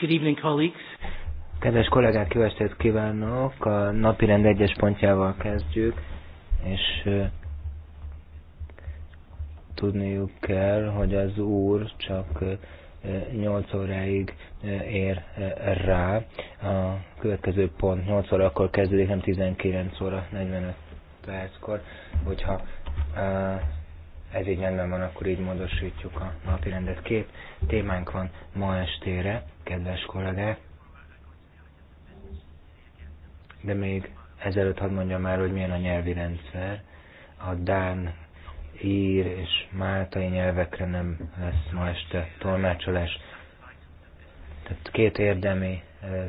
Good evening, colleagues. Kedves kollégák, jó estét kívánok! A napi rend egyes pontjával kezdjük, és tudniuk kell, hogy az úr csak 8 óráig ér rá. A következő pont 8 óra, akkor kezdődik, nem 19 óra 45 perckor, hogyha uh, ez így rendben van, akkor így módosítjuk a napi rendet. Két témánk van ma estére, kedves kollégák, de még ezelőtt hadd mondjam már hogy milyen a nyelvi rendszer. A Dán, Ír és Máltai nyelvekre nem lesz ma este tolmácsolás. Tehát két érdemi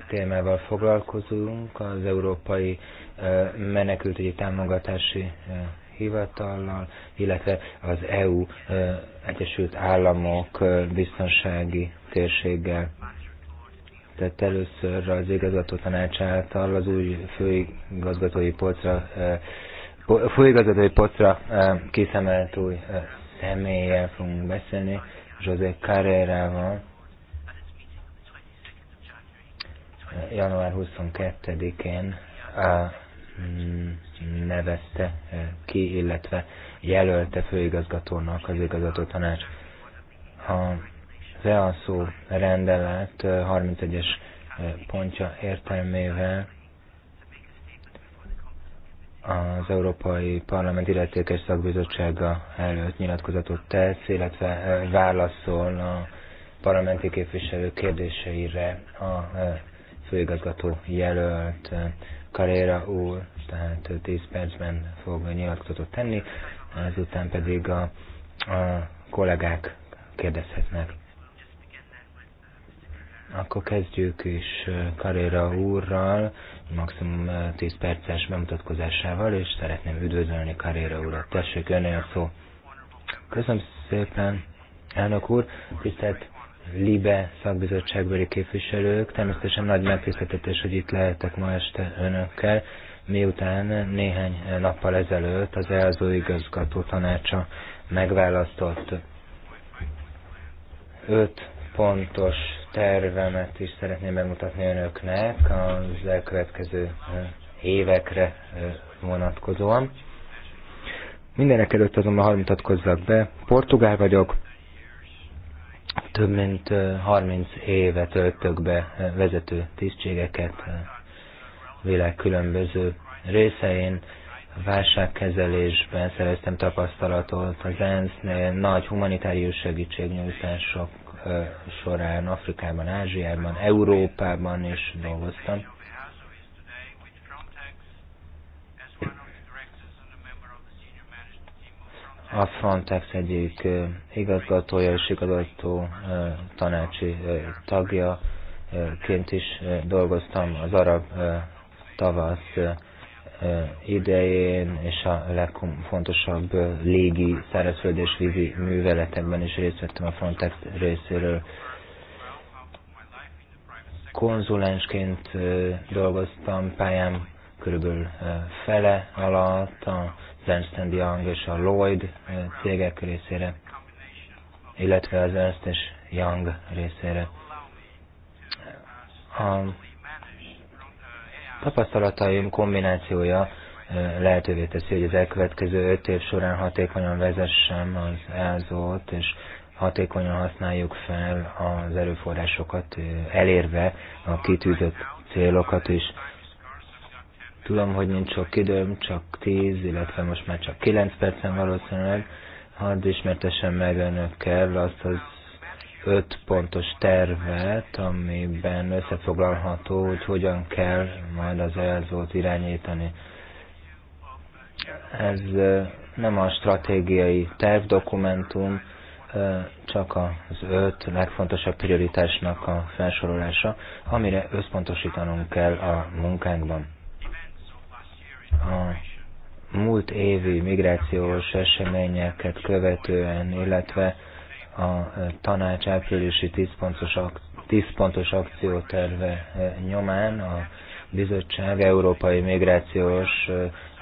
témával foglalkozunk, az európai menekültügyi támogatási hivatallal, illetve az EU Egyesült Államok biztonsági térséggel. Tehát először az igazgató tanács által az új főigazgatói polcra, főigazgatói polcra kiszemelt új személlyel fogunk beszélni, José Carrera-val. január 22-én Mm, nevezte eh, ki, illetve jelölte főigazgatónak az igazgató tanács. Ha az EASZO rendelet 31-es eh, eh, pontja értelmével az Európai Parlament illetékes szakbizottsága előtt nyilatkozatot tesz, illetve válaszol a parlamenti képviselők kérdéseire a főigazgató jelölt Karéra úr, tehát 10 percben fog nyilatkozatot tenni, ezután pedig a, a kollégák kérdezhetnek. Akkor kezdjük is Karéra úrral, maximum 10 perces bemutatkozásával, és szeretném üdvözölni Karéra urat. Tessék, önél szó. Köszönöm szépen, elnök úr, tisztelt LIBE szakbizottságbeli képviselők. Természetesen nagy megtiszteltetés, hogy itt lehetek ma este önökkel, miután néhány nappal ezelőtt az ELZO igazgató tanácsa megválasztott öt pontos tervemet is szeretném bemutatni önöknek az elkövetkező évekre vonatkozóan. Mindenek előtt azonban harmutatkozzak be. Portugál vagyok, több mint 30 éve töltök be vezető tisztségeket világ különböző részein. Válságkezelésben szereztem tapasztalatot az ENSZ-nél, nagy humanitárius segítségnyújtások során Afrikában, Ázsiában, Európában is dolgoztam. a Frontex egyik igazgatója és igazgató tanácsi tagja, ként is dolgoztam az arab tavasz idején, és a legfontosabb légi, szárazföld és vízi műveletekben is részt vettem a Frontex részéről. Konzulensként dolgoztam pályám körülbelül fele alatt a Ernst Young és a Lloyd cégek részére, illetve az Ernst és Young részére. A tapasztalataim kombinációja lehetővé teszi, hogy az elkövetkező öt év során hatékonyan vezessem az elzót, és hatékonyan használjuk fel az erőforrásokat, elérve a kitűzött célokat is. Tudom, hogy nincs sok időm, csak 10, illetve most már csak 9 percen valószínűleg. Hadd ismertesen meg önökkel azt az öt pontos tervet, amiben összefoglalható, hogy hogyan kell majd az elzót irányítani. Ez nem a stratégiai tervdokumentum, csak az öt legfontosabb prioritásnak a felsorolása, amire összpontosítanunk kell a munkánkban a múlt évi migrációs eseményeket követően, illetve a tanács áprilisi 10 pontos, ak 10 pontos akcióterve e, nyomán a bizottság európai migrációs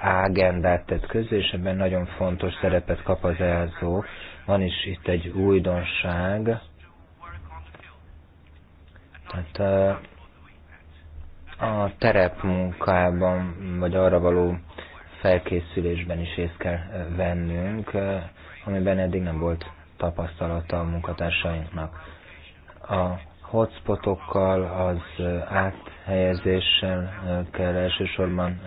ágendát e, tett közé, és ebben nagyon fontos szerepet kap az elzó. Van is itt egy újdonság, tehát e, a terepmunkában, vagy arra való felkészülésben is részt kell vennünk, amiben eddig nem volt tapasztalata a munkatársainknak. A hotspotokkal, az áthelyezéssel kell elsősorban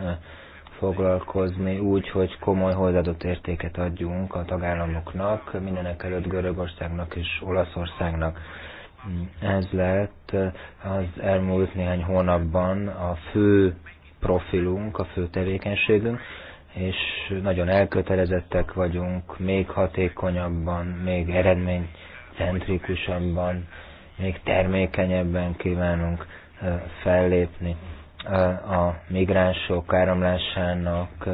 foglalkozni úgy, hogy komoly hozzáadott értéket adjunk a tagállamoknak, mindenek előtt Görögországnak és Olaszországnak ez lett eh, az elmúlt néhány hónapban a fő profilunk, a fő tevékenységünk, és nagyon elkötelezettek vagyunk, még hatékonyabban, még eredménycentrikusabban, még termékenyebben kívánunk eh, fellépni eh, a migránsok áramlásának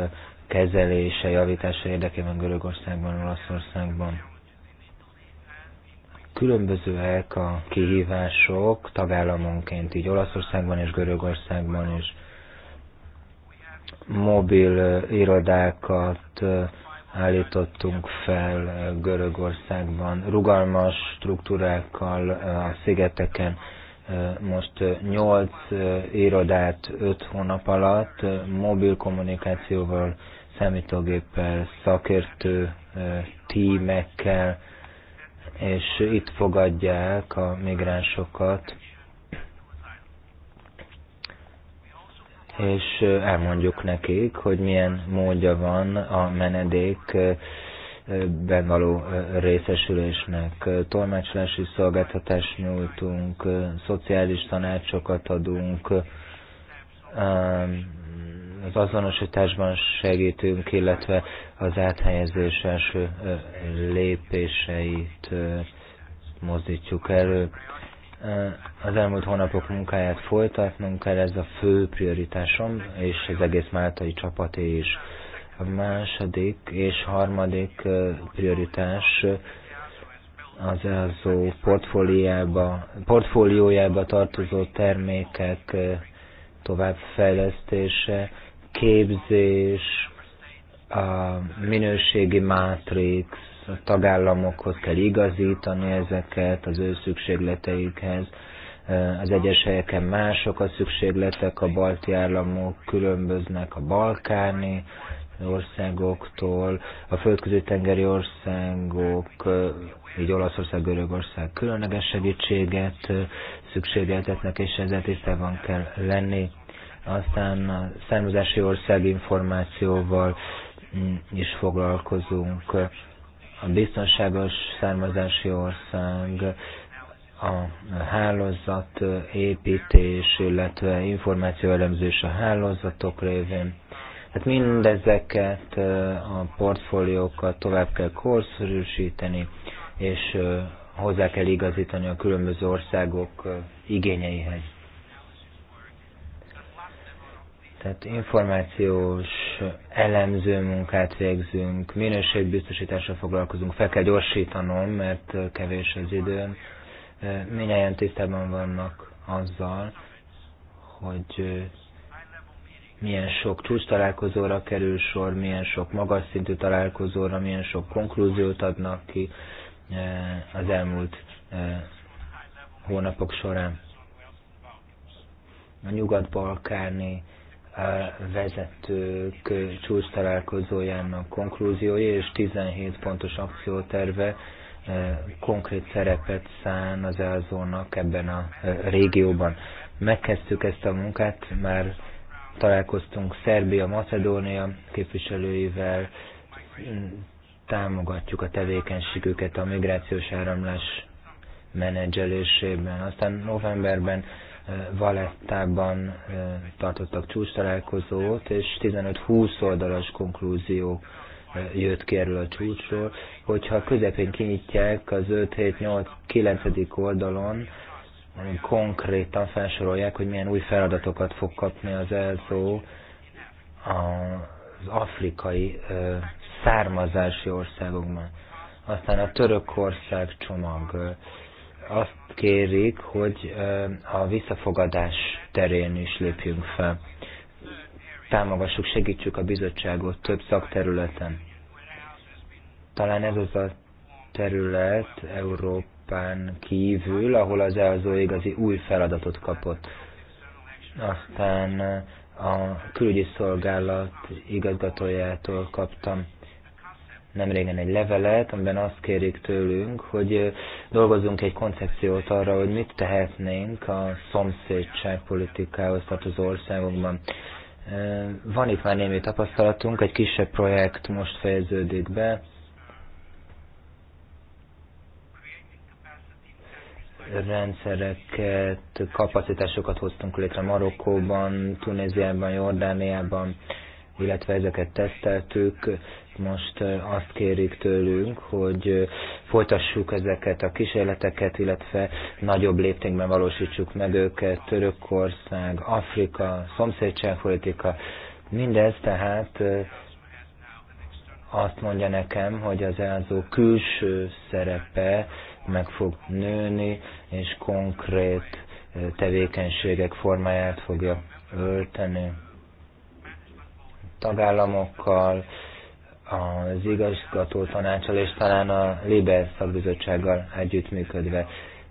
kezelése, javítása érdekében Görögországban, Olaszországban. Különbözőek a kihívások tagállamonként, így Olaszországban és Görögországban is mobil irodákat állítottunk fel Görögországban, rugalmas struktúrákkal a szigeteken. Most 8 irodát 5 hónap alatt mobil kommunikációval, számítógéppel, szakértő tímekkel és itt fogadják a migránsokat, és elmondjuk nekik, hogy milyen módja van a menedék ben való részesülésnek. Tolmácsolási szolgáltatást nyújtunk, szociális tanácsokat adunk, az azonosításban segítünk, illetve az áthelyezés első lépéseit mozdítjuk elő. Az elmúlt hónapok munkáját folytatnunk kell, ez a fő prioritásom, és az egész máltai csapaté is. A második és harmadik prioritás az EASO portfóliójába tartozó termékek továbbfejlesztése, képzés, a minőségi mátrix, a tagállamokhoz kell igazítani ezeket az ő szükségleteikhez. Az egyes helyeken mások a szükségletek, a balti államok különböznek a balkáni országoktól, a földközi tengeri országok, így Olaszország, Görögország különleges segítséget szükségeltetnek, és ezzel tisztában kell lenni aztán a származási ország információval mm, is foglalkozunk. A biztonságos származási ország, a hálózat építés, illetve elemzés a hálózatok révén. Hát mindezeket a portfóliókat tovább kell korszerűsíteni, és hozzá kell igazítani a különböző országok igényeihez. Tehát információs, elemző munkát végzünk, minőségbiztosítással foglalkozunk, fel kell gyorsítanom, mert kevés az időm. Minnyáján tisztában vannak azzal, hogy milyen sok csúcs találkozóra kerül sor, milyen sok magas szintű találkozóra, milyen sok konklúziót adnak ki az elmúlt hónapok során. A nyugat-balkáni vezetők csúcs találkozójának konklúziója és 17 pontos akcióterve e, konkrét szerepet szán az elzónak ebben a e, régióban. Megkezdtük ezt a munkát, már találkoztunk Szerbia, Macedónia képviselőivel, támogatjuk a tevékenységüket a migrációs áramlás menedzselésében. Aztán novemberben Valettában tartottak csúcs találkozót, és 15-20 oldalas konklúzió jött ki erről a csúcsról, hogyha közepén kinyitják az 5, 7, 8, 9. oldalon, konkrétan felsorolják, hogy milyen új feladatokat fog kapni az ELZO az afrikai származási országokban. Aztán a Törökország csomag, azt kérik, hogy a visszafogadás terén is lépjünk fel. Támogassuk, segítsük a bizottságot több szakterületen. Talán ez az a terület Európán kívül, ahol az EASO igazi új feladatot kapott. Aztán a külügyi szolgálat igazgatójától kaptam nem régen egy levelet, amiben azt kérik tőlünk, hogy dolgozzunk egy koncepciót arra, hogy mit tehetnénk a szomszédságpolitikához tartozó országokban. Van itt már némi tapasztalatunk, egy kisebb projekt most fejeződik be. Rendszereket, kapacitásokat hoztunk létre Marokkóban, Tunéziában, Jordániában, illetve ezeket teszteltük most azt kérik tőlünk, hogy folytassuk ezeket a kísérleteket, illetve nagyobb léptékben valósítsuk meg őket, Törökország, Afrika, szomszédságpolitika, mindez tehát azt mondja nekem, hogy az elzó külső szerepe meg fog nőni, és konkrét tevékenységek formáját fogja ölteni tagállamokkal, az igazgató tanácsal és talán a Liber szakbizottsággal együttműködve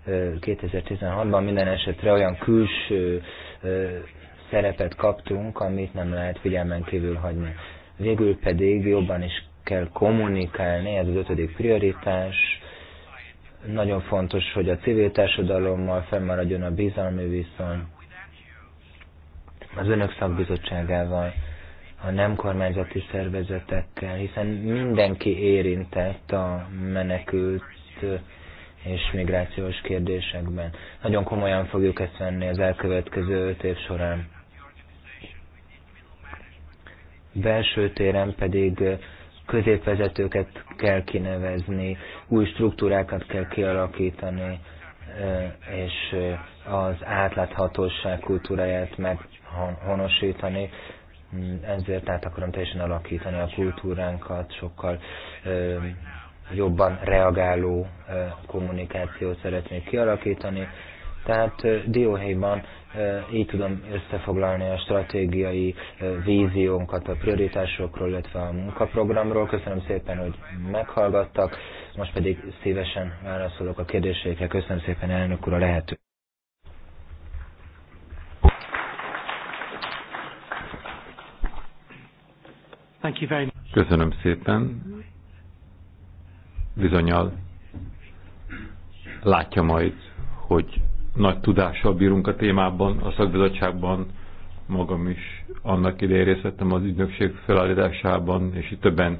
2016-ban minden esetre olyan külső szerepet kaptunk, amit nem lehet figyelmen kívül hagyni. Végül pedig jobban is kell kommunikálni, ez az ötödik prioritás. Nagyon fontos, hogy a civil társadalommal fennmaradjon a bizalmi viszony, az önök szakbizottságával a nem kormányzati szervezetekkel, hiszen mindenki érintett a menekült és migrációs kérdésekben. Nagyon komolyan fogjuk ezt venni az elkövetkező öt év során. Belső téren pedig középvezetőket kell kinevezni, új struktúrákat kell kialakítani, és az átláthatóság kultúráját meghonosítani, ezért át akarom teljesen alakítani a kultúránkat, sokkal jobban reagáló kommunikációt szeretnék kialakítani. Tehát Dióhéjban így tudom összefoglalni a stratégiai víziónkat a prioritásokról, illetve a munkaprogramról. Köszönöm szépen, hogy meghallgattak, most pedig szívesen válaszolok a kérdéseikre. Köszönöm szépen, elnök úr, a lehető. Köszönöm szépen. Bizonyal látja majd, hogy nagy tudással bírunk a témában, a szakbizottságban, magam is annak idején részt vettem az ügynökség felállításában, és itt többen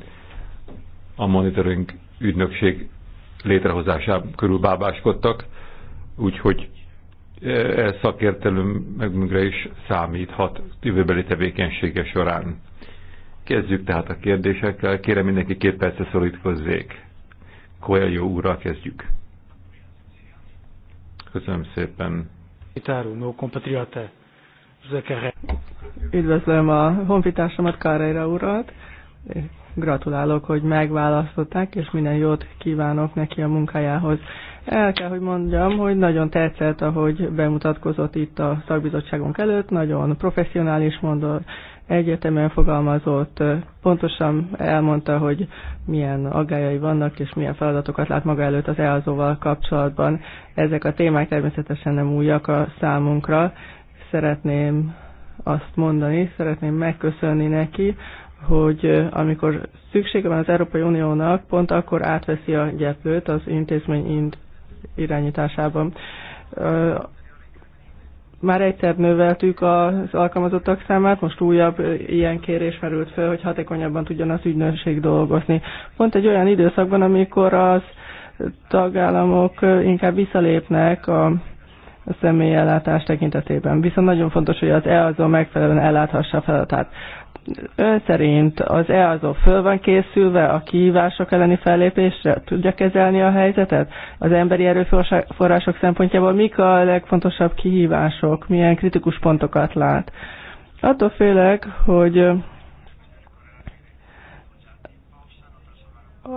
a monitoring ügynökség létrehozásában körül bábáskodtak, úgyhogy ez e szakértelem megünkre is számíthat jövőbeli tevékenysége során. Kezdjük tehát a kérdésekkel. Kérem mindenki két percre szorítkozzék. Koelyó úrral kezdjük. Köszönöm szépen. Itáró, no compatriote, Üdvözlöm a honfitársamat, Kárejra urat. Gratulálok, hogy megválasztották, és minden jót kívánok neki a munkájához. El kell, hogy mondjam, hogy nagyon tetszett, ahogy bemutatkozott itt a szakbizottságunk előtt, nagyon professzionális mondott, egyetemen fogalmazott, pontosan elmondta, hogy milyen aggájai vannak, és milyen feladatokat lát maga előtt az EASO-val kapcsolatban. Ezek a témák természetesen nem újak a számunkra. Szeretném azt mondani, szeretném megköszönni neki, hogy amikor szüksége van az Európai Uniónak, pont akkor átveszi a gyeplőt az intézmény irányításában már egyszer növeltük az alkalmazottak számát, most újabb ilyen kérés merült föl, hogy hatékonyabban tudjon az ügynökség dolgozni. Pont egy olyan időszakban, amikor az tagállamok inkább visszalépnek a személyellátás tekintetében. Viszont nagyon fontos, hogy az EAZO megfelelően elláthassa a feladatát. Ön szerint az EASO föl van készülve a kihívások elleni fellépésre? Tudja kezelni a helyzetet? Az emberi erőforrások szempontjából mik a legfontosabb kihívások? Milyen kritikus pontokat lát? Attól félek, hogy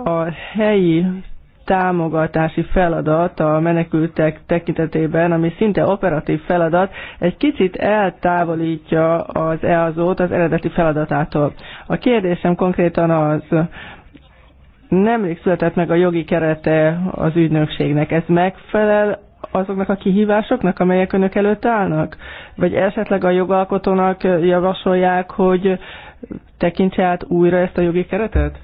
a helyi támogatási feladat a menekültek tekintetében, ami szinte operatív feladat, egy kicsit eltávolítja az EAZ-ot az eredeti feladatától. A kérdésem konkrétan az, nemrég született meg a jogi kerete az ügynökségnek. Ez megfelel azoknak a kihívásoknak, amelyek önök előtt állnak? Vagy esetleg a jogalkotónak javasolják, hogy tekintse át újra ezt a jogi keretet?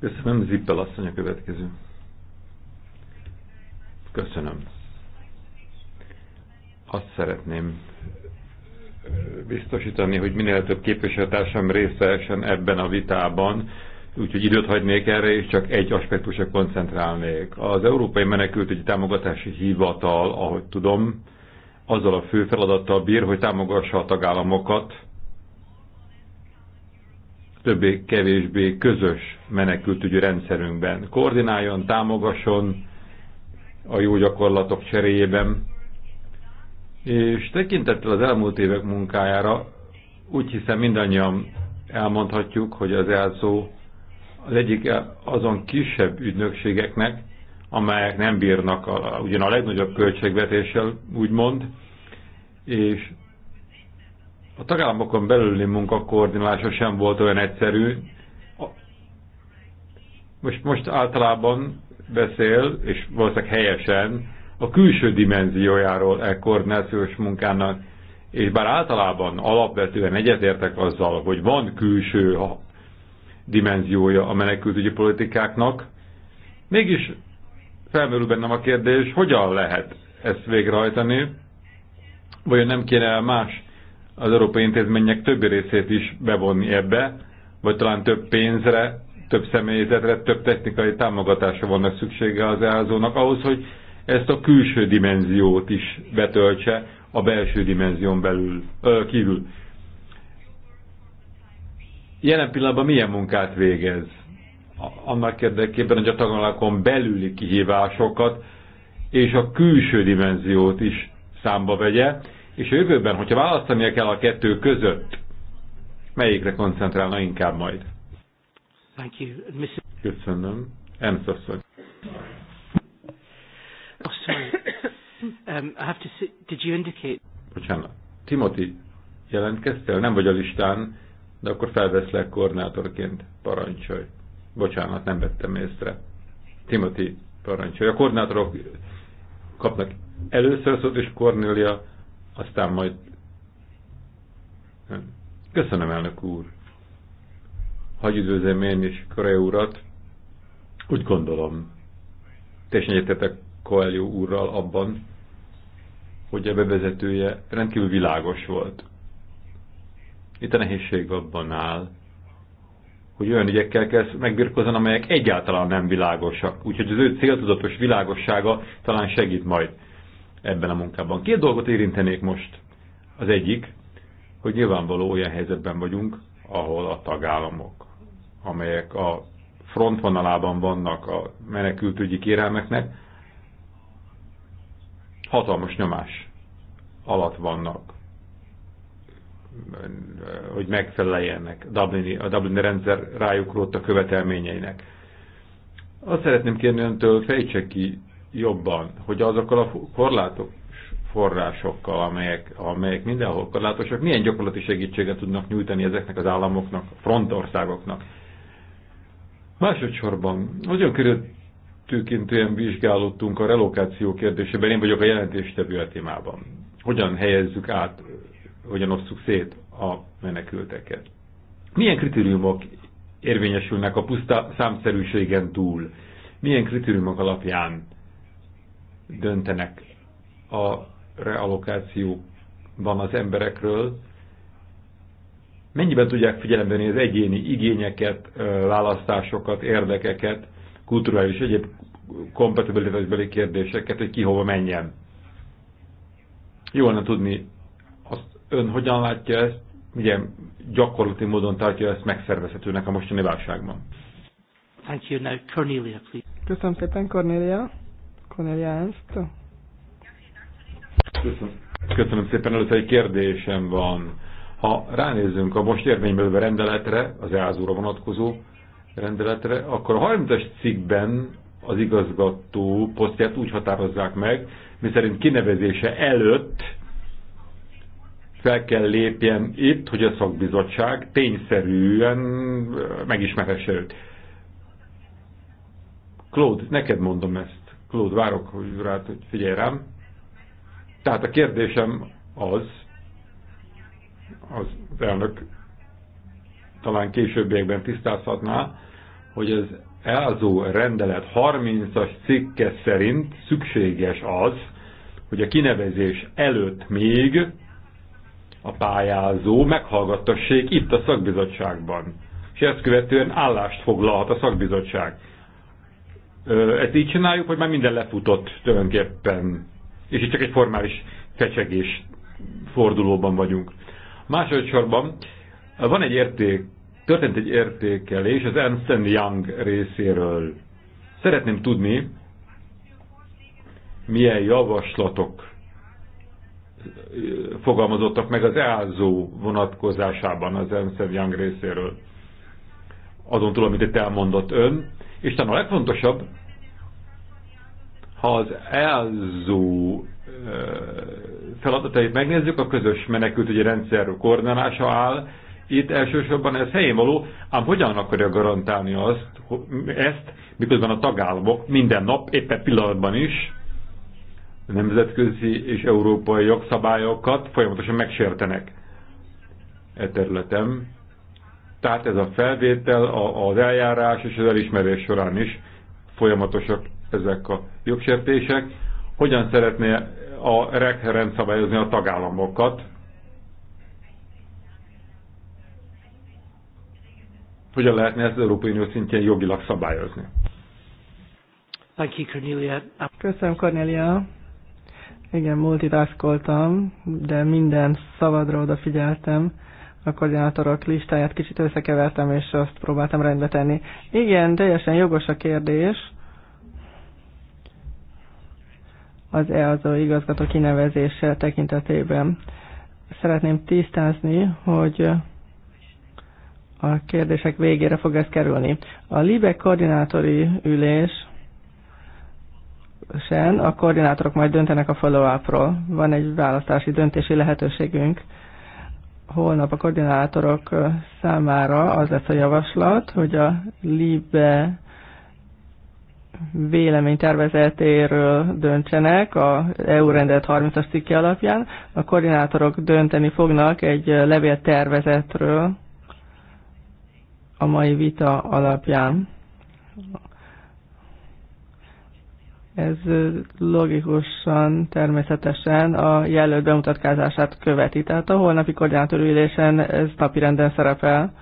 Köszönöm, Zippel asszony a következő. Köszönöm. Azt szeretném biztosítani, hogy minél több képviselőtársam részesen ebben a vitában, úgyhogy időt hagynék erre, és csak egy aspektusra koncentrálnék. Az Európai Menekültügyi Támogatási Hivatal, ahogy tudom, azzal a fő feladattal bír, hogy támogassa a tagállamokat többé-kevésbé közös menekültügyi rendszerünkben. Koordináljon, támogasson a jó gyakorlatok cseréjében, és tekintettel az elmúlt évek munkájára úgy hiszem mindannyian elmondhatjuk, hogy az elszó az egyik azon kisebb ügynökségeknek, amelyek nem bírnak a, ugyan a legnagyobb költségvetéssel, úgymond, és a tagállamokon belüli munkakoordinálása sem volt olyan egyszerű. Most, most általában beszél, és valószínűleg helyesen, a külső dimenziójáról e koordinációs munkának, és bár általában alapvetően egyetértek azzal, hogy van külső dimenziója a menekültügyi politikáknak, mégis felmerül bennem a kérdés, hogyan lehet ezt végrehajtani, vagy nem kéne más az európai intézmények többi részét is bevonni ebbe, vagy talán több pénzre, több személyzetre, több technikai támogatásra vannak szüksége az easo ahhoz, hogy ezt a külső dimenziót is betöltse a belső dimenzión belül, ö, kívül. Jelen pillanatban milyen munkát végez? Annak érdekében, hogy a tagállamokon belüli kihívásokat és a külső dimenziót is számba vegye, és a jövőben, hogyha választania kell a kettő között, melyikre koncentrálna inkább majd? Thank you. Mr. Köszönöm. Ernst asszony. Oh, sorry. Um, I have to see, did you indicate... Bocsánat. Timothy, jelentkeztél? Nem vagy a listán, de akkor felveszlek koordinátorként. Parancsolj. Bocsánat, nem vettem észre. Timothy, parancsolj. A koordinátorok kapnak először szót, és Cornelia aztán majd... Köszönöm, elnök úr! Hagy üdvözlöm én is Kore urat. Úgy gondolom, teljesen egyetetek Coelho úrral abban, hogy a bevezetője rendkívül világos volt. Itt a nehézség abban áll, hogy olyan ügyekkel kezd megbirkozni, amelyek egyáltalán nem világosak. Úgyhogy az ő céltudatos világossága talán segít majd ebben a munkában. Két dolgot érintenék most. Az egyik, hogy nyilvánvaló olyan helyzetben vagyunk, ahol a tagállamok, amelyek a frontvonalában vannak a menekültügyi kérelmeknek, hatalmas nyomás alatt vannak, hogy megfeleljenek Dublini, a Dublini rendszer rájuk rótta követelményeinek. Azt szeretném kérni öntől, fejtse ki, jobban, hogy azokkal a korlátok forrásokkal, amelyek, amelyek mindenhol korlátosak, milyen gyakorlati segítséget tudnak nyújtani ezeknek az államoknak, frontországoknak. Másodszorban nagyon körültőkintően vizsgálódtunk a relokáció kérdésében, én vagyok a jelentéstevő a témában. Hogyan helyezzük át, hogyan osszuk szét a menekülteket. Milyen kritériumok érvényesülnek a puszta számszerűségen túl? Milyen kritériumok alapján döntenek a realokációban az emberekről, mennyiben tudják figyelembe venni az egyéni igényeket, választásokat, érdekeket, kulturális egyéb kompatibilitásbeli kérdéseket, hogy ki hova menjen. Jó lenne tudni, azt ön hogyan látja ezt, milyen gyakorlati módon tartja ezt megszervezhetőnek a mostani válságban. Thank you. Now, Cornelia, please. Köszönöm szépen, Cornelia. Köszönöm. Köszönöm szépen, először egy kérdésem van. Ha ránézzünk a most érvényben rendeletre, az EASZ-ra vonatkozó rendeletre, akkor a 30-as cikkben az igazgató posztját úgy határozzák meg, miszerint kinevezése előtt fel kell lépjen itt, hogy a szakbizottság tényszerűen megismerhesse őt. Claude, neked mondom ezt. Claude, várok hogy rád, hogy figyelj rám. Tehát a kérdésem az, az elnök talán későbbiekben tisztázhatná, hogy az elzó rendelet 30-as cikke szerint szükséges az, hogy a kinevezés előtt még a pályázó meghallgattassék itt a szakbizottságban, és ezt követően állást foglalhat a szakbizottság. Ezt így csináljuk, hogy már minden lefutott tulajdonképpen. És itt csak egy formális fecsegés fordulóban vagyunk. Másodszorban van egy érték, történt egy értékelés az Ernst Young részéről. Szeretném tudni, milyen javaslatok fogalmazottak meg az EASO vonatkozásában az Ernst Young részéről. Azon túl, amit itt elmondott ön, és talán a legfontosabb, ha az elzó feladatait megnézzük, a közös menekült ugye, rendszer koordinálása áll, itt elsősorban ez helyén való, ám hogyan akarja garantálni azt, ezt, miközben a tagállamok minden nap, éppen pillanatban is nemzetközi és európai jogszabályokat folyamatosan megsértenek e területen. Tehát ez a felvétel, az eljárás és az elismerés során is folyamatosak ezek a jogsértések. Hogyan szeretné a REC rendszabályozni a tagállamokat? Hogyan lehetne ezt az Európai Unió szintjén jogilag szabályozni? Köszönöm, Cornelia. Igen, multitaskoltam, de minden szabadra odafigyeltem a koordinátorok listáját kicsit összekevertem, és azt próbáltam rendbe tenni. Igen, teljesen jogos a kérdés. Az EAZO igazgató kinevezése tekintetében. Szeretném tisztázni, hogy a kérdések végére fog ez kerülni. A LIBE koordinátori ülés sen a koordinátorok majd döntenek a follow-upról. Van egy választási döntési lehetőségünk holnap a koordinátorok számára az lesz a javaslat, hogy a LIBE véleménytervezetéről döntsenek a EU rendelet 30-as cikke alapján. A koordinátorok dönteni fognak egy levéltervezetről a mai vita alapján. Ez logikusan, természetesen a jelölt bemutatkázását követi. Tehát a holnapi koordinátorülésen ez renden szerepel.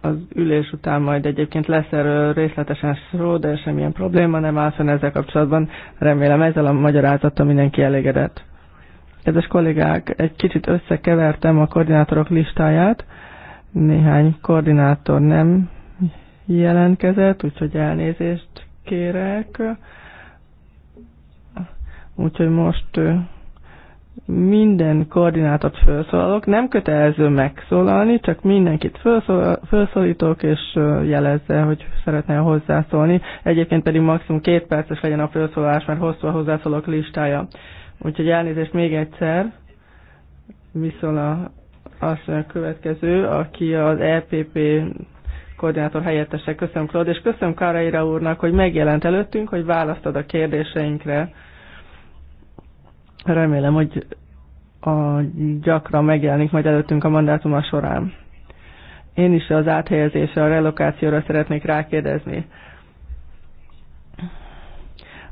Az ülés után majd egyébként lesz erről részletesen szó, de semmilyen probléma nem áll fenn ezzel kapcsolatban. Remélem ezzel a magyarázattal mindenki elégedett. Kedves kollégák, egy kicsit összekevertem a koordinátorok listáját. Néhány koordinátor nem jelentkezett, úgyhogy elnézést kérek. Úgyhogy most minden koordinátot felszólalok. Nem kötelező megszólalni, csak mindenkit felszólítok, és jelezze, hogy szeretne hozzászólni. Egyébként pedig maximum két perces legyen a felszólalás, mert hosszú a hozzászólók listája. Úgyhogy elnézést még egyszer. Viszont a, azt a következő, aki az EPP koordinátor helyettese. Köszönöm, Klód, és köszönöm Káreira úrnak, hogy megjelent előttünk, hogy választod a kérdéseinkre. Remélem, hogy a gyakran megjelenik majd előttünk a mandátuma során. Én is az áthelyezésre, a relokációra szeretnék rákérdezni.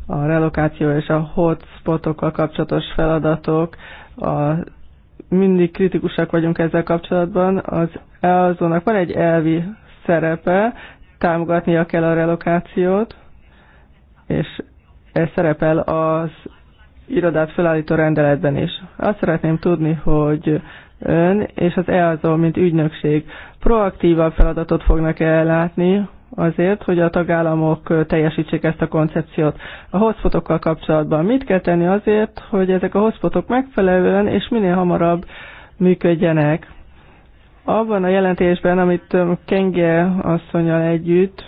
A relokáció és a hotspotokkal kapcsolatos feladatok a mindig kritikusak vagyunk ezzel kapcsolatban. Az EASO-nak van egy elvi szerepe, támogatnia kell a relokációt, és ez szerepel az irodát felállító rendeletben is. Azt szeretném tudni, hogy ön és az EASO, mint ügynökség proaktívabb feladatot fognak ellátni azért, hogy a tagállamok teljesítsék ezt a koncepciót. A hotspotokkal kapcsolatban mit kell tenni azért, hogy ezek a hotspotok megfelelően és minél hamarabb működjenek? Abban a jelentésben, amit um, Kenge asszonyal együtt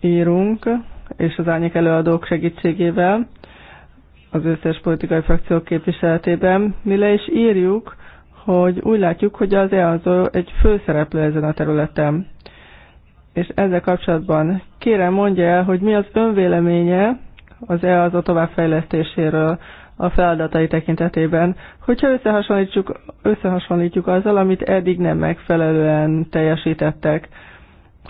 írunk, és az árnyék előadók segítségével, az összes politikai frakciók képviseletében, mi le is írjuk, hogy úgy látjuk, hogy az EASO egy főszereplő ezen a területen. És ezzel kapcsolatban kérem mondja el, hogy mi az önvéleménye az EASO továbbfejlesztéséről, a feladatai tekintetében. Hogyha összehasonlítjuk, összehasonlítjuk azzal, amit eddig nem megfelelően teljesítettek,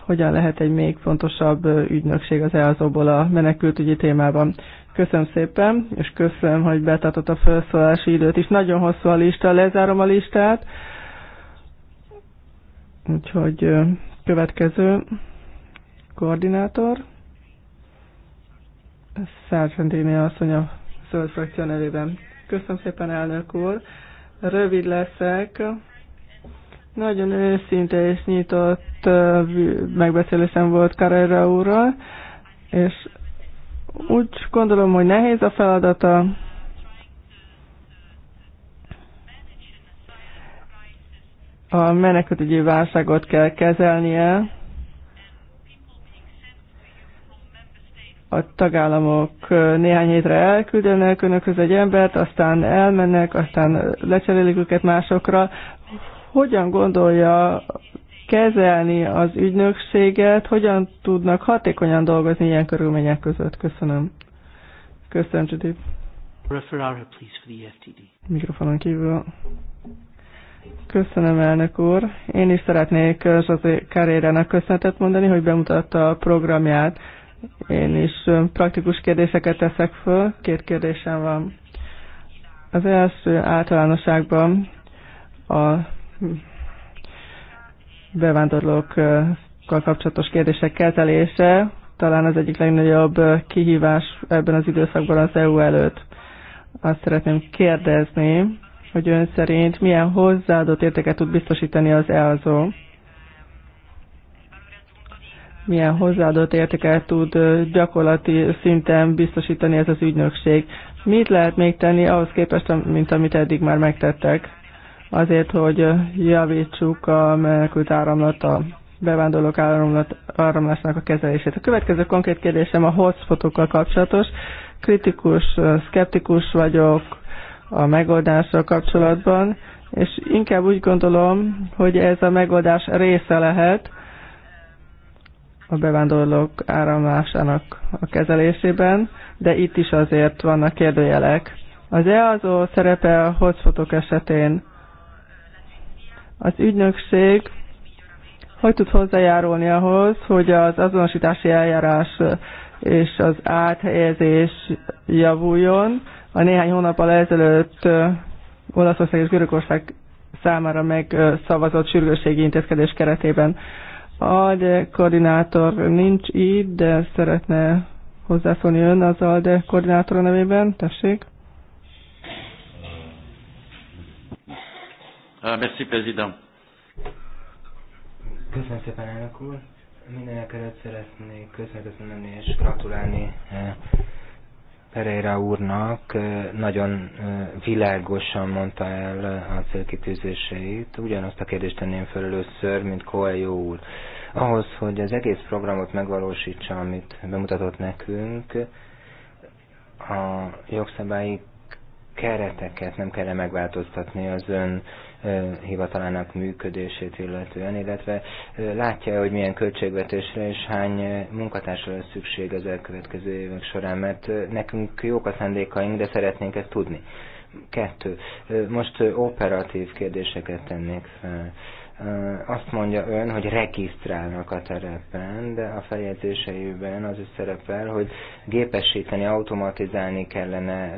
hogyan lehet egy még fontosabb ügynökség az EASO-ból a menekültügyi témában. Köszönöm szépen, és köszönöm, hogy betartott a felszólási időt is. Nagyon hosszú a lista, lezárom a listát. Úgyhogy következő koordinátor. Sargentini asszony a zöld frakció nevében. Köszönöm szépen, elnök úr. Rövid leszek. Nagyon őszinte és nyitott megbeszélésem volt Karajra úrral, és úgy gondolom, hogy nehéz a feladata. A menekültügyi válságot kell kezelnie, a tagállamok néhány hétre elküldenek önökhöz egy embert, aztán elmennek, aztán lecserélik őket másokra. Hogyan gondolja kezelni az ügynökséget, hogyan tudnak hatékonyan dolgozni ilyen körülmények között? Köszönöm. Köszönöm, Judith. FTD. E Mikrofonon kívül. Köszönöm, elnök úr. Én is szeretnék José Carrera-nak köszönetet mondani, hogy bemutatta a programját. Én is praktikus kérdéseket teszek föl. Két kérdésem van. Az első általánosságban a bevándorlókkal kapcsolatos kérdések keltelése talán az egyik legnagyobb kihívás ebben az időszakban az EU előtt. Azt szeretném kérdezni, hogy ön szerint milyen hozzáadott értéket tud biztosítani az EASO milyen hozzáadott értéket tud gyakorlati szinten biztosítani ez az ügynökség. Mit lehet még tenni ahhoz képest, mint amit eddig már megtettek, azért, hogy javítsuk a menekült áramlat, a bevándorlók áramlat, áramlásnak a kezelését. A következő konkrét kérdésem a hotspotokkal kapcsolatos. Kritikus, szkeptikus vagyok a megoldással kapcsolatban, és inkább úgy gondolom, hogy ez a megoldás része lehet, a bevándorlók áramlásának a kezelésében, de itt is azért vannak kérdőjelek. Az EASO szerepe a hotspotok esetén. Az ügynökség hogy tud hozzájárulni ahhoz, hogy az azonosítási eljárás és az áthelyezés javuljon. A néhány hónappal ezelőtt Olaszország és Görögország számára megszavazott sürgősségi intézkedés keretében. ALDE koordinátor nincs itt, de szeretne hozzászólni ön az ALDE koordinátor nevében. Tessék. Ah, merci, président. Köszönöm szépen, elnök úr. Mindenek előtt szeretnék köszönetet mondani és gratulálni eh, Pereira úrnak nagyon világosan mondta el a célkitűzéseit. Ugyanazt a kérdést tenném fel először, mint Coelho úr. Ahhoz, hogy az egész programot megvalósítsa, amit bemutatott nekünk, a jogszabályi kereteket nem kell megváltoztatni az ön hivatalának működését illetően, illetve látja, hogy milyen költségvetésre és hány munkatársra lesz szükség az elkövetkező évek során, mert nekünk jók a szándékaink, de szeretnénk ezt tudni. Kettő. Most operatív kérdéseket tennék fel azt mondja ön, hogy regisztrálnak a terepen, de a feljegyzéseiben az is szerepel, hogy gépesíteni, automatizálni kellene,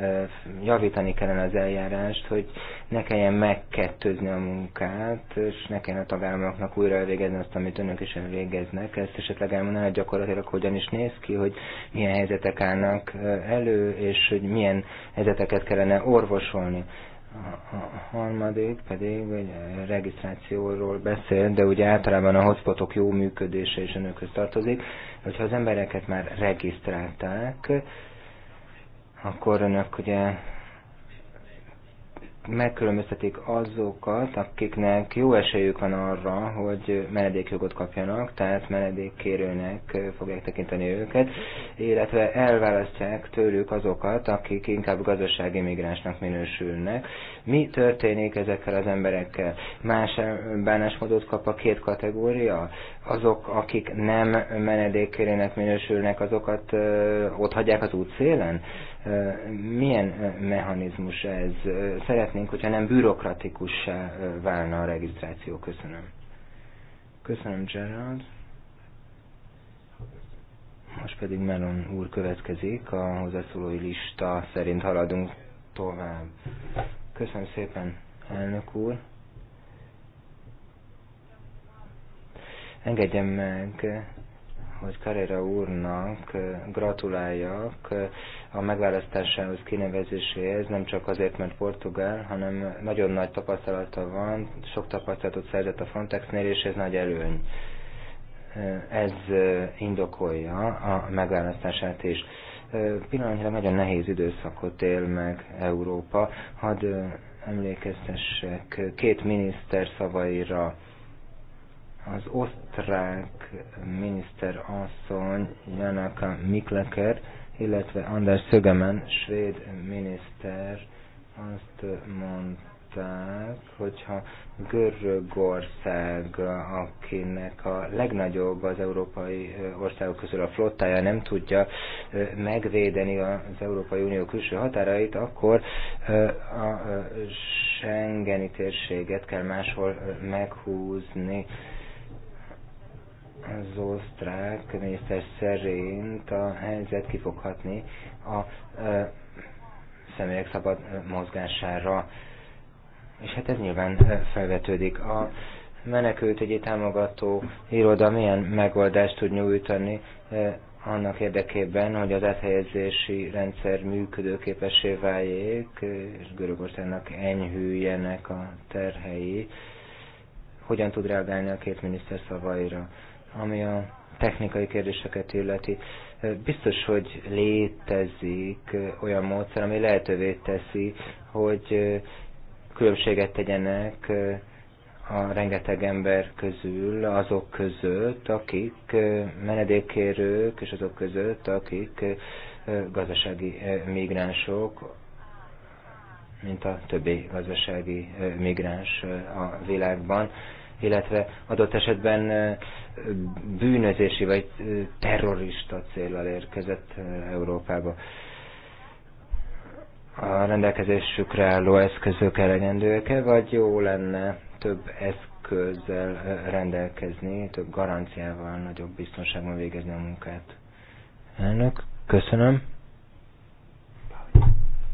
javítani kellene az eljárást, hogy ne kelljen megkettőzni a munkát, és ne kelljen a tagállamoknak újra elvégezni azt, amit önök is elvégeznek. Ezt esetleg elmondaná, hogy gyakorlatilag hogyan is néz ki, hogy milyen helyzetek állnak elő, és hogy milyen helyzeteket kellene orvosolni a harmadik pedig hogy a regisztrációról beszél, de ugye általában a hotspotok jó működése is önökhöz tartozik, hogyha az embereket már regisztrálták, akkor önök ugye megkülönböztetik azokat, akiknek jó esélyük van arra, hogy menedékjogot kapjanak, tehát menedékkérőnek fogják tekinteni őket, illetve elválasztják tőlük azokat, akik inkább gazdasági migránsnak minősülnek. Mi történik ezekkel az emberekkel? Más bánásmódot kap a két kategória? Azok, akik nem menedékkérőnek minősülnek, azokat ott hagyják az útszélen? Milyen mechanizmus ez? Szeretnénk, hogyha nem bürokratikussá válna a regisztráció. Köszönöm. Köszönöm, Gerald. Most pedig Melon úr következik, a hozzászólói lista szerint haladunk tovább. Köszönöm szépen, elnök úr. Engedjem meg, hogy Carrera úrnak gratuláljak a megválasztásához, kinevezéséhez, nem csak azért, mert portugál, hanem nagyon nagy tapasztalata van, sok tapasztalatot szerzett a Frontexnél, és ez nagy előny. Ez indokolja a megválasztását is. Pillanatnyilag nagyon nehéz időszakot él meg Európa. Hadd emlékeztessek két miniszter szavaira, az osztrák miniszter asszony Janaka Mikleker illetve Anders Szögemen, svéd miniszter azt mondták, hogyha Görögország, akinek a legnagyobb az európai országok közül a flottája nem tudja megvédeni az Európai Unió külső határait, akkor a Schengeni térséget kell máshol meghúzni az osztrák miniszter szerint a helyzet kifoghatni a ö, személyek szabad mozgására. És hát ez nyilván felvetődik. A menekültügyi támogató iroda milyen megoldást tud nyújtani annak érdekében, hogy az áthelyezési rendszer működőképessé váljék, és Görögországnak enyhüljenek a terhei. Hogyan tud reagálni a két miniszter szavaira? ami a technikai kérdéseket illeti. Biztos, hogy létezik olyan módszer, ami lehetővé teszi, hogy különbséget tegyenek a rengeteg ember közül, azok között, akik menedékkérők, és azok között, akik gazdasági migránsok, mint a többi gazdasági migráns a világban illetve adott esetben bűnözési vagy terrorista célral érkezett Európába. A rendelkezésükre álló eszközök elegendőek-e, vagy jó lenne több eszközzel rendelkezni, több garanciával, nagyobb biztonságban végezni a munkát? Elnök, köszönöm.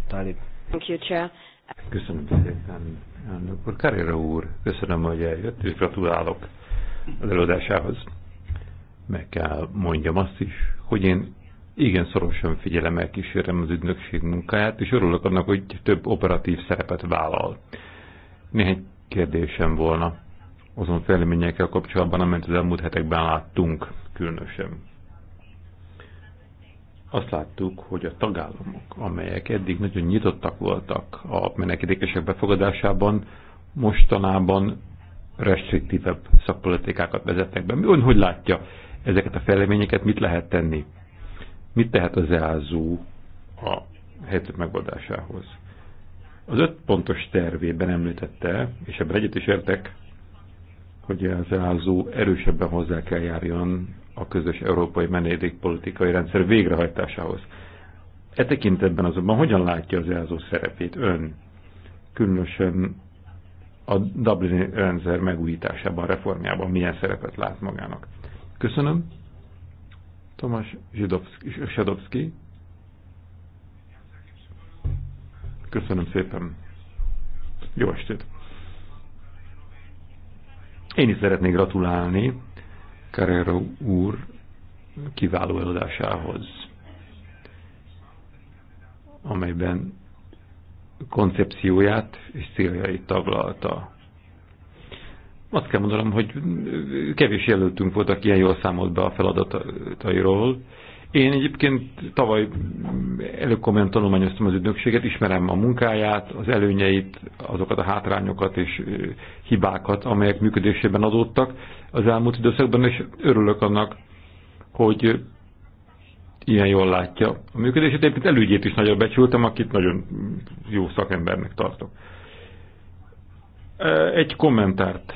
Talib. Thank you, Chair. Köszönöm szépen, elnök úr. Karéra úr, köszönöm, hogy eljött, és gratulálok az előadásához. Meg kell mondjam azt is, hogy én igen szorosan figyelemmel kísérem az ügynökség munkáját, és örülök annak, hogy több operatív szerepet vállal. Néhány kérdésem volna azon fejleményekkel kapcsolatban, amit az elmúlt hetekben láttunk különösen azt láttuk, hogy a tagállamok, amelyek eddig nagyon nyitottak voltak a menekedékesek befogadásában, mostanában restriktívebb szakpolitikákat vezetnek be. Mi ön hogy látja ezeket a fejleményeket, mit lehet tenni? Mit tehet az EASU a helyzet megoldásához? Az öt pontos tervében említette, és ebben egyet is értek, hogy az EASU erősebben hozzá kell járjon a közös európai menedékpolitikai rendszer végrehajtásához. E tekintetben azonban hogyan látja az ELZO szerepét ön, különösen a Dublin rendszer megújításában, reformjában milyen szerepet lát magának? Köszönöm. Tomás Zsidovszki. Köszönöm szépen. Jó estét. Én is szeretnék gratulálni Carrero úr kiváló előadásához, amelyben koncepcióját és céljait taglalta. Azt kell mondanom, hogy kevés jelöltünk volt, aki ilyen jól számolt be a feladatairól, én egyébként tavaly előkomolyan tanulmányoztam az ügynökséget, ismerem a munkáját, az előnyeit, azokat a hátrányokat és hibákat, amelyek működésében adódtak az elmúlt időszakban, és örülök annak, hogy ilyen jól látja a működését. Egyébként elügyét is nagyon becsültem, akit nagyon jó szakembernek tartok. Egy kommentárt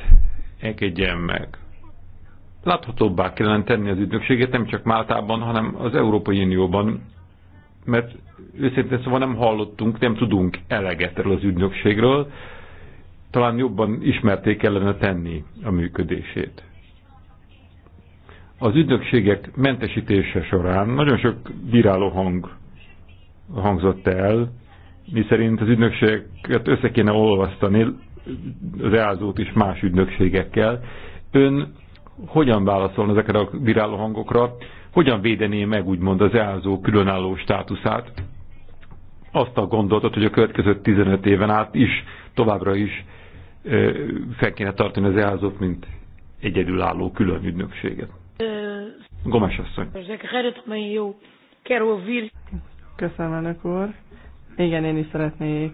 engedjen meg láthatóbbá kellene tenni az ügynökséget, nem csak Máltában, hanem az Európai Unióban, mert őszintén szóval nem hallottunk, nem tudunk eleget erről az ügynökségről, talán jobban ismerték kellene tenni a működését. Az ügynökségek mentesítése során nagyon sok bíráló hang hangzott el, miszerint az ügynökségeket össze kéne olvasztani, az elzót is más ügynökségekkel. Ön hogyan válaszolna ezekre a viráló hangokra, hogyan védené meg úgymond az elzó különálló státuszát, azt a gondolatot, hogy a következő 15 éven át is, továbbra is fel kéne tartani az elzót, mint egyedülálló külön ügynökséget. Gomes asszony. Köszönöm, elnök úr. Igen, én is szeretnék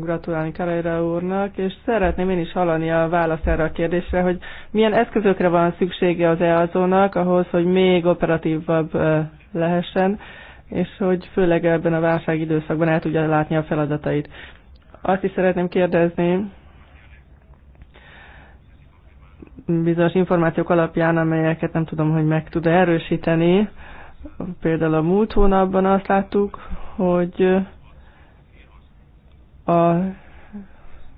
gratulálni Karajra úrnak, és szeretném én is hallani a választ erre a kérdésre, hogy milyen eszközökre van szüksége az EASO-nak ahhoz, hogy még operatívabb lehessen, és hogy főleg ebben a válság időszakban el tudja látni a feladatait. Azt is szeretném kérdezni, bizonyos információk alapján, amelyeket nem tudom, hogy meg tud -e erősíteni, például a múlt hónapban azt láttuk, hogy a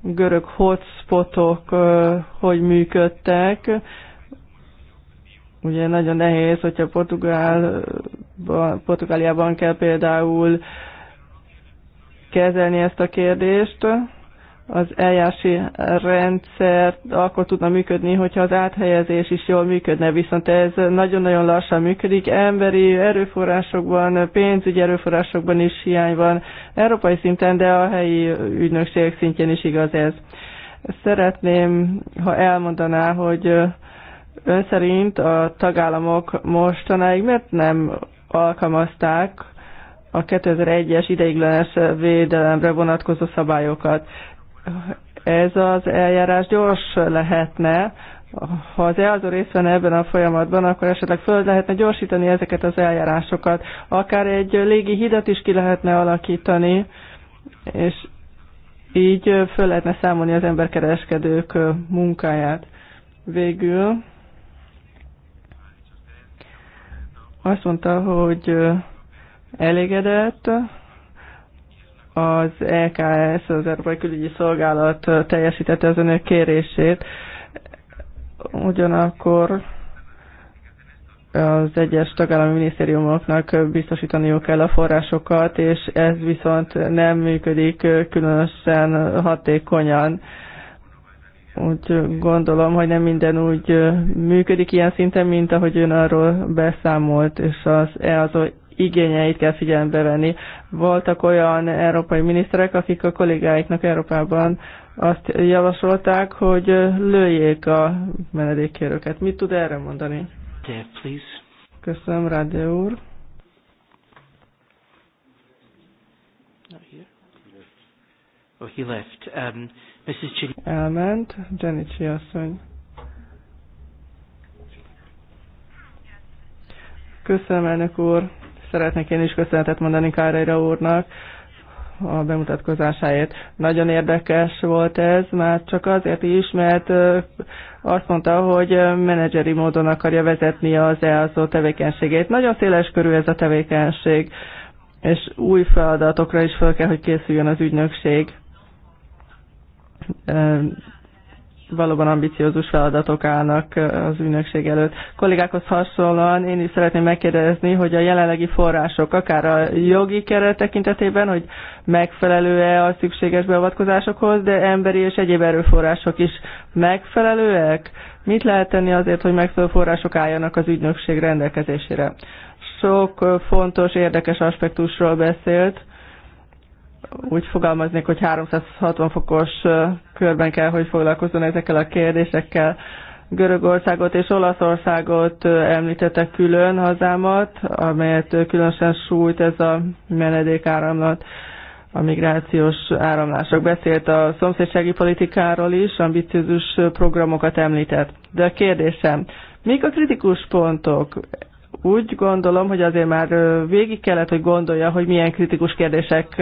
görög hotspotok hogy működtek. Ugye nagyon nehéz, hogyha Portugál, Portugáliában kell például kezelni ezt a kérdést az eljárási rendszer akkor tudna működni, hogyha az áthelyezés is jól működne, viszont ez nagyon-nagyon lassan működik. Emberi erőforrásokban, pénzügyi erőforrásokban is hiány van európai szinten, de a helyi ügynökségek szintjén is igaz ez. Szeretném, ha elmondaná, hogy ön szerint a tagállamok mostanáig mert nem alkalmazták a 2001-es ideiglenes védelemre vonatkozó szabályokat ez az eljárás gyors lehetne, ha az EASO részt venne ebben a folyamatban, akkor esetleg föl lehetne gyorsítani ezeket az eljárásokat. Akár egy légi hidat is ki lehetne alakítani, és így föl lehetne számolni az emberkereskedők munkáját. Végül azt mondta, hogy elégedett, az EKS, az Európai Külügyi Szolgálat teljesítette az önök kérését. Ugyanakkor az egyes tagállami minisztériumoknak biztosítaniuk kell a forrásokat, és ez viszont nem működik különösen hatékonyan. Úgy gondolom, hogy nem minden úgy működik ilyen szinten, mint ahogy ön arról beszámolt, és az e az igényeit kell figyelembe venni. Voltak olyan európai miniszterek, akik a kollégáiknak Európában azt javasolták, hogy lőjék a menedékkérőket. Mit tud erre mondani? please. Köszönöm, Rádió úr. Oh, he left. Um, Mrs. Chin Elment, Janici asszony. Köszönöm, elnök úr. Szeretnék én is köszönetet mondani Káreira úrnak a bemutatkozásáért. Nagyon érdekes volt ez, már csak azért is, mert azt mondta, hogy menedzseri módon akarja vezetni az EASZO tevékenységét. Nagyon széles körű ez a tevékenység, és új feladatokra is fel kell, hogy készüljön az ügynökség valóban ambiciózus feladatok állnak az ügynökség előtt. Kollégákhoz hasonlóan én is szeretném megkérdezni, hogy a jelenlegi források, akár a jogi keret tekintetében, hogy megfelelő-e a szükséges beavatkozásokhoz, de emberi és egyéb erőforrások is megfelelőek? Mit lehet tenni azért, hogy megfelelő források álljanak az ügynökség rendelkezésére? Sok fontos, érdekes aspektusról beszélt úgy fogalmaznék, hogy 360 fokos körben kell, hogy foglalkozzon ezekkel a kérdésekkel. Görögországot és Olaszországot említette külön hazámat, amelyet különösen sújt ez a menedékáramlat, a migrációs áramlások. Beszélt a szomszédsági politikáról is, ambiciózus programokat említett. De a kérdésem, mik a kritikus pontok? úgy gondolom, hogy azért már végig kellett, hogy gondolja, hogy milyen kritikus kérdések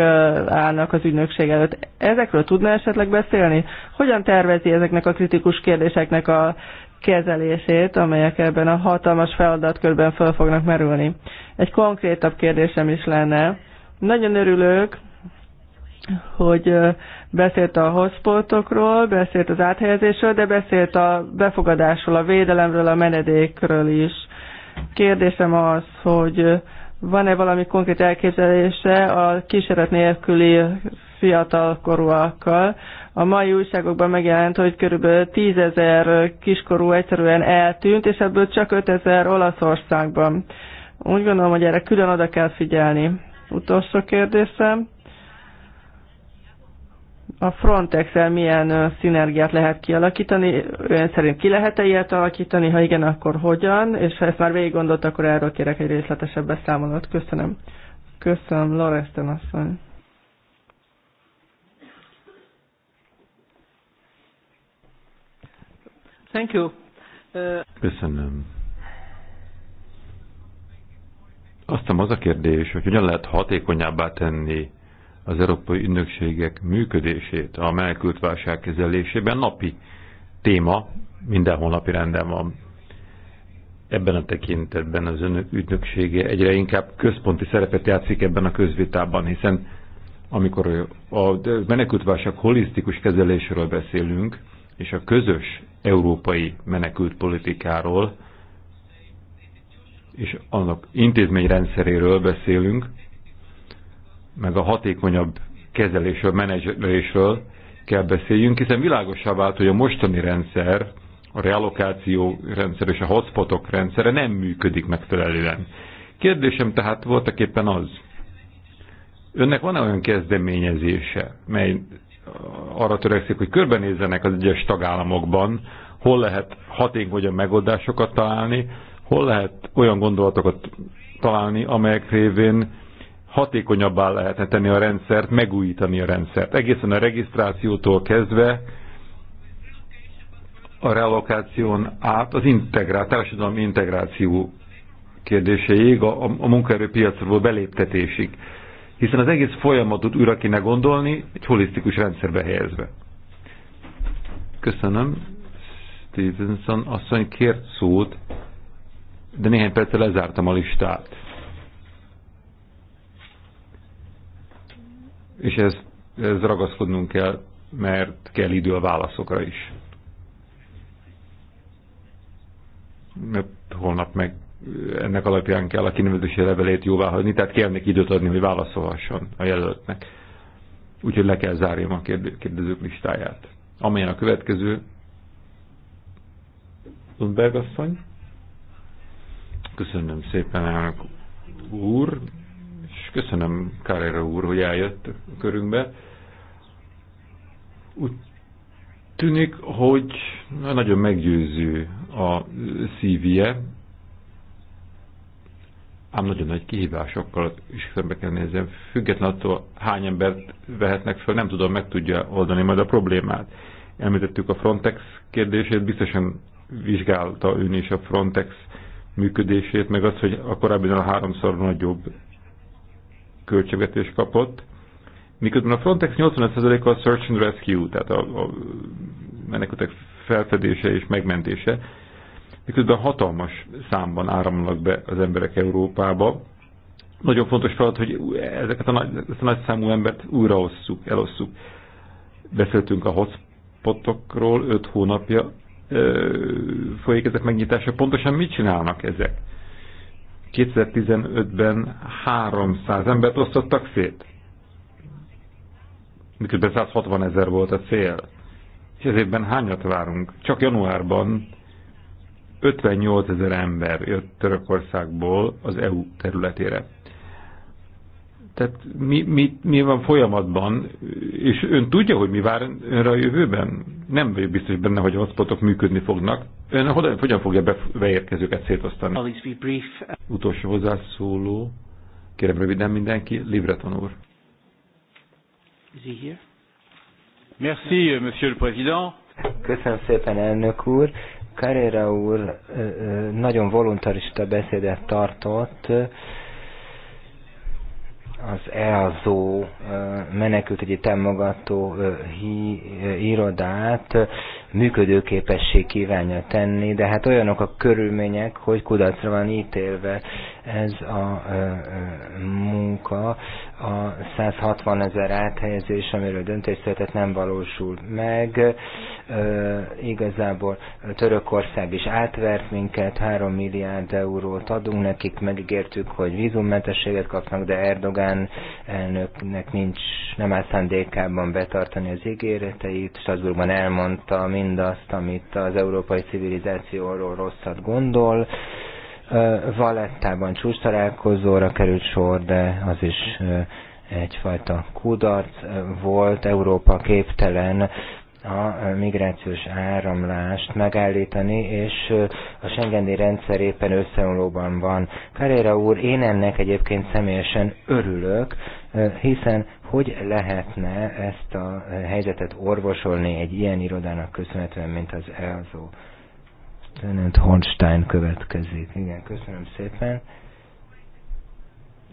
állnak az ügynökség előtt. Ezekről tudna esetleg beszélni? Hogyan tervezi ezeknek a kritikus kérdéseknek a kezelését, amelyek ebben a hatalmas feladatkörben föl fognak merülni? Egy konkrétabb kérdésem is lenne. Nagyon örülök, hogy beszélt a hotspotokról, beszélt az áthelyezésről, de beszélt a befogadásról, a védelemről, a menedékről is Kérdésem az, hogy van-e valami konkrét elképzelése a kísérlet nélküli fiatalkorúakkal. A mai újságokban megjelent, hogy körülbelül 10 ezer kiskorú egyszerűen eltűnt, és ebből csak 5 ezer Olaszországban. Úgy gondolom, hogy erre külön oda kell figyelni. Utolsó kérdésem a frontex milyen szinergiát lehet kialakítani? Ön szerint ki lehet-e ilyet alakítani? Ha igen, akkor hogyan? És ha ezt már végig gondolt, akkor erről kérek egy részletesebb beszámolót. Köszönöm. Köszönöm, Loresten asszony. Thank you. Köszönöm. Aztán az a kérdés, hogy hogyan lehet hatékonyabbá tenni az európai ügynökségek működését a menekült válság kezelésében napi téma mindenhol napi rendben van. Ebben a tekintetben az önök ügynöksége egyre inkább központi szerepet játszik ebben a közvitában, hiszen amikor a menekültválság holisztikus kezelésről beszélünk, és a közös európai menekültpolitikáról és annak intézményrendszeréről beszélünk, meg a hatékonyabb kezelésről, menedzselésről kell beszéljünk, hiszen világosá vált, hogy a mostani rendszer, a realokáció rendszer és a hotspotok rendszere nem működik megfelelően. Kérdésem tehát voltak éppen az, önnek van-e olyan kezdeményezése, mely arra törekszik, hogy körbenézzenek az egyes tagállamokban, hol lehet hatékonyan megoldásokat találni, hol lehet olyan gondolatokat találni, amelyek révén hatékonyabbá lehetne tenni a rendszert, megújítani a rendszert. Egészen a regisztrációtól kezdve a relokáción át az integrá, társadalmi integráció kérdéseig, a, a, a munkaerőpiacról beléptetésig. Hiszen az egész folyamatot újra kéne gondolni, egy holisztikus rendszerbe helyezve. Köszönöm. Stevenson asszony kért szót, de néhány perccel lezártam a listát. és ez, ez ragaszkodnunk kell, mert kell idő a válaszokra is. Mert holnap meg ennek alapján kell a kinevezési levelét jóvá hagyni, tehát kell neki időt adni, hogy válaszolhasson a jelöltnek. Úgyhogy le kell zárjam a kérdezők listáját. Amelyen a következő Lundberg asszony. Köszönöm szépen, elnök úr. Köszönöm Kárára úr, hogy eljött a körünkbe. Úgy tűnik, hogy nagyon meggyőző a szívje, ám nagyon nagy kihívásokkal is szembe kell nézzen. Független attól, hány embert vehetnek föl, nem tudom, meg tudja oldani majd a problémát. Említettük a Frontex kérdését, biztosan vizsgálta ön is a Frontex működését, meg az, hogy a korábbinál háromszor nagyobb költségvetés kapott, miközben a Frontex 85%-a a Search and Rescue, tehát a, a menekültek felfedése és megmentése, miközben hatalmas számban áramlanak be az emberek Európába. Nagyon fontos feladat, hogy ezeket a nagy, ezt a nagy számú embert újraosszuk, elosszuk. Beszéltünk a hotspotokról, öt hónapja folyik ezek megnyitása. Pontosan mit csinálnak ezek? 2015-ben 300 embert osztottak szét, miközben 160 ezer volt a cél. És ez évben hányat várunk? Csak januárban 58 ezer ember jött Törökországból az EU területére. Tehát mi, mi, mi van folyamatban, és ön tudja, hogy mi vár önre a jövőben? Nem vagyok biztos benne, hogy a hotspotok működni fognak. Ön hogyan, hogyan fogja beérkezőket szétosztani? Utolsó hozzászóló. Kérem röviden mindenki, Livreton úr. Merci, monsieur le président. Köszönöm szépen, elnök úr. Carrera úr nagyon voluntarista beszédet tartott az menekült menekültügyi támogató irodát működőképessé kívánja tenni, de hát olyanok a körülmények, hogy kudarcra van ítélve ez a munka, a 160 ezer áthelyezés, amiről döntés született, nem valósul meg. Igazából Törökország is átvert minket, 3 milliárd eurót adunk nekik, megígértük, hogy vízummentességet kapnak, de Erdogán elnöknek nincs, nem áll szándékában betartani az ígéreteit, Strasbourgban elmondta, mind mindazt, amit az európai civilizációról rosszat gondol. Valettában csúcs találkozóra került sor, de az is egyfajta kudarc volt, Európa képtelen a migrációs áramlást megállítani, és a Schengeni rendszer éppen összeomlóban van. Karéra úr, én ennek egyébként személyesen örülök, hiszen hogy lehetne ezt a helyzetet orvosolni egy ilyen irodának köszönhetően, mint az ELZO? Tönent Hornstein következik. Igen, köszönöm szépen.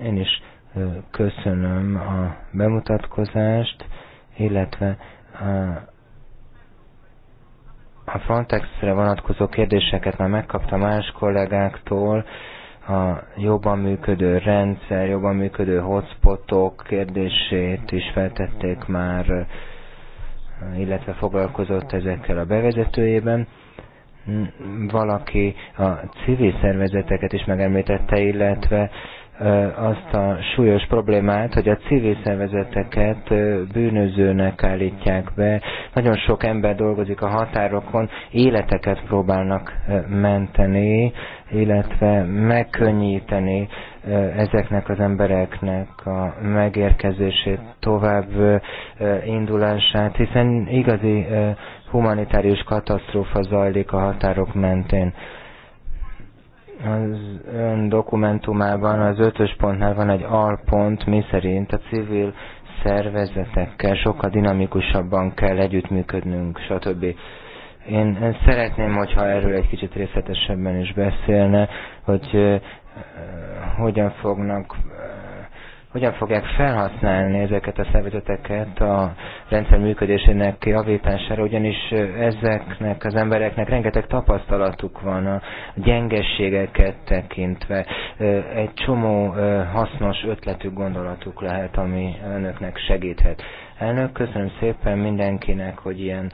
Én is köszönöm a bemutatkozást, illetve a Frontexre vonatkozó kérdéseket már megkaptam más kollégáktól, a jobban működő rendszer, jobban működő hotspotok kérdését is feltették már, illetve foglalkozott ezekkel a bevezetőjében. Valaki a civil szervezeteket is megemlítette, illetve azt a súlyos problémát, hogy a civil szervezeteket bűnözőnek állítják be. Nagyon sok ember dolgozik a határokon, életeket próbálnak menteni, illetve megkönnyíteni ezeknek az embereknek a megérkezését, tovább indulását, hiszen igazi humanitárius katasztrófa zajlik a határok mentén. Az ön dokumentumában az ötös pontnál van egy alpont, mi szerint a civil szervezetekkel sokkal dinamikusabban kell együttműködnünk, stb. Én szeretném, hogyha erről egy kicsit részletesebben is beszélne, hogy eh, hogyan fognak hogyan fogják felhasználni ezeket a szervezeteket a rendszer működésének javítására, ugyanis ezeknek az embereknek rengeteg tapasztalatuk van a gyengességeket tekintve. Egy csomó hasznos ötletük, gondolatuk lehet, ami önöknek segíthet. Elnök, köszönöm szépen mindenkinek, hogy ilyen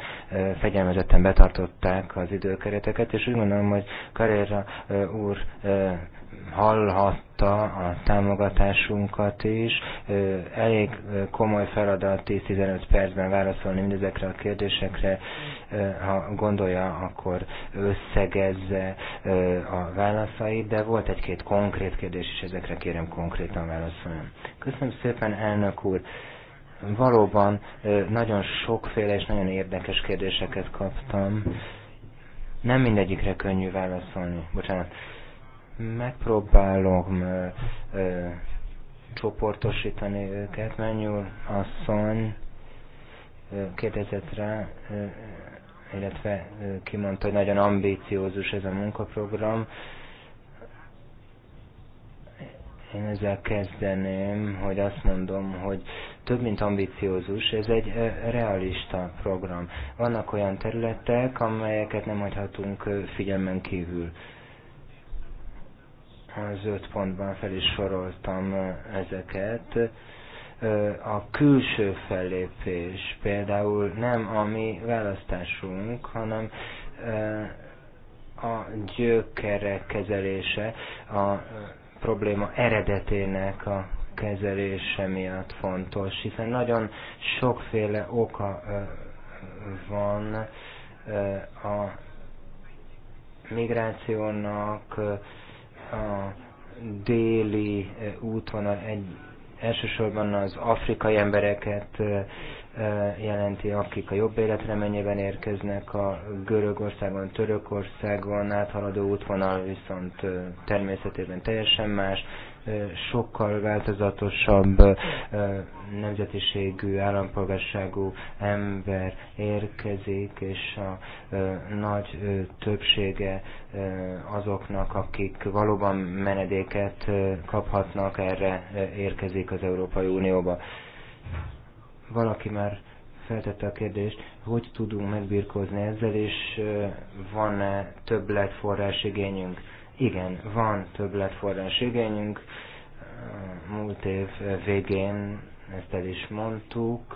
fegyelmezetten betartották az időkereteket, és úgy gondolom, hogy Karéra úr hallhatta a támogatásunkat is. Elég komoly feladat 10-15 percben válaszolni mindezekre a kérdésekre. Ha gondolja, akkor összegezze a válaszait, de volt egy-két konkrét kérdés is, ezekre kérem konkrétan válaszolni. Köszönöm szépen, elnök úr! Valóban nagyon sokféle és nagyon érdekes kérdéseket kaptam. Nem mindegyikre könnyű válaszolni. Bocsánat. Megpróbálom ö, ö, csoportosítani őket. Mennyúl asszony kérdezett rá, ö, illetve ö, kimondta, hogy nagyon ambíciózus ez a munkaprogram. Én ezzel kezdeném, hogy azt mondom, hogy több, mint ambiciózus, ez egy realista program. Vannak olyan területek, amelyeket nem hagyhatunk figyelmen kívül az öt pontban fel is soroltam ezeket. A külső fellépés például nem a mi választásunk, hanem a gyökerek kezelése, a probléma eredetének a kezelése miatt fontos, hiszen nagyon sokféle oka van a migrációnak, a déli eh, útvonal egy, elsősorban az afrikai embereket eh, eh, jelenti, akik a jobb életreményében érkeznek, a Görögországon, Törökországon áthaladó útvonal viszont természetében teljesen más, sokkal változatosabb nemzetiségű, állampolgárságú ember érkezik, és a nagy többsége azoknak, akik valóban menedéket kaphatnak, erre érkezik az Európai Unióba. Valaki már feltette a kérdést, hogy tudunk megbirkózni ezzel, és van-e többletforrás igényünk igen, van többletforrás igényünk. Múlt év végén ezt el is mondtuk.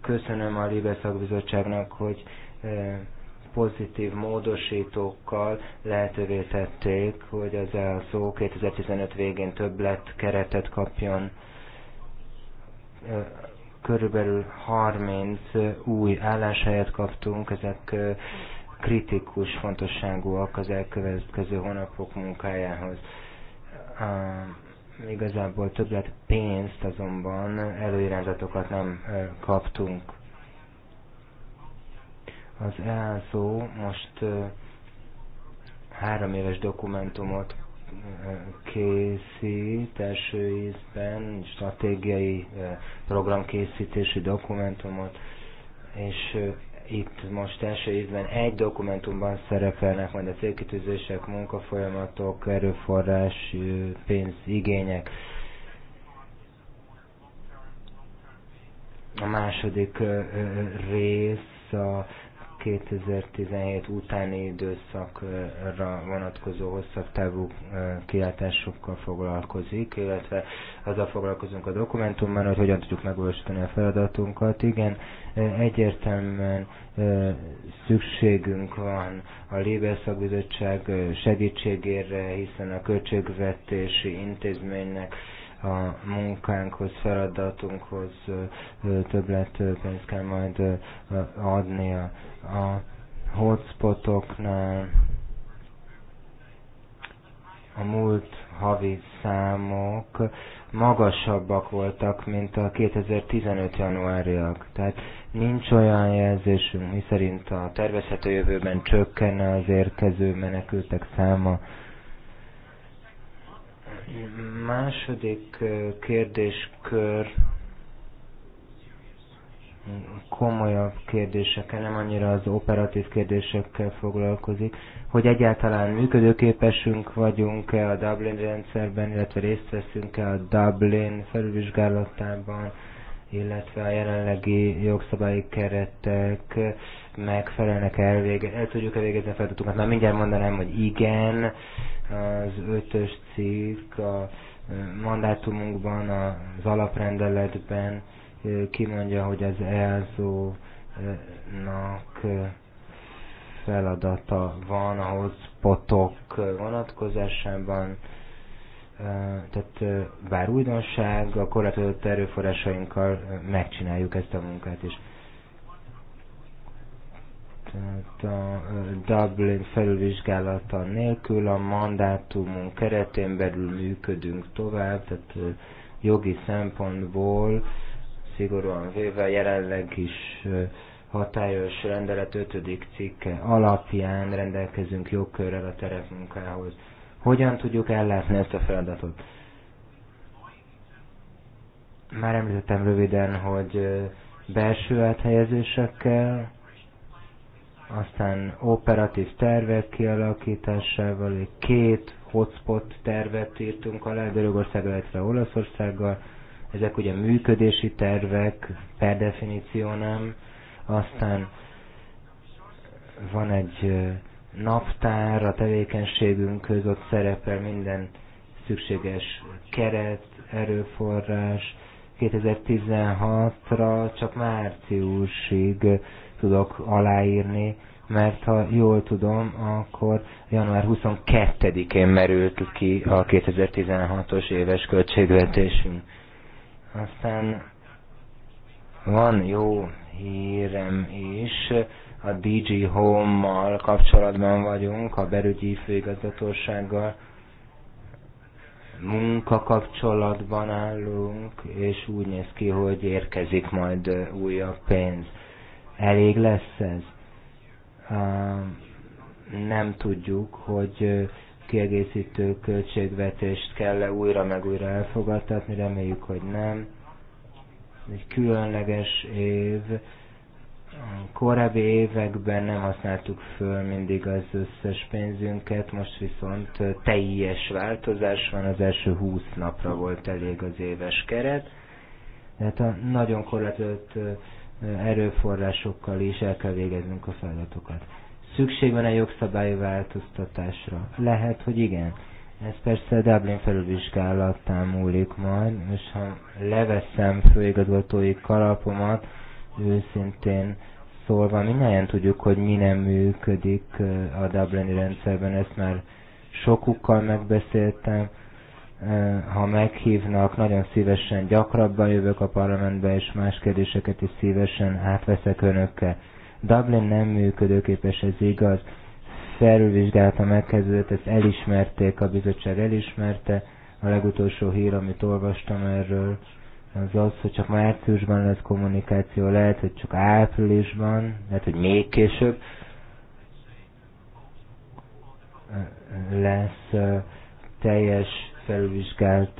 Köszönöm a Libe szakbizottságnak, hogy e, pozitív módosítókkal lehetővé tették, hogy az ELSZO 2015 végén többlet keretet kapjon e, körülbelül 30 új álláshelyet kaptunk, ezek e, kritikus fontosságúak az elkövetkező hónapok munkájához. Igazából többet pénzt azonban előirányzatokat nem kaptunk. Az EASO most három éves dokumentumot készít első ízben, stratégiai programkészítési dokumentumot, és itt most első évben egy dokumentumban szerepelnek majd a célkitűzések, munkafolyamatok, erőforrás, pénzigények. A második rész a 2017 utáni időszakra vonatkozó hosszabb távú kiáltásokkal foglalkozik, illetve azzal foglalkozunk a dokumentumban, hogy hogyan tudjuk megvalósítani a feladatunkat. Igen, egyértelműen szükségünk van a Lébel Szakbizottság segítségére, hiszen a költségvetési intézménynek a munkánkhoz, feladatunkhoz többlet pénzt kell majd adnia. A hotspotoknál a múlt havi számok magasabbak voltak, mint a 2015 januáriak. Tehát nincs olyan jelzésünk, miszerint a tervezhető jövőben csökkenne az érkező menekültek száma. Második kérdéskör komolyabb kérdésekkel, nem annyira az operatív kérdésekkel foglalkozik, hogy egyáltalán működőképesünk vagyunk-e a Dublin rendszerben, illetve részt veszünk-e a Dublin felülvizsgálatában, illetve a jelenlegi jogszabályi keretek megfelelnek -e elvége, el tudjuk-e végezni a feladatunkat. Már mindjárt mondanám, hogy igen, ötös cikk a mandátumunkban, az alaprendeletben kimondja, hogy az elzónak nak feladata van a hotspotok vonatkozásában, tehát bár újdonság, a korlátozott erőforrásainkkal megcsináljuk ezt a munkát is. És tehát a Dublin felülvizsgálata nélkül a mandátumunk keretén belül működünk tovább, tehát jogi szempontból szigorúan véve jelenleg is hatályos rendelet 5. cikke alapján rendelkezünk jogkörrel a terepmunkához. Hogyan tudjuk ellátni ezt a feladatot? Már említettem röviden, hogy belső áthelyezésekkel, aztán operatív tervek kialakításával, egy két hotspot tervet írtunk alá, Görögországgal, illetve Olaszországgal, ezek ugye működési tervek, per definíció nem, aztán van egy naptár a tevékenységünkhöz, ott szerepel minden szükséges keret, erőforrás, 2016-ra csak márciusig tudok aláírni, mert ha jól tudom, akkor január 22-én merült ki a 2016-os éves költségvetésünk. Aztán van jó hírem is, a DG Home-mal kapcsolatban vagyunk, a belügyi főigazgatósággal munkakapcsolatban állunk, és úgy néz ki, hogy érkezik majd újabb pénz. Elég lesz ez? Nem tudjuk, hogy kiegészítő költségvetést kell-e újra meg újra elfogadtatni, reméljük, hogy nem. Egy különleges év, korábbi években nem használtuk föl mindig az összes pénzünket, most viszont teljes változás van, az első 20 napra volt elég az éves keret. Tehát a nagyon korlátozott erőforrásokkal is el kell végeznünk a feladatokat. Szükség van-e jogszabályi változtatásra? Lehet, hogy igen. Ez persze a Dublin felülvizsgálattán múlik majd, és ha leveszem főigazgatói kalapomat, őszintén szólva, mindenjen tudjuk, hogy mi nem működik a Dublini rendszerben, ezt már sokukkal megbeszéltem, Eh, ha meghívnak, nagyon szívesen gyakrabban jövök a parlamentbe, és más kérdéseket is szívesen átveszek önökkel. Dublin nem működőképes, ez igaz. Felülvizsgálata megkezdődött, ezt elismerték, a bizottság elismerte. A legutolsó hír, amit olvastam erről, az az, hogy csak márciusban lesz kommunikáció, lehet, hogy csak áprilisban, lehet, hogy még később eh, lesz eh, teljes felülvizsgált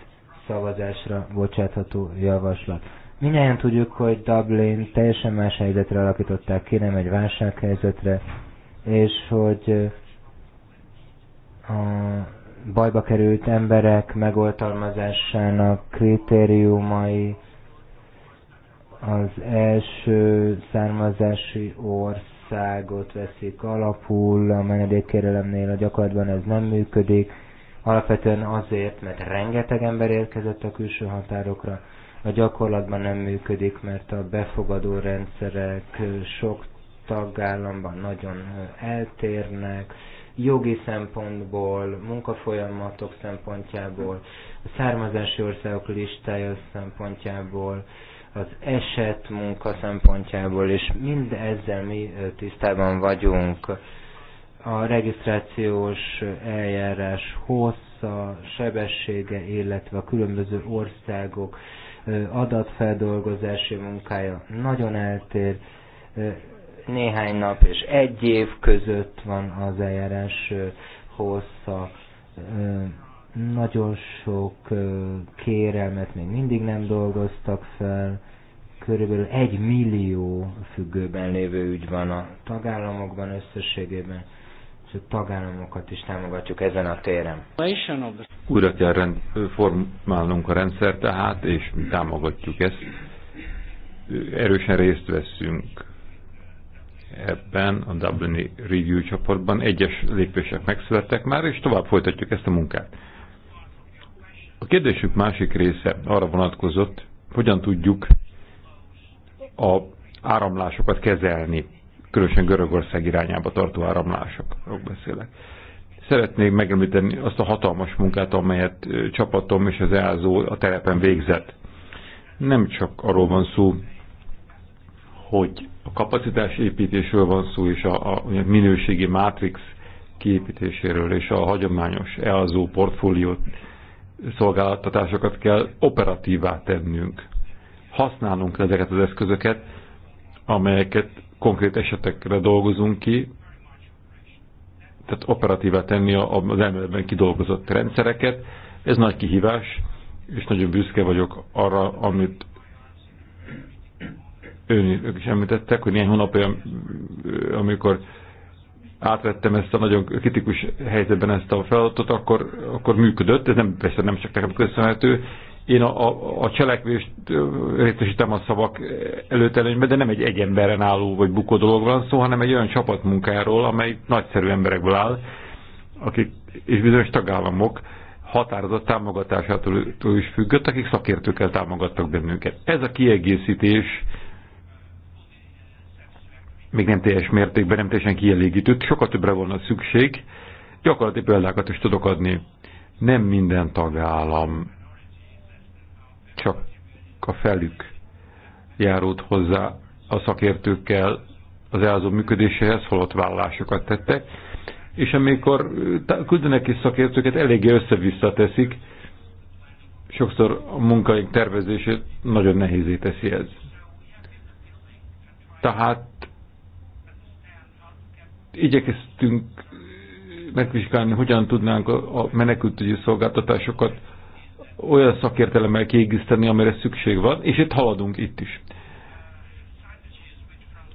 szavazásra bocsátható javaslat. Mindjárt tudjuk, hogy Dublin teljesen más helyzetre alakították ki, nem egy válsághelyzetre, és hogy a bajba került emberek megoltalmazásának kritériumai az első származási országot veszik alapul, a menedékkérelemnél a gyakorlatban ez nem működik, alapvetően azért, mert rengeteg ember érkezett a külső határokra, a gyakorlatban nem működik, mert a befogadó rendszerek sok tagállamban nagyon eltérnek, jogi szempontból, munkafolyamatok szempontjából, a származási országok listája szempontjából, az eset munka szempontjából, és mind ezzel mi tisztában vagyunk a regisztrációs eljárás hossza, sebessége, illetve a különböző országok adatfeldolgozási munkája nagyon eltér. Néhány nap és egy év között van az eljárás hossza. Nagyon sok kérelmet még mindig nem dolgoztak fel körülbelül egy millió függőben lévő ügy van a tagállamokban összességében tagállamokat is támogatjuk ezen a téren. Újra kell rend, formálnunk a rendszer tehát, és mi támogatjuk ezt. Erősen részt veszünk ebben a Dublini Review csoportban. Egyes lépések megszülettek már, és tovább folytatjuk ezt a munkát. A kérdésük másik része arra vonatkozott, hogyan tudjuk a áramlásokat kezelni különösen Görögország irányába tartó áramlásokról beszélek. Szeretnék megemlíteni azt a hatalmas munkát, amelyet csapatom és az EASO a telepen végzett. Nem csak arról van szó, hogy a kapacitás építésről van szó, és a, a minőségi mátrix kiépítéséről, és a hagyományos EASO portfóliót, szolgáltatásokat kell operatívá tennünk. Használnunk ezeket az eszközöket, amelyeket konkrét esetekre dolgozunk ki, tehát operatívá tenni az elméletben kidolgozott rendszereket. Ez nagy kihívás, és nagyon büszke vagyok arra, amit ők is említettek, hogy néhány hónapja, amikor átvettem ezt a nagyon kritikus helyzetben ezt a feladatot, akkor, akkor működött, ez nem, persze nem csak nekem köszönhető, én a, a, a cselekvést részesítem a szavak előtelőnybe, de nem egy egy emberen álló vagy bukó dolog van szó, hanem egy olyan csapatmunkáról, amely nagyszerű emberekből áll, akik és bizonyos tagállamok határozott támogatásától is függött, akik szakértőkkel támogattak bennünket. Ez a kiegészítés még nem teljes mértékben, nem teljesen kielégítőt, sokkal többre volna szükség. Gyakorlati példákat is tudok adni. Nem minden tagállam csak a felük járult hozzá a szakértőkkel az elzó működéséhez, holott vállásokat tettek, és amikor küldenek is szakértőket, eléggé össze-vissza teszik, sokszor a munkaink tervezését nagyon nehézé teszi ez. Tehát igyekeztünk megvizsgálni, hogyan tudnánk a menekültügyi szolgáltatásokat olyan szakértelemmel kiegészíteni, amire szükség van, és itt haladunk itt is.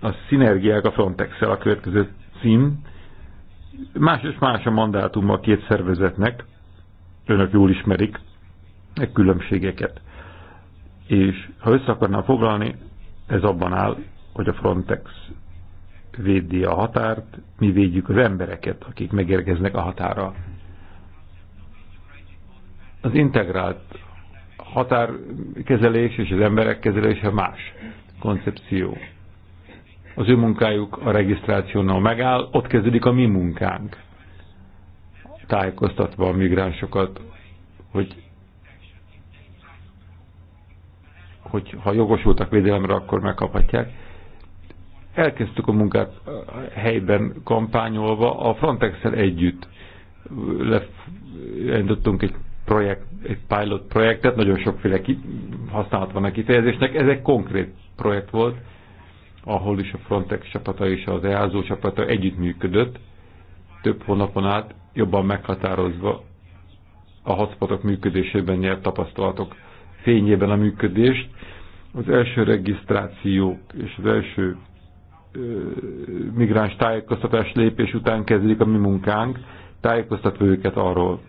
A szinergiák a frontex a következő cím. Más és más a mandátum a két szervezetnek. Önök jól ismerik a e különbségeket. És ha össze akarnám foglalni, ez abban áll, hogy a Frontex védi a határt, mi védjük az embereket, akik megérkeznek a határa az integrált határkezelés és az emberek kezelése más koncepció. Az ő munkájuk a regisztrációnál megáll, ott kezdődik a mi munkánk. Tájékoztatva a migránsokat, hogy, hogy ha jogosultak védelemre, akkor megkaphatják. Elkezdtük a munkát helyben kampányolva, a Frontex-el együtt leendítettünk egy projekt, egy pilot projektet, nagyon sokféle ki, használat van a kifejezésnek, ez egy konkrét projekt volt, ahol is a Frontex csapata és az EASO csapata együttműködött, több hónapon át jobban meghatározva a hotspotok működésében nyert tapasztalatok fényében a működést. Az első regisztrációk és az első ö, migráns tájékoztatás lépés után kezdik a mi munkánk, tájékoztatva őket arról,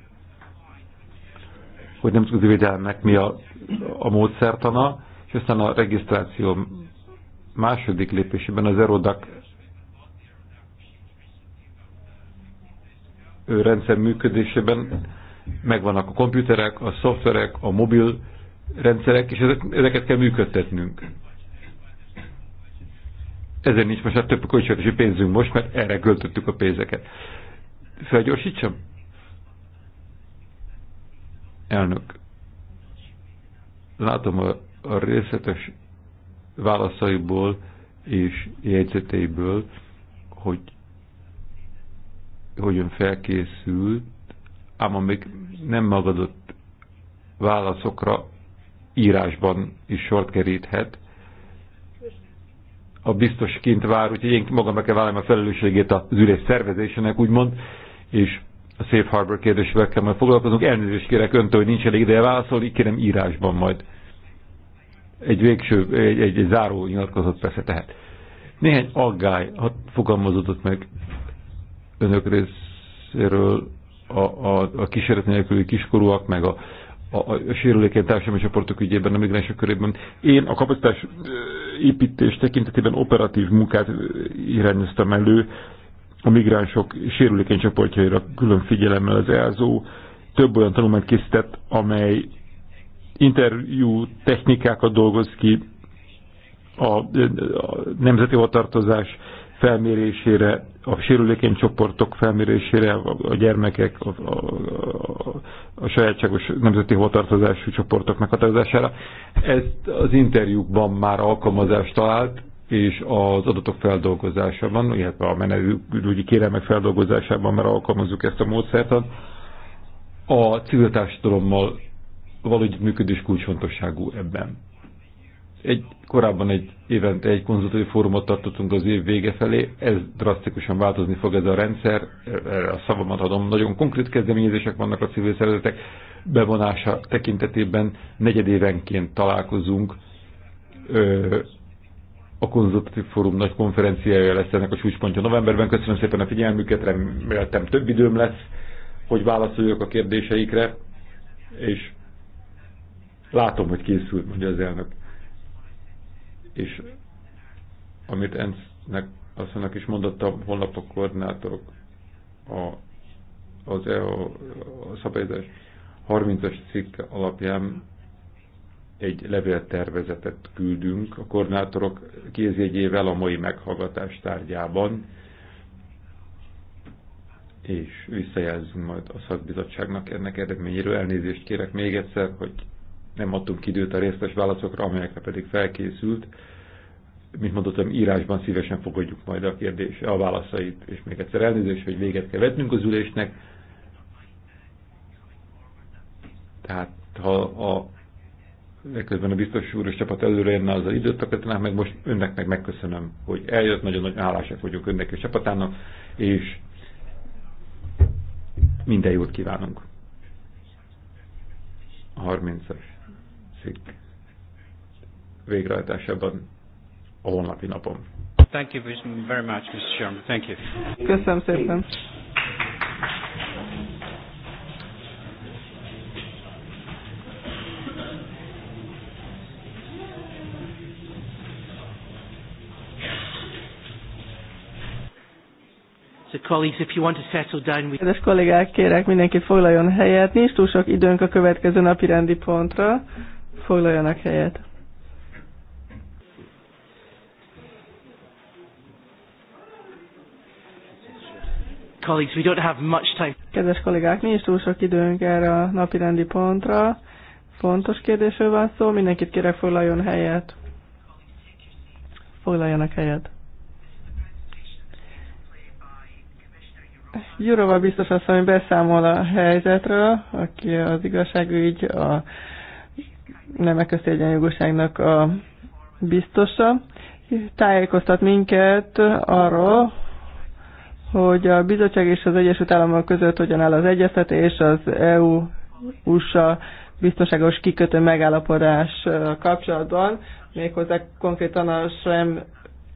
hogy nemzetközi védelmnek mi a, a módszertana, és aztán a regisztráció második lépésében az Erodac rendszer működésében megvannak a komputerek, a szoftverek, a mobil rendszerek, és ezeket kell működtetnünk. Ezért nincs most már több költségvetési pénzünk most, mert erre költöttük a pénzeket. Felgyorsítsam? Elnök, látom a, a részletes válaszaiból és jegyzeteiből, hogy hogyan felkészült, ám amíg nem magadott válaszokra írásban is sort keríthet. A biztos kint vár, úgyhogy én meg kell vállalni a felelősségét az ülés szervezésének, úgymond, és a Safe Harbor kérdésével kell majd foglalkozunk. Elnézést kérek öntől, hogy nincs elég ideje válaszolni, kérem írásban majd. Egy végső, egy, egy, egy záró nyilatkozat persze tehet. Néhány aggály fogalmazódott meg önök részéről a, a, a kísérlet nélküli kiskorúak, meg a, a, a sérülékeny társadalmi csoportok ügyében, a migránsok körében. Én a kapacitás építés tekintetében operatív munkát irányoztam elő, a migránsok sérülékeny csoportjaira külön figyelemmel az ELZO több olyan tanulmányt készített, amely interjú technikákat dolgoz ki a, a nemzeti hovatartozás felmérésére, a sérülékeny csoportok felmérésére, a gyermekek, a, a, a, a sajátságos nemzeti hovatartozású csoportok meghatározására. Ezt az interjúkban már alkalmazást talált, és az adatok feldolgozásában, illetve a menekülügyi kérelmek feldolgozásában mert alkalmazzuk ezt a módszert, A civil társadalommal való működés kulcsfontosságú ebben. Egy, korábban egy évente egy konzultatív fórumot tartottunk az év vége felé, ez drasztikusan változni fog ez a rendszer, erre a szavamat adom, nagyon konkrét kezdeményezések vannak a civil szervezetek bevonása tekintetében, negyedévenként találkozunk, a konzultatív fórum nagy konferenciája lesz ennek a csúcspontja novemberben. Köszönöm szépen a figyelmüket, reméltem több időm lesz, hogy válaszoljak a kérdéseikre, és látom, hogy készült, mondja az elnök. És amit Ensznek mondanak is mondotta, holnap a koordinátorok a, az EO szabályozás 30-as cikk alapján egy levéltervezetet küldünk a koordinátorok kézjegyével a mai meghallgatás tárgyában, és visszajelzünk majd a szakbizottságnak ennek eredményéről. Elnézést kérek még egyszer, hogy nem adtunk időt a részletes válaszokra, amelyekre pedig felkészült. Mint mondottam, írásban szívesen fogadjuk majd a kérdés, a válaszait, és még egyszer elnézést, hogy véget kell vetnünk az ülésnek. Tehát ha a Ekközben a biztos úr és csapat előre jönne az időt takatnák, meg most önnek meg megköszönöm, hogy eljött, nagyon nagy hálásak vagyunk önnek és csapatának, és minden jót kívánunk. 30-as szik végrehajtásában a honlapi napon. Thank you very much, Mr. Chairman. Thank you. Köszönöm szépen. colleagues, if you want to settle down, we... Kedves kollégák, kérek mindenki foglaljon helyet. Nincs túl sok időnk a következő napi rendi pontra. Foglaljanak helyet. Colleagues, we don't have much time. Kedves kollégák, nincs túl sok időnk erre a napi rendi pontra. Fontos kérdésről van szó, mindenkit kérek foglaljon helyet. Foglaljanak helyet. Jurova biztos hogy beszámol a helyzetről, aki az igazságügy, a nemek közti egyenjogúságnak a biztosa. Tájékoztat minket arról, hogy a bizottság és az Egyesült Államok között hogyan áll az egyeztetés, az EU-USA biztonságos kikötő megállapodás kapcsolatban, méghozzá konkrétan a SREM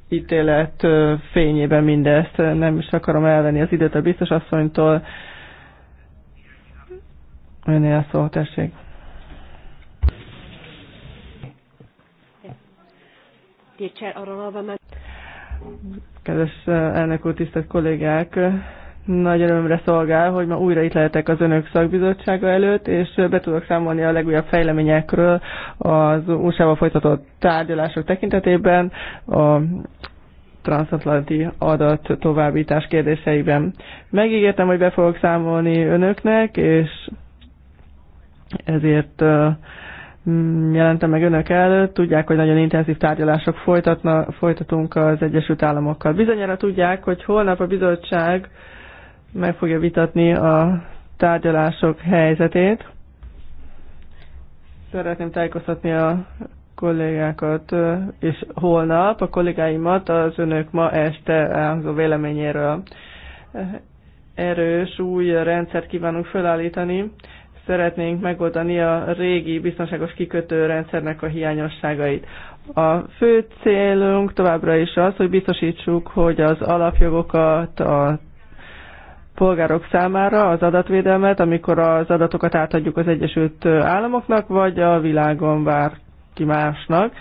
ítélet fényében mindezt. Nem is akarom elvenni az időt a biztos asszonytól. a szó, tessék. Kedves elnök úr, tisztelt kollégák! Nagy örömre szolgál, hogy ma újra itt lehetek az önök szakbizottsága előtt, és be tudok számolni a legújabb fejleményekről az usa folytatott tárgyalások tekintetében, a transatlanti adat továbbítás kérdéseiben. Megígértem, hogy be fogok számolni önöknek, és ezért mm, jelentem meg önök előtt. Tudják, hogy nagyon intenzív tárgyalások folytatna, folytatunk az Egyesült Államokkal. Bizonyára tudják, hogy holnap a bizottság meg fogja vitatni a tárgyalások helyzetét. Szeretném tájékoztatni a kollégákat, és holnap a kollégáimat az önök ma este elhangzó véleményéről. Erős új rendszert kívánunk felállítani. Szeretnénk megoldani a régi biztonságos kikötő rendszernek a hiányosságait. A fő célunk továbbra is az, hogy biztosítsuk, hogy az alapjogokat, a polgárok számára az adatvédelmet, amikor az adatokat átadjuk az Egyesült Államoknak, vagy a világon bárki másnak.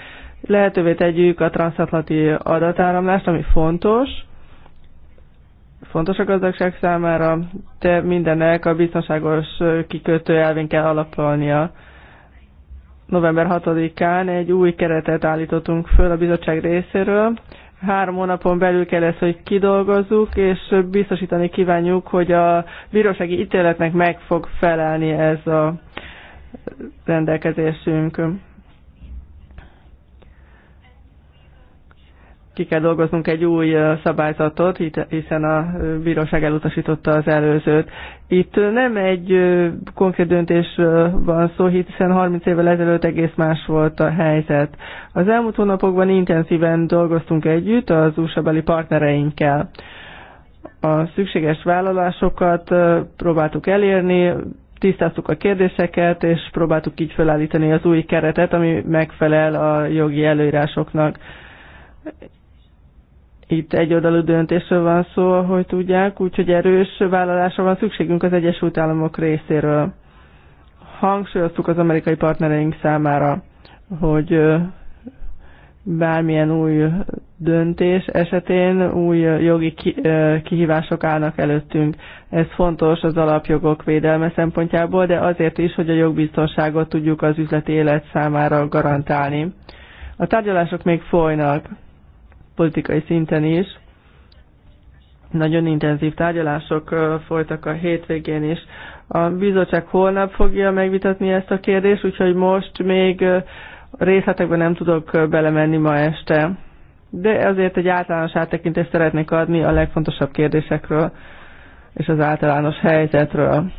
Lehetővé tegyük a transatlanti adatáramlást, ami fontos, fontos a gazdagság számára, de mindennek a biztonságos kikötő elvén kell alapolnia. November 6-án egy új keretet állítottunk föl a bizottság részéről, Három hónapon belül kell ezt, hogy kidolgozzuk, és biztosítani kívánjuk, hogy a bírósági ítéletnek meg fog felelni ez a rendelkezésünk. ki kell dolgoznunk egy új szabályzatot, hiszen a bíróság elutasította az előzőt. Itt nem egy konkrét döntés van szó, hiszen 30 évvel ezelőtt egész más volt a helyzet. Az elmúlt hónapokban intenzíven dolgoztunk együtt az USA beli partnereinkkel. A szükséges vállalásokat próbáltuk elérni, tisztáztuk a kérdéseket, és próbáltuk így felállítani az új keretet, ami megfelel a jogi előírásoknak itt egyoldalú döntésről van szó, ahogy tudják, úgyhogy erős vállalásra van szükségünk az Egyesült Államok részéről. Hangsúlyoztuk az amerikai partnereink számára, hogy bármilyen új döntés esetén új jogi kihívások állnak előttünk. Ez fontos az alapjogok védelme szempontjából, de azért is, hogy a jogbiztonságot tudjuk az üzleti élet számára garantálni. A tárgyalások még folynak politikai szinten is. Nagyon intenzív tárgyalások folytak a hétvégén is. A bizottság holnap fogja megvitatni ezt a kérdést, úgyhogy most még részletekben nem tudok belemenni ma este. De azért egy általános áttekintést szeretnék adni a legfontosabb kérdésekről és az általános helyzetről.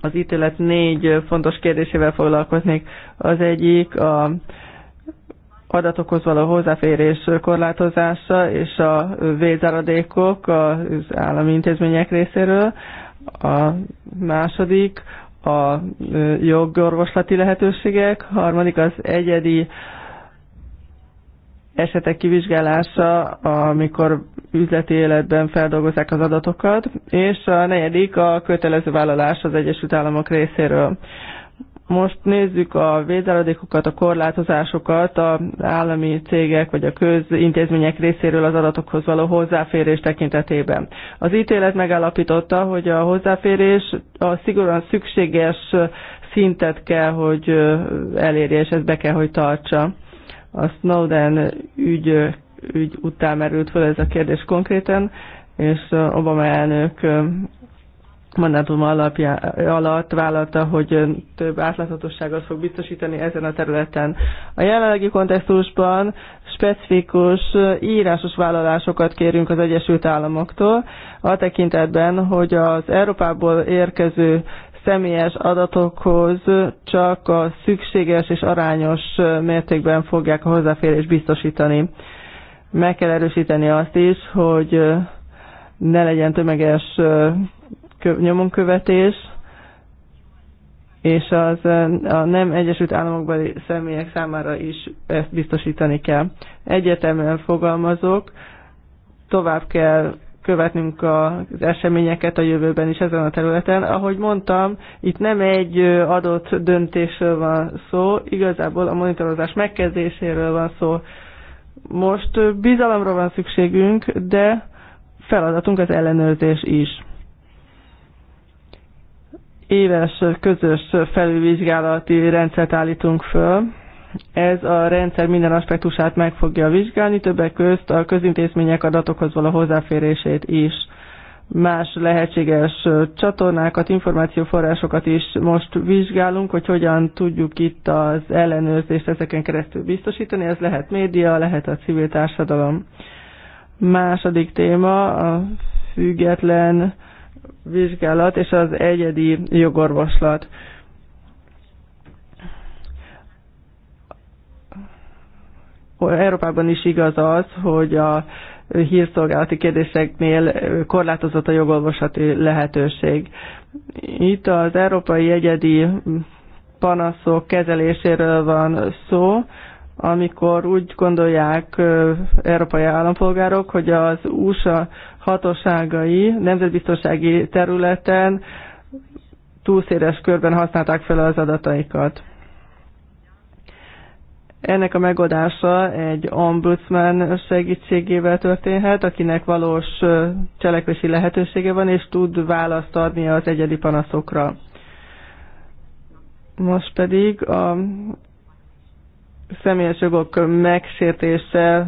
Az ítélet négy fontos kérdésével foglalkoznék. Az egyik a adatokhoz való hozzáférés korlátozása és a védzáradékok az állami intézmények részéről. A második a jogorvoslati lehetőségek, harmadik az egyedi esetek kivizsgálása, amikor üzleti életben feldolgozzák az adatokat, és a negyedik a kötelező vállalás az Egyesült Államok részéről. Most nézzük a védeladékokat, a korlátozásokat, a állami cégek vagy a közintézmények részéről az adatokhoz való hozzáférés tekintetében. Az ítélet megállapította, hogy a hozzáférés a szigorúan szükséges szintet kell, hogy elérje, és ezt be kell, hogy tartsa. A Snowden ügy, ügy után merült fel ez a kérdés konkrétan, és Obama elnök mandátum alapja alatt vállalta, hogy több átláthatóságot fog biztosítani ezen a területen. A jelenlegi kontextusban specifikus írásos vállalásokat kérünk az Egyesült Államoktól, a tekintetben, hogy az Európából érkező személyes adatokhoz csak a szükséges és arányos mértékben fogják a hozzáférést biztosítani. Meg kell erősíteni azt is, hogy ne legyen tömeges nyomonkövetés, és az a nem Egyesült Államokbeli személyek számára is ezt biztosítani kell. Egyetemen fogalmazok, tovább kell követnünk az eseményeket a jövőben is ezen a területen. Ahogy mondtam, itt nem egy adott döntésről van szó, igazából a monitorozás megkezdéséről van szó. Most bizalomra van szükségünk, de feladatunk az ellenőrzés is éves közös felülvizsgálati rendszert állítunk föl. Ez a rendszer minden aspektusát meg fogja vizsgálni, többek közt a közintézmények adatokhoz való hozzáférését is. Más lehetséges csatornákat, információforrásokat is most vizsgálunk, hogy hogyan tudjuk itt az ellenőrzést ezeken keresztül biztosítani. Ez lehet média, lehet a civil társadalom. Második téma a független vizsgálat és az egyedi jogorvoslat. Európában is igaz az, hogy a hírszolgálati kérdéseknél korlátozott a jogolvosati lehetőség. Itt az európai egyedi panaszok kezeléséről van szó, amikor úgy gondolják európai állampolgárok, hogy az USA hatóságai nemzetbiztonsági területen túlszéles körben használták fel az adataikat. Ennek a megoldása egy ombudsman segítségével történhet, akinek valós cselekvési lehetősége van, és tud választ adni az egyedi panaszokra. Most pedig a személyes jogok megsértése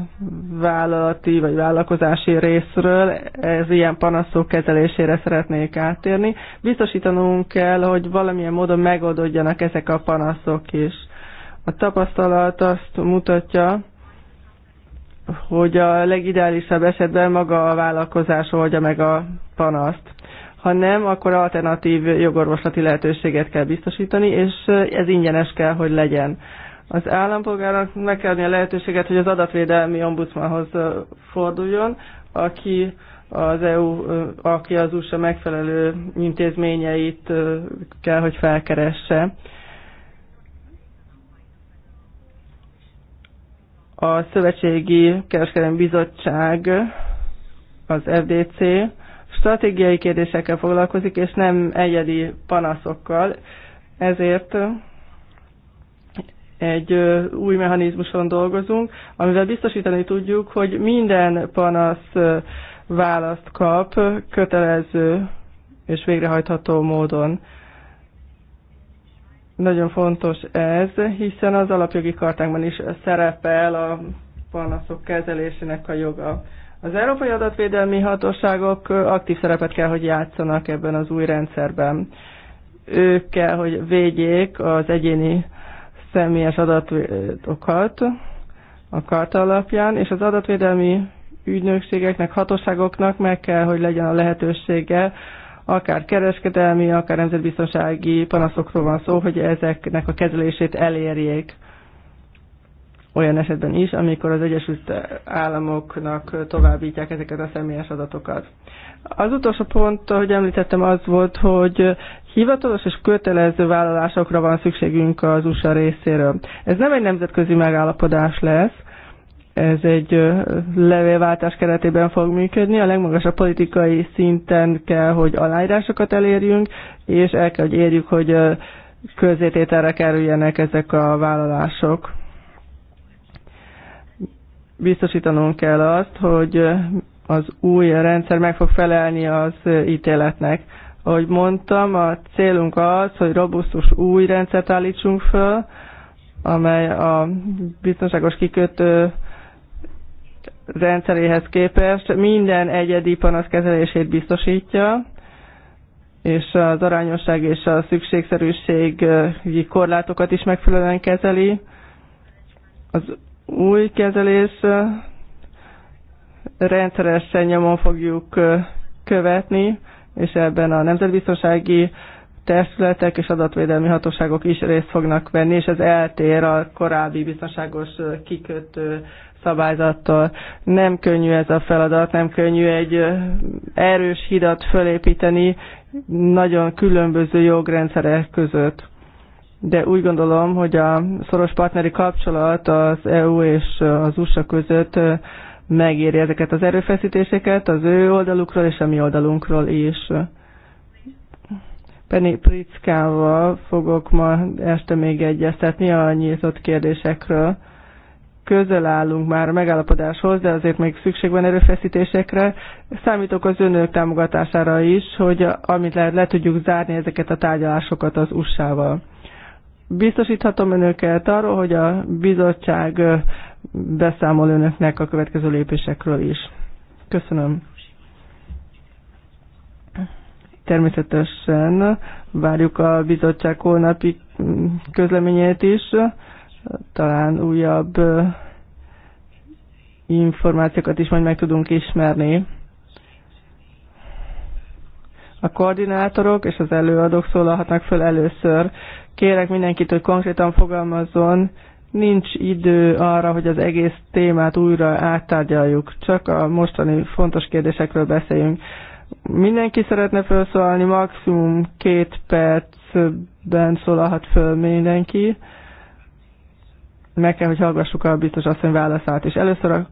vállalati vagy vállalkozási részről, ez ilyen panaszok kezelésére szeretnék áttérni. Biztosítanunk kell, hogy valamilyen módon megoldódjanak ezek a panaszok is. A tapasztalat azt mutatja, hogy a legideálisabb esetben maga a vállalkozás oldja meg a panaszt. Ha nem, akkor alternatív jogorvoslati lehetőséget kell biztosítani, és ez ingyenes kell, hogy legyen. Az állampolgárnak meg kell adni a lehetőséget, hogy az adatvédelmi ombudsmanhoz forduljon, aki az EU, aki az USA megfelelő intézményeit kell, hogy felkeresse. A Szövetségi Kereskedelmi Bizottság, az FDC stratégiai kérdésekkel foglalkozik, és nem egyedi panaszokkal, ezért egy új mechanizmuson dolgozunk, amivel biztosítani tudjuk, hogy minden panasz választ kap kötelező és végrehajtható módon. Nagyon fontos ez, hiszen az alapjogi kartánkban is szerepel a panaszok kezelésének a joga. Az Európai Adatvédelmi Hatóságok aktív szerepet kell, hogy játszanak ebben az új rendszerben. Ők kell, hogy védjék az egyéni személyes adatokat a karta alapján, és az adatvédelmi ügynökségeknek, hatóságoknak meg kell, hogy legyen a lehetősége, akár kereskedelmi, akár nemzetbiztonsági panaszokról van szó, hogy ezeknek a kezelését elérjék olyan esetben is, amikor az Egyesült Államoknak továbbítják ezeket a személyes adatokat. Az utolsó pont, ahogy említettem, az volt, hogy hivatalos és kötelező vállalásokra van szükségünk az USA részéről. Ez nem egy nemzetközi megállapodás lesz, ez egy levélváltás keretében fog működni. A legmagasabb politikai szinten kell, hogy aláírásokat elérjünk, és el kell, hogy érjük, hogy közétételre kerüljenek ezek a vállalások. Biztosítanunk kell azt, hogy az új rendszer meg fog felelni az ítéletnek. Ahogy mondtam, a célunk az, hogy robusztus új rendszert állítsunk föl, amely a biztonságos kikötő rendszeréhez képest minden egyedi panasz kezelését biztosítja, és az arányosság és a szükségszerűség korlátokat is megfelelően kezeli. Az új kezelés rendszeresen nyomon fogjuk követni, és ebben a nemzetbiztonsági testületek és adatvédelmi hatóságok is részt fognak venni, és ez eltér a korábbi biztonságos kikötő szabályzattal. Nem könnyű ez a feladat, nem könnyű egy erős hidat fölépíteni nagyon különböző jogrendszerek között. De úgy gondolom, hogy a szoros partneri kapcsolat az EU és az USA között megéri ezeket az erőfeszítéseket az ő oldalukról és a mi oldalunkról is. Penny Prickával fogok ma este még egyeztetni a nyitott kérdésekről. Közel állunk már a megállapodáshoz, de azért még szükség van erőfeszítésekre. Számítok az önök támogatására is, hogy amit lehet, le tudjuk zárni ezeket a tárgyalásokat az USA-val. Biztosíthatom önöket arról, hogy a bizottság beszámol önöknek a következő lépésekről is. Köszönöm. Természetesen várjuk a bizottság holnapi közleményét is, talán újabb információkat is majd meg tudunk ismerni. A koordinátorok és az előadók szólalhatnak föl először. Kérek mindenkit, hogy konkrétan fogalmazzon, nincs idő arra, hogy az egész témát újra áttárgyaljuk, csak a mostani fontos kérdésekről beszéljünk. Mindenki szeretne felszólalni, maximum két percben szólalhat föl mindenki. Meg kell, hogy hallgassuk a biztos asszony válaszát, és először a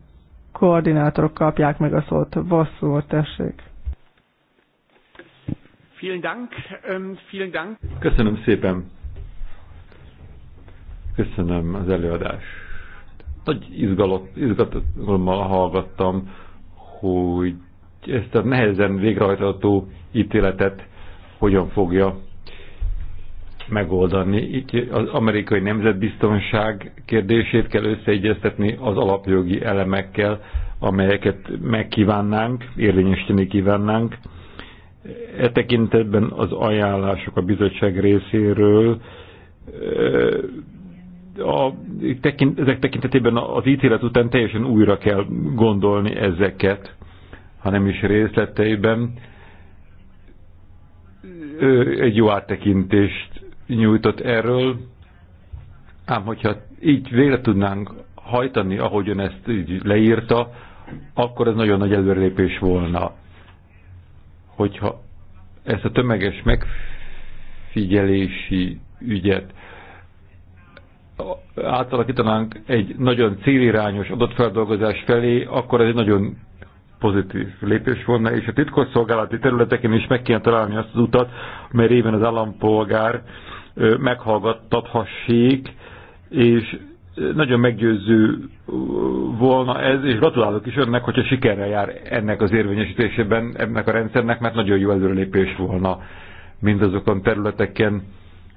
koordinátorok kapják meg a szót. Vosszúr, tessék. Vielen Dank, ähm, vielen Dank. Köszönöm szépen Köszönöm az előadást. Nagy izgalott, izgalommal hallgattam, hogy ezt a nehezen végrehajtható ítéletet hogyan fogja megoldani. Így az amerikai nemzetbiztonság kérdését kell összeegyeztetni az alapjogi elemekkel, amelyeket megkívánnánk, érvényesíteni kívánnánk. E tekintetben az ajánlások a bizottság részéről a, tekint, ezek tekintetében az ítélet után teljesen újra kell gondolni ezeket, hanem is részleteiben egy jó áttekintést nyújtott erről, ám hogyha így végre tudnánk hajtani, ahogyan ezt így leírta, akkor ez nagyon nagy előrelépés volna. Hogyha ezt a tömeges megfigyelési ügyet átalakítanánk egy nagyon célirányos adatfeldolgozás felé, akkor ez egy nagyon pozitív lépés volna, és a titkosszolgálati területeken is meg kéne találni azt az utat, mert éven az állampolgár meghallgattathassék, és nagyon meggyőző volna ez, és gratulálok is önnek, hogyha sikerrel jár ennek az érvényesítésében, ennek a rendszernek, mert nagyon jó előrelépés volna mindazokon területeken,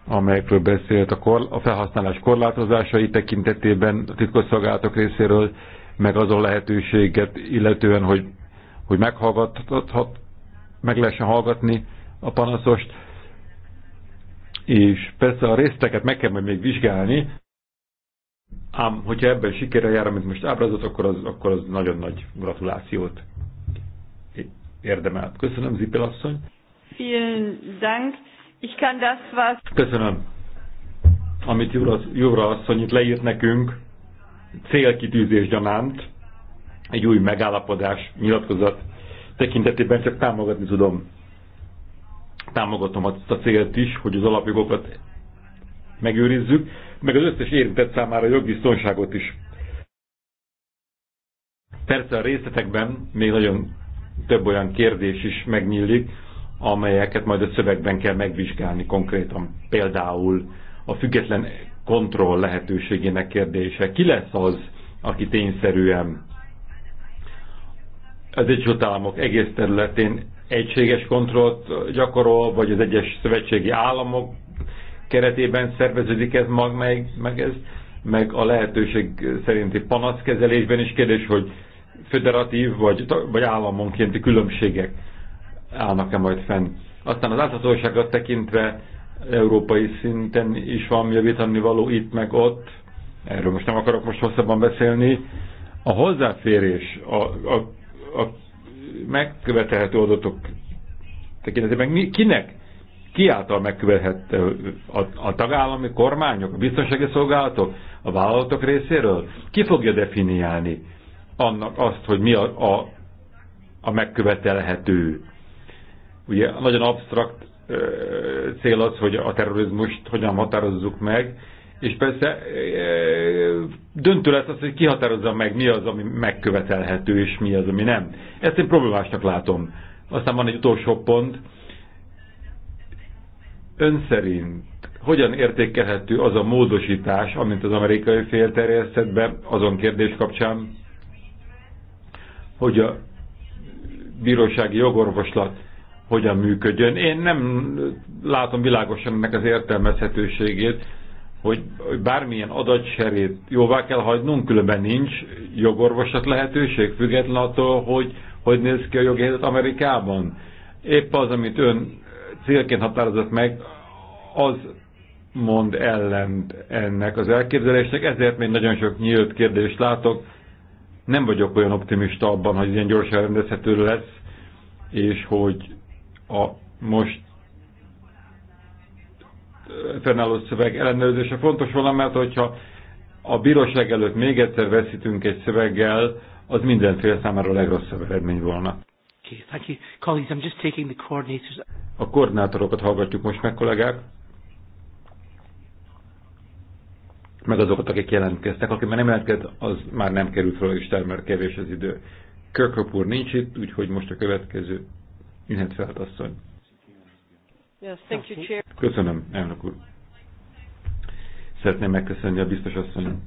amelyekről beszélt a, kor, a felhasználás korlátozásai tekintetében a titkosszolgálatok részéről, meg azon lehetőséget illetően, hogy, hogy meghallgathat, meg lehessen hallgatni a panaszost, és persze a részteket meg kell majd még vizsgálni, ám hogyha ebben sikerrel jár, amit most ábrázolt, akkor az, akkor az nagyon nagy gratulációt érdemelt. Köszönöm, Zipel asszony. Vielen Dank. Ich kann das, was... Köszönöm. Amit Jura, Jura asszony itt leírt nekünk, célkitűzés gyanánt, egy új megállapodás, nyilatkozat tekintetében csak támogatni tudom. Támogatom azt a célt is, hogy az alapjogokat megőrizzük, meg az összes érintett számára jogbiztonságot is. Persze a részletekben még nagyon több olyan kérdés is megnyílik, amelyeket majd a szövegben kell megvizsgálni konkrétan. Például a független kontroll lehetőségének kérdése. Ki lesz az, aki tényszerűen az Egyesült Államok egész területén egységes kontrollt gyakorol, vagy az egyes szövetségi államok keretében szerveződik ez mag, meg, meg ez, meg a lehetőség szerinti panaszkezelésben is kérdés, hogy föderatív vagy, vagy államonkénti különbségek állnak-e majd fenn. Aztán az áthatóságot tekintve európai szinten is van javítani való itt meg ott, erről most nem akarok most hosszabban beszélni. A hozzáférés, a, a, a megkövetelhető adatok tekintetében kinek, ki által megkövethet a, a tagállami kormányok, a biztonsági szolgálatok, a vállalatok részéről? Ki fogja definiálni annak azt, hogy mi a, a, a megkövetelhető? Ugye nagyon absztrakt cél az, hogy a terrorizmust hogyan határozzuk meg, és persze döntő lesz az, hogy kihatározza meg, mi az, ami megkövetelhető, és mi az, ami nem. Ezt én problémásnak látom. Aztán van egy utolsó pont. Ön szerint hogyan értékelhető az a módosítás, amint az amerikai fél terjesztett be azon kérdés kapcsán, hogy a bírósági jogorvoslat hogyan működjön. Én nem látom világosan ennek az értelmezhetőségét, hogy bármilyen adatserét jóvá kell hagynunk, különben nincs jogorvoslat lehetőség, független attól, hogy hogy néz ki a jogi helyzet Amerikában. Épp az, amit ön célként határozott meg, az mond ellent ennek az elképzelésnek, ezért még nagyon sok nyílt kérdést látok. Nem vagyok olyan optimista abban, hogy ilyen gyorsan rendezhető lesz, és hogy a most fennálló szöveg ellenőrzése fontos volna, mert hogyha a bíróság előtt még egyszer veszítünk egy szöveggel, az mindenféle számára a legrosszabb eredmény volna. Okay, thank you. Colleagues, I'm just taking the coordinators. A koordinátorokat hallgatjuk most meg, kollégák. Meg azokat, akik jelentkeztek. Aki már nem jelentkezett, az már nem került fel a listán, mert kevés az idő. Kirkhope úr nincs itt, úgyhogy most a következő Inhet felt hát asszony. Köszönöm, elnök úr. Szeretném megköszönni a biztos asszony.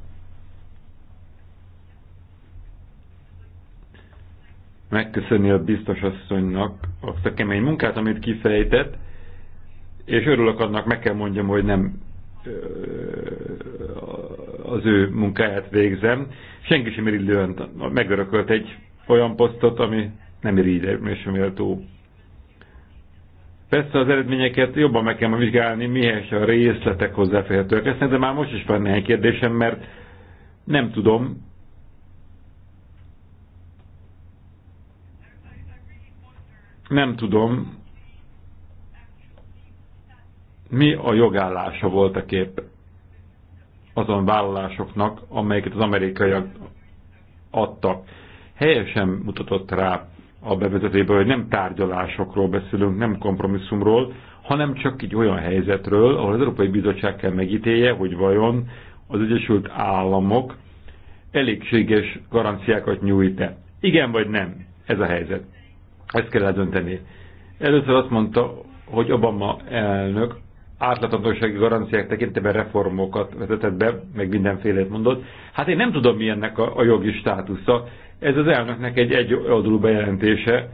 Megköszönni a biztos asszonynak azt a kemény munkát, amit kifejtett, és örülök annak, meg kell mondjam, hogy nem az ő munkáját végzem. Senki sem irigylően megörökölt egy olyan posztot, ami nem és méltó. Persze az eredményeket jobban meg kell vizsgálni, mihez a részletek hozzáférhetőek lesznek, de már most is van néhány kérdésem, mert nem tudom. Nem tudom, mi a jogállása volt a kép azon vállalásoknak, amelyeket az amerikaiak adtak. Helyesen mutatott rá a bevezetőjéből, hogy nem tárgyalásokról beszélünk, nem kompromisszumról, hanem csak egy olyan helyzetről, ahol az Európai Bizottság kell megítélje, hogy vajon az Egyesült Államok elégséges garanciákat nyújt-e. Igen vagy nem? Ez a helyzet. Ezt kell eldönteni. Először azt mondta, hogy Obama elnök átlathatósági garanciák tekintetében reformokat vezetett be, meg mindenfélét mondott. Hát én nem tudom, milyennek a, a jogi státusza, ez az elnöknek egy egyoldalú bejelentése,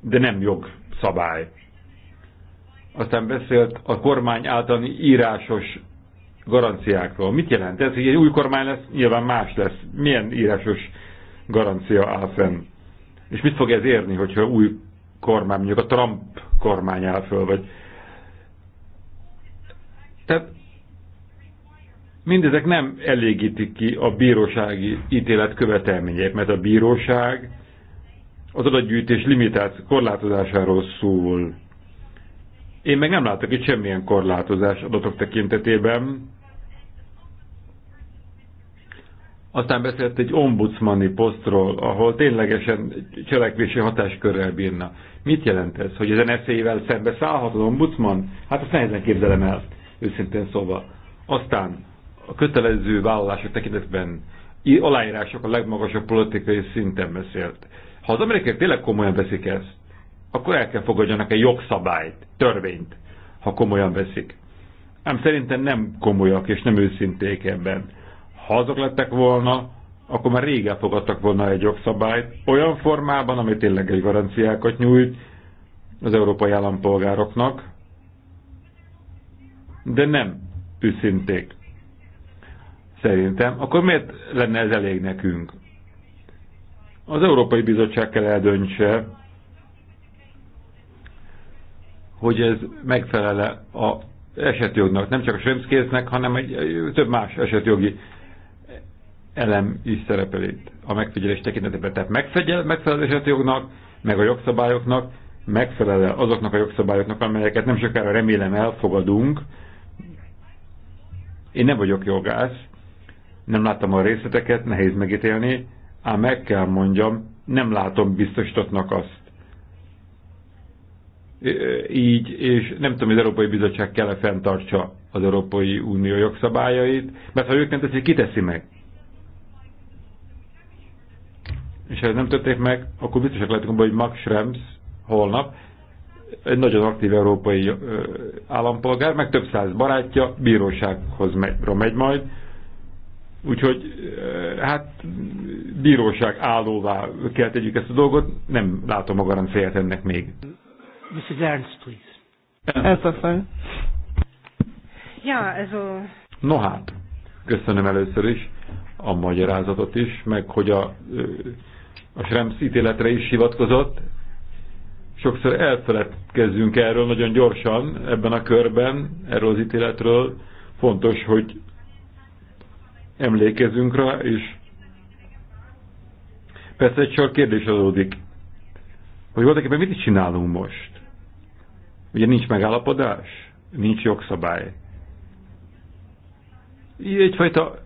de nem jogszabály. Aztán beszélt a kormány általani írásos garanciákról. Mit jelent ez? Hogy egy új kormány lesz, nyilván más lesz. Milyen írásos garancia áll fenn? És mit fog ez érni, hogyha új kormány, mondjuk a Trump kormány áll föl, vagy... Tehát mindezek nem elégítik ki a bírósági ítélet követelményeit, mert a bíróság az adatgyűjtés limitált korlátozásáról szól. Én meg nem látok itt semmilyen korlátozás adatok tekintetében. Aztán beszélt egy ombudsmani posztról, ahol ténylegesen cselekvési hatáskörrel bírna. Mit jelent ez? Hogy az NSZ-vel szembe szállhat az ombudsman? Hát azt nehezen képzelem el, őszintén szóval. Aztán a kötelező vállalások tekintetben aláírások a legmagasabb politikai szinten beszélt. Ha az amerikai tényleg komolyan veszik ezt, akkor el kell fogadjanak egy jogszabályt, törvényt, ha komolyan veszik. Ám szerintem nem komolyak és nem őszinték ebben. Ha azok lettek volna, akkor már rég elfogadtak volna egy jogszabályt, olyan formában, ami tényleg egy garanciákat nyújt az európai állampolgároknak, de nem őszinték szerintem, akkor miért lenne ez elég nekünk? Az Európai Bizottság kell eldöntse, hogy ez megfelele a esetjognak, nem csak a Sremszkésznek, hanem egy, több más esetjogi elem is szerepel itt a megfigyelés tekintetében. Tehát megfigyel, megfelel az esetjognak, meg a jogszabályoknak, megfelel azoknak a jogszabályoknak, amelyeket nem sokára remélem elfogadunk. Én nem vagyok jogász, nem láttam a részleteket, nehéz megítélni, ám meg kell mondjam, nem látom biztosítottnak azt. Így, és nem tudom, hogy az Európai Bizottság kell-e fenntartsa az Európai Unió jogszabályait, mert ha ők nem teszik, ki teszi meg? És ha ez nem történik meg, akkor biztosak lehetünk, hogy Max Schrems holnap egy nagyon aktív európai állampolgár, meg több száz barátja bírósághoz megy, megy majd, Úgyhogy eh, hát bíróság állóvá kell tegyük ezt a dolgot, nem látom a garanciáját ennek még. Mrs. Ernst, please. a fel. Ja, ez a... No hát, köszönöm először is a magyarázatot is, meg hogy a, eh, a Schrems ítéletre is hivatkozott. Sokszor elfeledkezzünk erről nagyon gyorsan ebben a körben, erről az ítéletről. Fontos, hogy emlékezünk rá, és persze egy sor kérdés adódik, hogy voltak éppen mit is csinálunk most? Ugye nincs megállapodás, nincs jogszabály. Egyfajta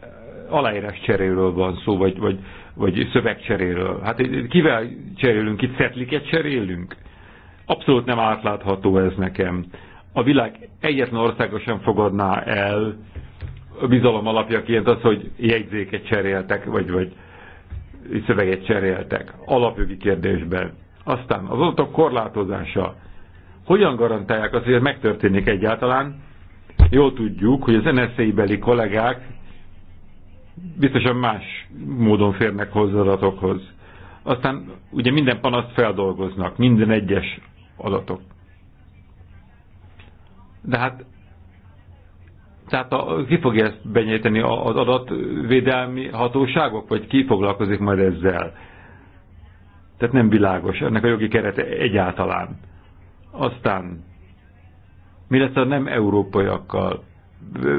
eh, aláírás cseréről van szó, vagy, vagy, vagy szövegcseréről. Hát eh, kivel cserélünk? Itt szetliket cserélünk? Abszolút nem átlátható ez nekem. A világ egyetlen országa sem fogadná el bizalom alapjaként az, hogy jegyzéket cseréltek, vagy, vagy szöveget cseréltek alapjogi kérdésben. Aztán az adatok korlátozása. Hogyan garantálják azt, hogy ez megtörténik egyáltalán? Jól tudjuk, hogy az NSZ-beli kollégák biztosan más módon férnek hozzá adatokhoz. Aztán ugye minden panaszt feldolgoznak, minden egyes adatok. De hát tehát a, ki fogja ezt benyíteni az adatvédelmi hatóságok, vagy ki foglalkozik majd ezzel? Tehát nem világos ennek a jogi kerete egyáltalán. Aztán mi lesz a nem európaiakkal?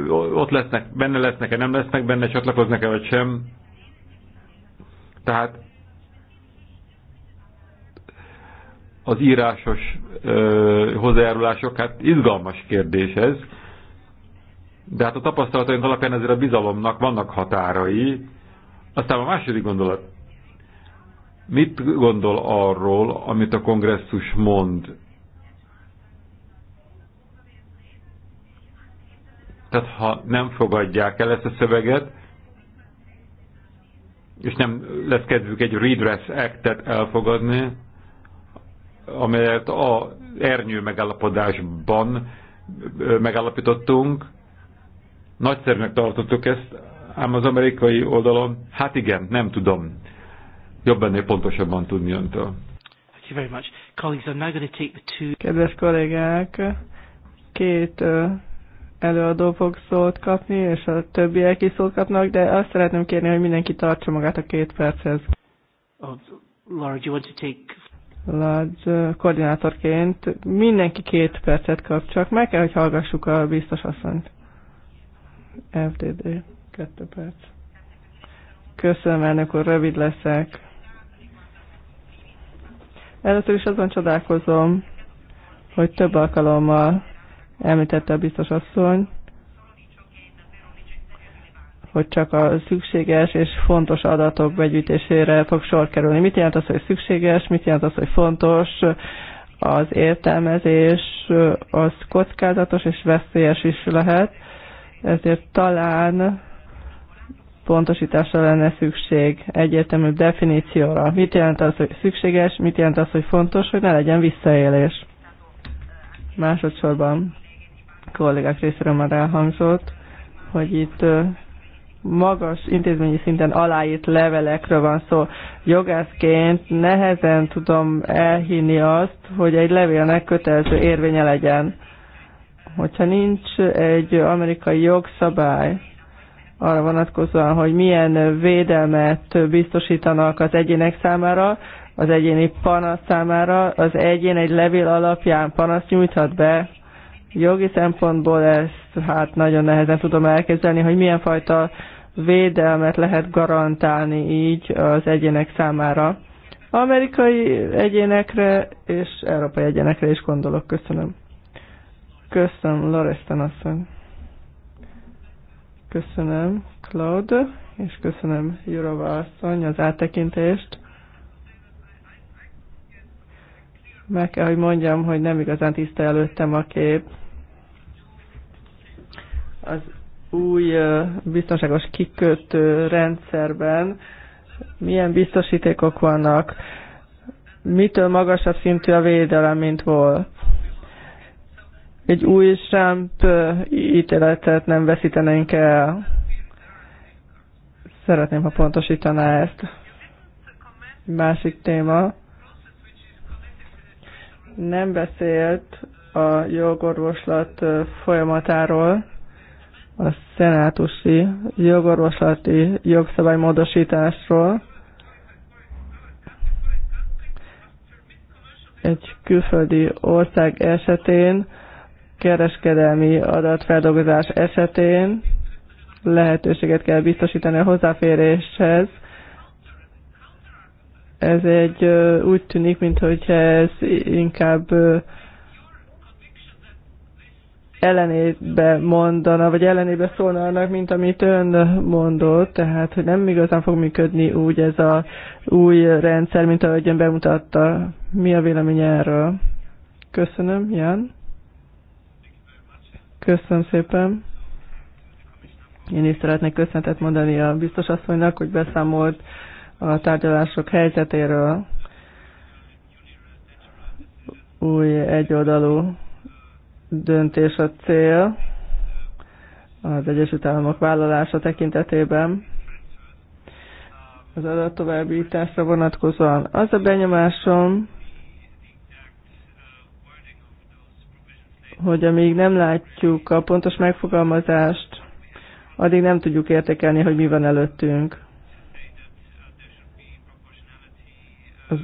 Ott lesznek, benne lesznek-e, nem lesznek benne, csatlakoznak-e, vagy sem? Tehát az írásos ö, hozzájárulások, hát izgalmas kérdés ez de hát a tapasztalataink alapján ezért a bizalomnak vannak határai. Aztán a második gondolat. Mit gondol arról, amit a kongresszus mond? Tehát ha nem fogadják el ezt a szöveget, és nem lesz kedvük egy Redress Act-et elfogadni, amelyet a ernyő megállapodásban megállapítottunk, Nagyszerűnek tartottuk ezt, ám az amerikai oldalon, hát igen, nem tudom. Jobb ennél pontosabban tudni öntől. Kedves kollégák, két előadó fog szót kapni, és a többiek is szót kapnak, de azt szeretném kérni, hogy mindenki tartsa magát a két perchez. Oh, Laura, do you want to take... Large koordinátorként mindenki két percet kap, csak meg kell, hogy hallgassuk a biztos asszonyt. FDD, kettő perc. Köszönöm, elnök úr, rövid leszek. Először is azon csodálkozom, hogy több alkalommal említette a biztos asszony, hogy csak a szükséges és fontos adatok begyűjtésére fog sor kerülni. Mit jelent az, hogy szükséges, mit jelent az, hogy fontos, az értelmezés az kockázatos és veszélyes is lehet ezért talán pontosításra lenne szükség, egyértelmű definícióra. Mit jelent az, hogy szükséges, mit jelent az, hogy fontos, hogy ne legyen visszaélés. Másodszorban kollégák részéről már elhangzott, hogy itt magas intézményi szinten aláírt levelekről van szó. Jogászként nehezen tudom elhinni azt, hogy egy levélnek kötelező érvénye legyen. Hogyha nincs egy amerikai jogszabály arra vonatkozóan, hogy milyen védelmet biztosítanak az egyének számára, az egyéni panasz számára, az egyén egy levél alapján panasz nyújthat be. Jogi szempontból ezt hát nagyon nehezen tudom elképzelni, hogy milyen fajta védelmet lehet garantálni így az egyének számára. Amerikai egyénekre és európai egyénekre is gondolok. Köszönöm. Köszönöm, Loresten asszony. Köszönöm, Claude, és köszönöm, Jurova asszony, az áttekintést. Meg kell, hogy mondjam, hogy nem igazán tiszta előttem a kép. Az új biztonságos kikötő rendszerben milyen biztosítékok vannak, mitől magasabb szintű a védelem, mint volt egy új Trump ítéletet nem veszítenénk el. Szeretném, ha pontosítaná ezt. Másik téma. Nem beszélt a jogorvoslat folyamatáról, a szenátusi jogorvoslati jogszabálymódosításról. Egy külföldi ország esetén kereskedelmi adatfeldolgozás esetén lehetőséget kell biztosítani a hozzáféréshez. Ez egy úgy tűnik, mintha ez inkább ellenébe mondana, vagy ellenébe szólna annak, mint amit ön mondott, tehát hogy nem igazán fog működni úgy ez a új rendszer, mint ahogy ön bemutatta. Mi a véleménye erről? Köszönöm, Jan. Köszönöm szépen. Én is szeretnék köszönetet mondani a biztos asszonynak, hogy beszámolt a tárgyalások helyzetéről új egyoldalú döntés a cél az Egyesült Államok vállalása tekintetében az továbbításra vonatkozóan. Az a benyomásom, hogy amíg nem látjuk a pontos megfogalmazást, addig nem tudjuk értékelni, hogy mi van előttünk. Az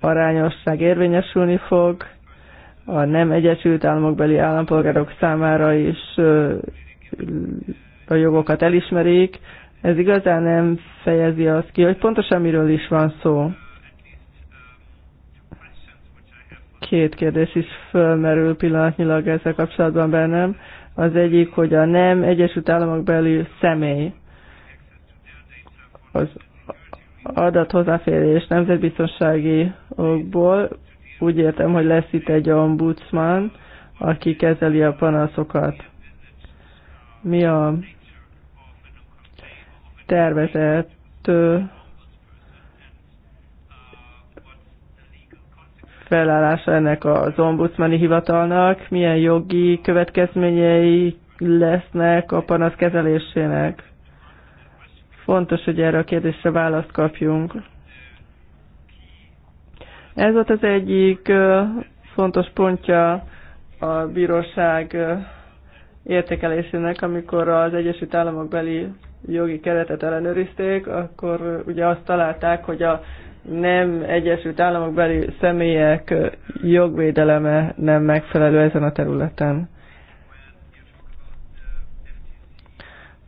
arányosság érvényesülni fog, a nem Egyesült Államokbeli állampolgárok számára is a jogokat elismerik. Ez igazán nem fejezi azt ki, hogy pontosan miről is van szó. két kérdés is fölmerül pillanatnyilag ezzel kapcsolatban bennem. Az egyik, hogy a nem Egyesült Államok belül személy az adathozáférés nemzetbiztonsági okból. Úgy értem, hogy lesz itt egy ombudsman, aki kezeli a panaszokat. Mi a tervezett felállása ennek az ombudsmani hivatalnak, milyen jogi következményei lesznek a panasz kezelésének. Fontos, hogy erre a kérdésre választ kapjunk. Ez volt az egyik fontos pontja a bíróság értékelésének, amikor az Egyesült Államok beli jogi keretet ellenőrizték, akkor ugye azt találták, hogy a nem Egyesült Államok beli személyek jogvédeleme nem megfelelő ezen a területen.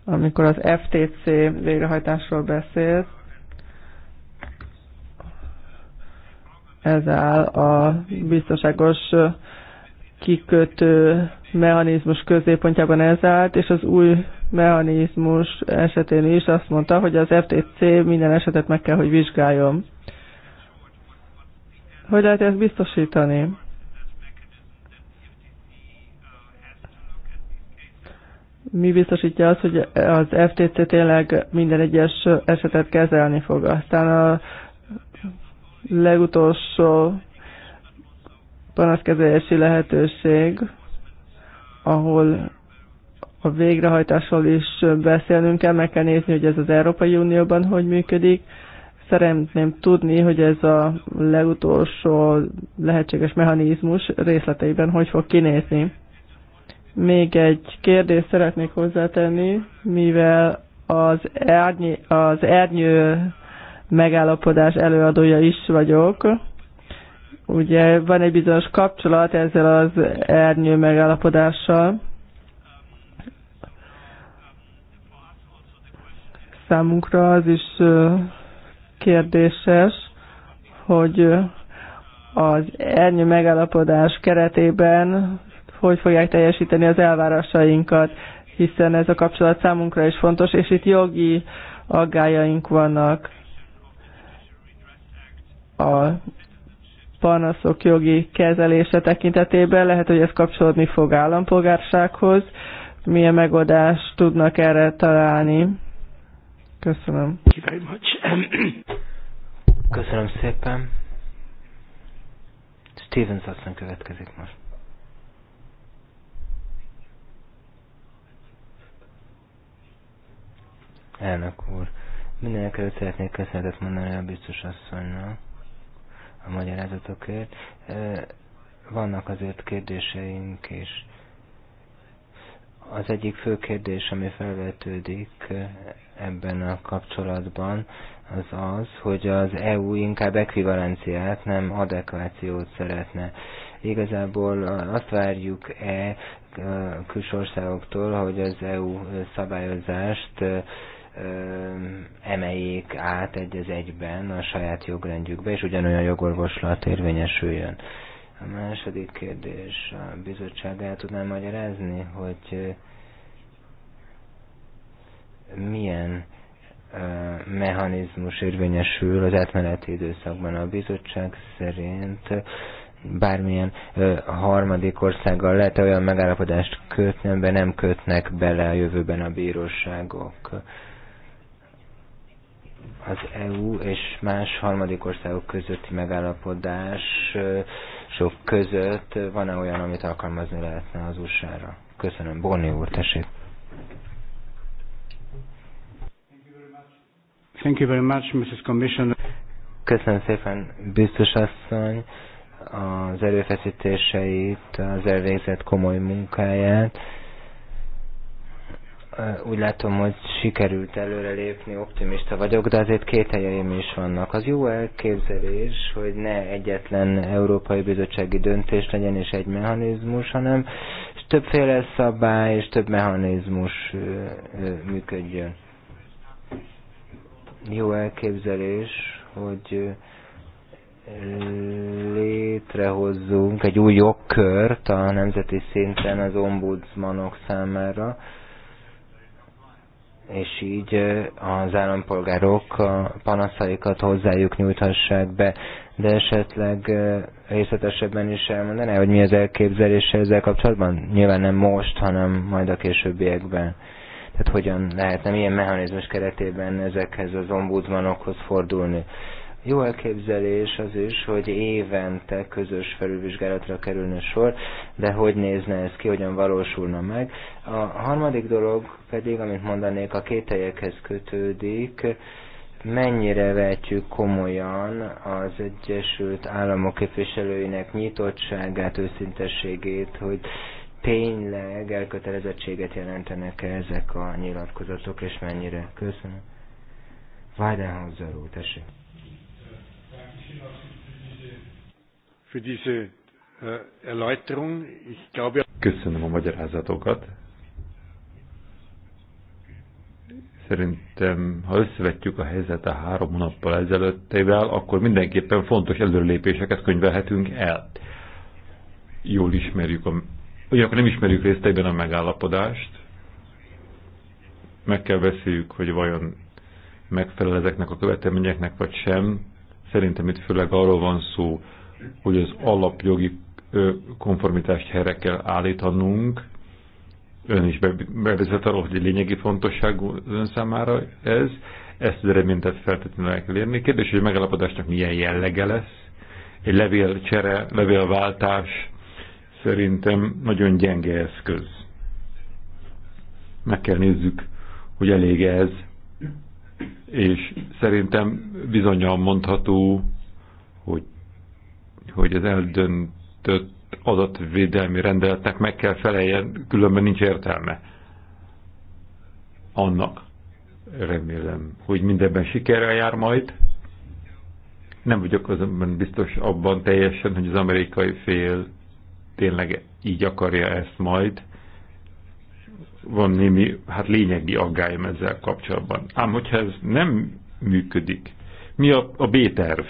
Amikor az FTC végrehajtásról beszélt, ez áll a biztonságos kikötő mechanizmus középpontjában ez állt, és az új mechanizmus esetén is azt mondta, hogy az FTC minden esetet meg kell, hogy vizsgáljon. Hogy lehet ezt biztosítani? Mi biztosítja azt, hogy az FTC tényleg minden egyes esetet kezelni fog. Aztán a legutolsó panaszkezelési lehetőség, ahol a végrehajtásról is beszélnünk kell, meg kell nézni, hogy ez az Európai Unióban hogy működik, Szeretném tudni, hogy ez a legutolsó lehetséges mechanizmus részleteiben hogy fog kinézni. Még egy kérdést szeretnék hozzátenni, mivel az, ernyi, az ernyő megállapodás előadója is vagyok. Ugye van egy bizonyos kapcsolat ezzel az ernyő megállapodással. Számunkra az is kérdéses, hogy az ernyő megállapodás keretében hogy fogják teljesíteni az elvárásainkat, hiszen ez a kapcsolat számunkra is fontos, és itt jogi aggájaink vannak. A panaszok jogi kezelése tekintetében lehet, hogy ez kapcsolódni fog állampolgársághoz. Milyen megoldást tudnak erre találni? Köszönöm. Köszönöm szépen. Stevens Sasson következik most. Elnök úr, mindenek előtt szeretnék köszönetet mondani a biztos asszonynak a magyarázatokért. Vannak azért kérdéseink is. Az egyik fő kérdés, ami felvetődik, ebben a kapcsolatban, az az, hogy az EU inkább ekvivalenciát, nem adekvációt szeretne. Igazából azt várjuk-e külső országoktól, hogy az EU szabályozást emeljék át egy az egyben a saját jogrendjükbe, és ugyanolyan jogorvoslat érvényesüljön. A második kérdés, a bizottság el tudná magyarázni, hogy milyen mechanizmus érvényesül az átmeneti időszakban. A bizottság szerint bármilyen ö, harmadik országgal lehet -e olyan megállapodást kötni, amiben nem kötnek bele a jövőben a bíróságok. Az EU és más harmadik országok közötti megállapodás ö, sok között van-e olyan, amit alkalmazni lehetne az USA-ra? Köszönöm. Borni úr, tessék. Thank you very much, Mrs. Commissioner. Köszönöm szépen, biztos asszony, az erőfeszítéseit, az elvégzett komoly munkáját úgy látom, hogy sikerült előrelépni, optimista vagyok, de azért két helyeim is vannak. Az jó elképzelés, hogy ne egyetlen Európai Bizottsági döntés legyen és egy mechanizmus, hanem többféle szabály és több mechanizmus működjön jó elképzelés, hogy létrehozzunk egy új jogkört a nemzeti szinten az ombudsmanok számára, és így az állampolgárok a panaszaikat hozzájuk nyújthassák be. De esetleg részletesebben is elmondaná, hogy mi az elképzelése ezzel kapcsolatban? Nyilván nem most, hanem majd a későbbiekben. Tehát hogyan lehetne ilyen mechanizmus keretében ezekhez az ombudsmanokhoz fordulni. Jó elképzelés az is, hogy évente közös felülvizsgálatra kerülne sor, de hogy nézne ez ki, hogyan valósulna meg. A harmadik dolog pedig, amit mondanék, a kételyekhez kötődik, mennyire vetjük komolyan az Egyesült Államok képviselőinek nyitottságát, őszintességét, hogy tényleg elkötelezettséget jelentenek -e ezek a nyilatkozatok, és mennyire. Köszönöm. Weidenhauser úr, tessék. Äh, Köszönöm a magyarázatokat. Szerintem, ha összevetjük a helyzet a három hónappal ezelőttével, akkor mindenképpen fontos előrelépéseket könyvelhetünk el. Jól ismerjük a akkor nem ismerjük részteiben a megállapodást, meg kell beszéljük, hogy vajon megfelel ezeknek a követelményeknek, vagy sem. Szerintem itt főleg arról van szó, hogy az alapjogi konformitást helyre kell állítanunk. Ön is bevezet arról, hogy lényegi fontosságú ön számára ez. Ezt az eredményt feltétlenül el kell érni. Kérdés, hogy a megállapodásnak milyen jellege lesz. Egy levélcsere, levélváltás, szerintem nagyon gyenge eszköz. Meg kell nézzük, hogy elég ez, és szerintem bizonyan mondható, hogy, hogy az eldöntött adatvédelmi rendeletnek meg kell feleljen, különben nincs értelme annak. Remélem, hogy mindenben sikerrel jár majd. Nem vagyok azonban biztos abban teljesen, hogy az amerikai fél tényleg így akarja ezt majd. Van némi, hát lényegi aggályom ezzel kapcsolatban. Ám hogyha ez nem működik, mi a, a B-terv?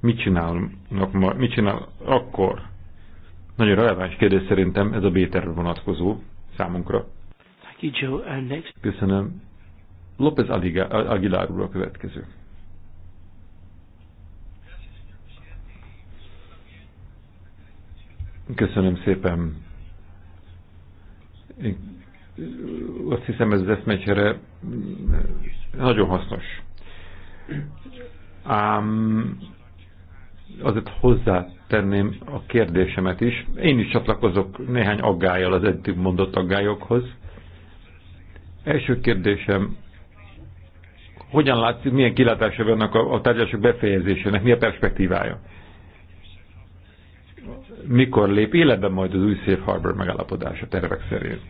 Mit csinálnak ma, mit csinál akkor? Nagyon releváns kérdés szerintem ez a B-terv vonatkozó számunkra. Köszönöm. López Aguilar úr a következő. Köszönöm szépen. Én azt hiszem ez az eszmecsere nagyon hasznos. Ám azért hozzá tenném a kérdésemet is. Én is csatlakozok néhány aggájjal az eddig mondott aggályokhoz. Első kérdésem, hogyan látszik, milyen kilátása vannak a, a tárgyalások befejezésének, mi a perspektívája? mikor lép életbe majd az új Safe Harbor megállapodás a tervek szerint.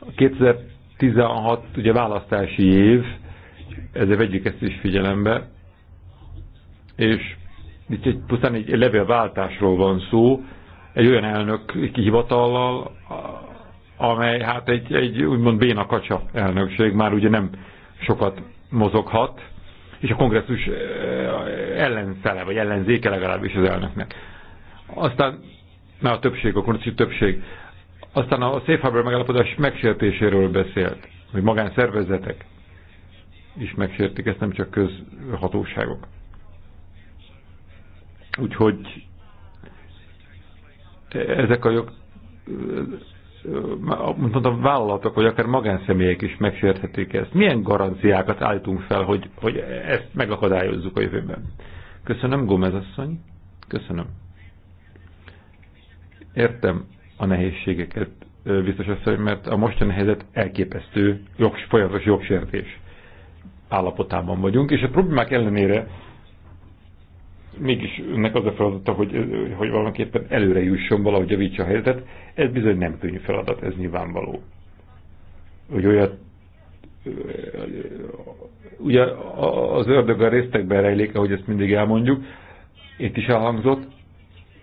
A 2016 ugye választási év, ezért vegyük ezt is figyelembe, és itt egy, pusztán egy levélváltásról van szó, egy olyan elnök kihivatallal, amely hát egy, egy úgymond béna kacsa elnökség, már ugye nem sokat mozoghat, és a kongresszus eh, ellenszele, vagy ellenzéke legalábbis az elnöknek. Aztán, mert a többség, a konci többség, aztán a Safe Harbor megállapodás megsértéséről beszélt, hogy magánszervezetek is megsértik, ezt nem csak közhatóságok. Úgyhogy ezek a jog, mondtam, vállalatok, vagy akár magánszemélyek is megsérthetik ezt. Milyen garanciákat állítunk fel, hogy, hogy ezt megakadályozzuk a jövőben? Köszönöm, Gomez asszony. Köszönöm. Értem a nehézségeket, biztos asszony, mert a mostani helyzet elképesztő, jogs, folyamatos jogsértés állapotában vagyunk, és a problémák ellenére mégis önnek az a feladata, hogy, hogy valamiképpen előre jusson, valahogy javítsa a helyzetet. Ez bizony nem könnyű feladat, ez nyilvánvaló. Hogy olyat ugye az ördög a résztekben rejlik, ahogy ezt mindig elmondjuk, itt is elhangzott,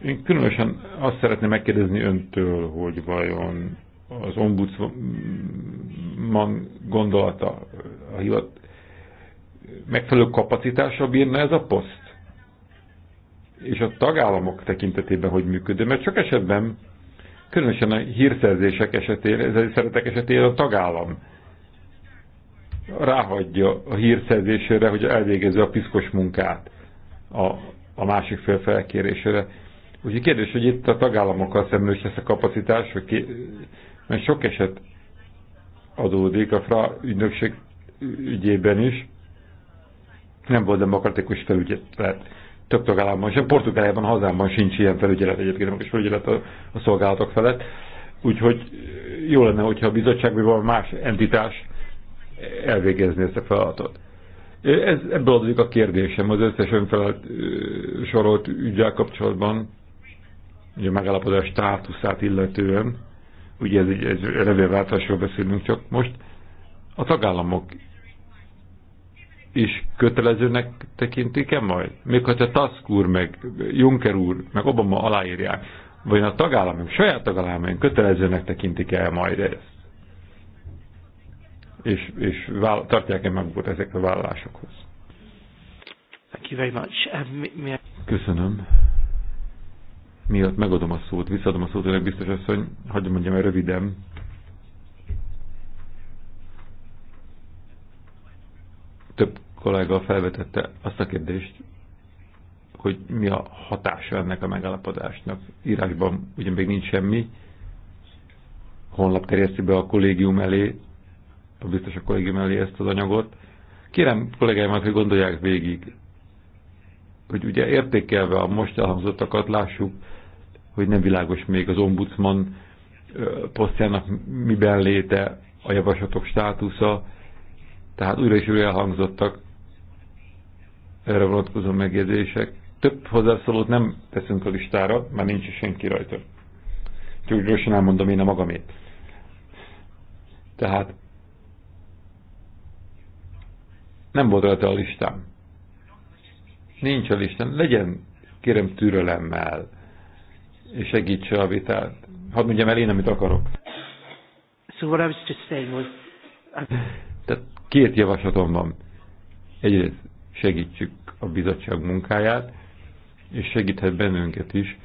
én különösen azt szeretném megkérdezni öntől, hogy vajon az ombudsman gondolata a hivat, megfelelő kapacitása bírna ez a poszt? És a tagállamok tekintetében hogy működő? Mert csak esetben, különösen a hírszerzések esetén, szeretek esetén a tagállam ráhagyja a hírszerzésére, hogy elvégezze a piszkos munkát a, a másik fél felkérésére. Úgyhogy kérdés, hogy itt a tagállamokkal szemben is lesz a kapacitás, hogy ki, mert sok eset adódik a FRA ügynökség ügyében is. Nem volt demokratikus felügyelet. Több tagállamban sem, Portugáliában, hazámban sincs ilyen felügyelet egyébként, most felügyelet a, a szolgálatok felett. Úgyhogy jó lenne, hogyha a bizottság vagy valami más entitás elvégezni ezt a feladatot. Ez, ebből adódik a kérdésem az összes önfelelt sorolt ügyel kapcsolatban hogy a megállapodás státuszát illetően, ugye ez egy, egy levélváltásról beszélünk csak most, a tagállamok is kötelezőnek tekintik-e majd? Még hogyha Tusk úr, meg Juncker úr, meg Obama aláírják, vagy a tagállamok, saját tagállamok kötelezőnek tekintik-e majd ezt? És, és tartják-e magukat ezek a vállalásokhoz? Thank you very much. Um, Köszönöm miatt megadom a szót, visszadom a szót, önök biztos asszony, hagyom mondjam el röviden. Több kollega felvetette azt a kérdést, hogy mi a hatása ennek a megállapodásnak. Írásban ugye még nincs semmi, honlap terjeszti be a kollégium elé, a biztos a kollégium elé ezt az anyagot. Kérem kollégáimat, hogy gondolják végig, hogy ugye értékelve a most elhangzottakat lássuk, hogy nem világos még az ombudsman posztjának miben léte, a javaslatok státusza, tehát újra is újra elhangzottak erre vonatkozó megjegyzések. Több hozzászólót nem teszünk a listára, már nincs senki rajta. Úgyhogy gyorsan elmondom én a magamét. Tehát nem volt rajta a listám. Nincs a listán. Legyen, kérem, türelemmel és segítse a vitát. Hadd mondjam el én, amit akarok. So what I was just saying was... Uh, Tehát két javaslatom van. Egyrészt segítsük a bizottság munkáját, és segíthet bennünket is,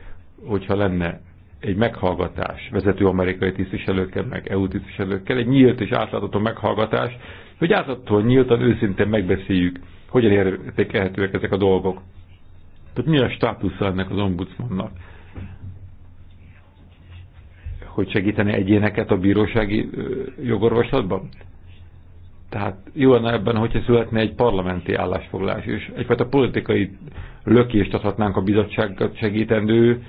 hogyha lenne egy meghallgatás vezető amerikai tisztviselőkkel, meg EU tisztviselőkkel, egy nyílt és átlátható meghallgatás, hogy átláthatóan nyíltan, őszintén megbeszéljük, hogyan értékelhetőek ezek a dolgok. Tehát mi a státusza ennek az ombudsmannak? hogy segíteni egyéneket a bírósági jogorvoslatban? Tehát jó lenne ebben, hogyha születne egy parlamenti állásfoglalás, és egyfajta politikai lökést adhatnánk a bizottságot segítendő,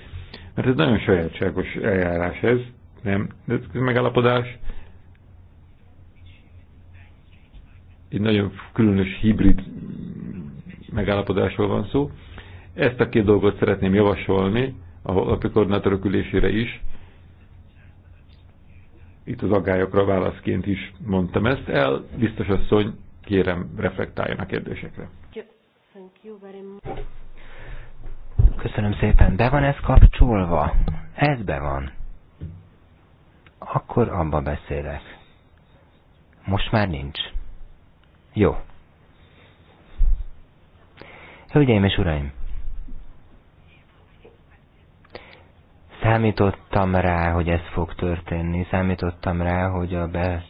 mert ez nagyon sajátságos eljárás ez, nem? Ez megállapodás. Egy nagyon különös hibrid megállapodásról van szó. Ezt a két dolgot szeretném javasolni a holnapi koordinátorok ülésére is, itt az agályokra válaszként is mondtam ezt el. Biztos asszony, kérem, reflektáljon a kérdésekre. Köszönöm szépen. Be van ez kapcsolva? Ez be van. Akkor abba beszélek. Most már nincs. Jó. Hölgyeim és uraim! Számítottam rá, hogy ez fog történni, számítottam rá, hogy a be,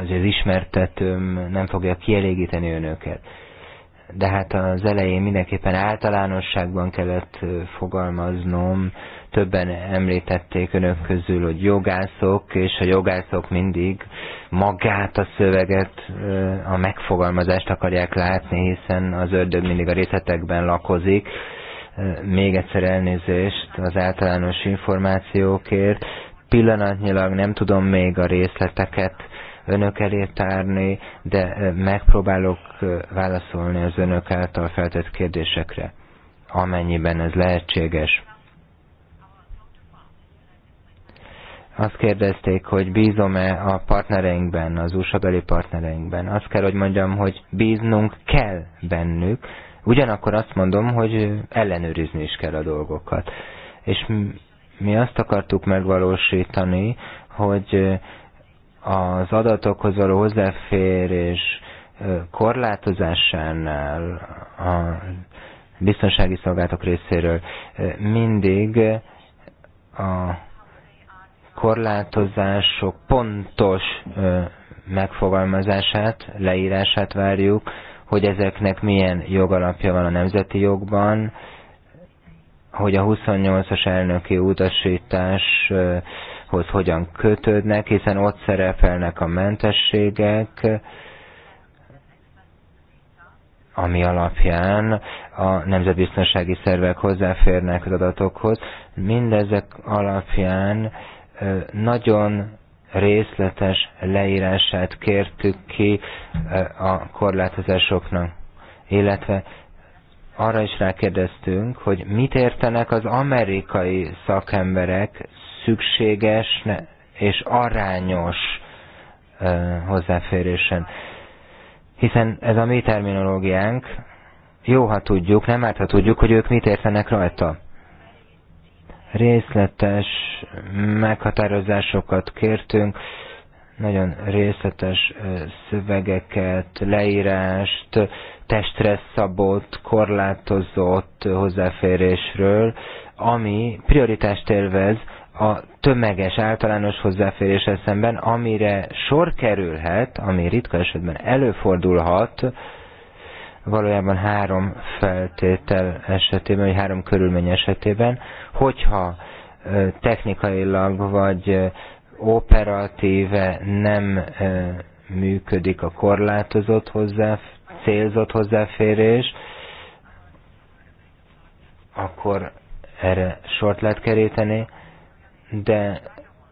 az, az ismertetőm nem fogja kielégíteni önöket. De hát az elején mindenképpen általánosságban kellett fogalmaznom, többen említették önök közül, hogy jogászok, és a jogászok mindig magát a szöveget, a megfogalmazást akarják látni, hiszen az ördög mindig a részletekben lakozik, még egyszer elnézést az általános információkért. Pillanatnyilag nem tudom még a részleteket önök elé tárni, de megpróbálok válaszolni az önök által feltett kérdésekre, amennyiben ez lehetséges. Azt kérdezték, hogy bízom-e a partnereinkben, az usa partnereinkben. Azt kell, hogy mondjam, hogy bíznunk kell bennük, Ugyanakkor azt mondom, hogy ellenőrizni is kell a dolgokat. És mi azt akartuk megvalósítani, hogy az adatokhoz való hozzáférés korlátozásánál a biztonsági szolgáltatók részéről mindig a korlátozások pontos megfogalmazását, leírását várjuk, hogy ezeknek milyen jogalapja van a nemzeti jogban, hogy a 28-as elnöki utasításhoz hogyan kötődnek, hiszen ott szerepelnek a mentességek, ami alapján a nemzetbiztonsági szervek hozzáférnek az adatokhoz. Mindezek alapján nagyon részletes leírását kértük ki e, a korlátozásoknak, illetve arra is rákérdeztünk, hogy mit értenek az amerikai szakemberek szükséges és arányos e, hozzáférésen. Hiszen ez a mi terminológiánk, jó, ha tudjuk, nem árt, ha tudjuk, hogy ők mit értenek rajta. Részletes meghatározásokat kértünk, nagyon részletes szövegeket, leírást, testre szabott, korlátozott hozzáférésről, ami prioritást élvez a tömeges általános hozzáféréssel szemben, amire sor kerülhet, ami ritka esetben előfordulhat, valójában három feltétel esetében, vagy három körülmény esetében, hogyha technikailag vagy operatíve nem működik a korlátozott hozzá, célzott hozzáférés, akkor erre sort lehet keríteni, de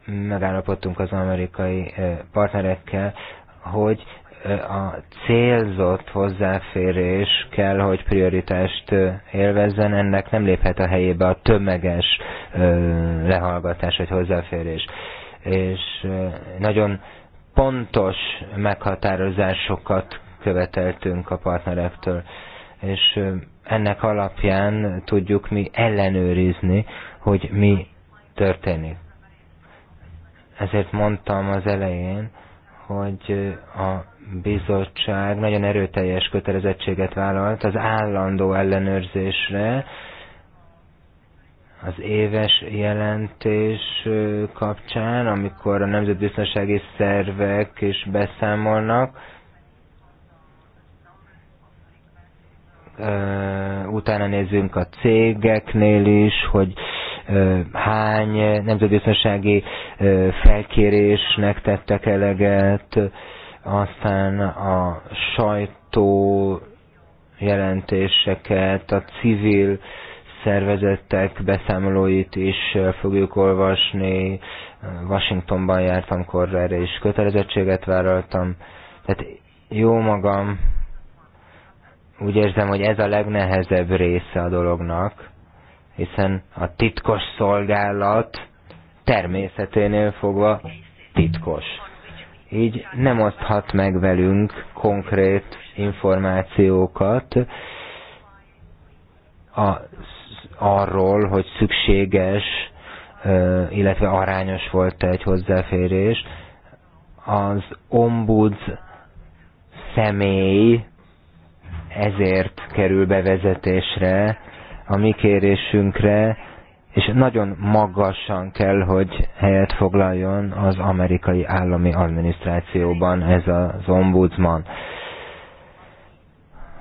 megállapodtunk az amerikai partnerekkel, hogy a célzott hozzáférés kell, hogy prioritást élvezzen, ennek nem léphet a helyébe a tömeges lehallgatás vagy hozzáférés. És nagyon pontos meghatározásokat követeltünk a partnerektől, és ennek alapján tudjuk mi ellenőrizni, hogy mi történik. Ezért mondtam az elején, hogy a bizottság nagyon erőteljes kötelezettséget vállalt az állandó ellenőrzésre, az éves jelentés kapcsán, amikor a nemzetbiztonsági szervek is beszámolnak, utána nézzünk a cégeknél is, hogy hány nemzetbiztonsági felkérésnek tettek eleget, aztán a sajtó jelentéseket, a civil szervezetek beszámolóit is fogjuk olvasni. Washingtonban jártam korra, erre is kötelezettséget vállaltam. Tehát jó magam, úgy érzem, hogy ez a legnehezebb része a dolognak, hiszen a titkos szolgálat természeténél fogva titkos. Így nem oszthat meg velünk konkrét információkat a, arról, hogy szükséges, illetve arányos volt egy hozzáférés. Az ombuds személy ezért kerül bevezetésre, a mi kérésünkre, és nagyon magasan kell, hogy helyet foglaljon az amerikai állami adminisztrációban ez az ombudsman.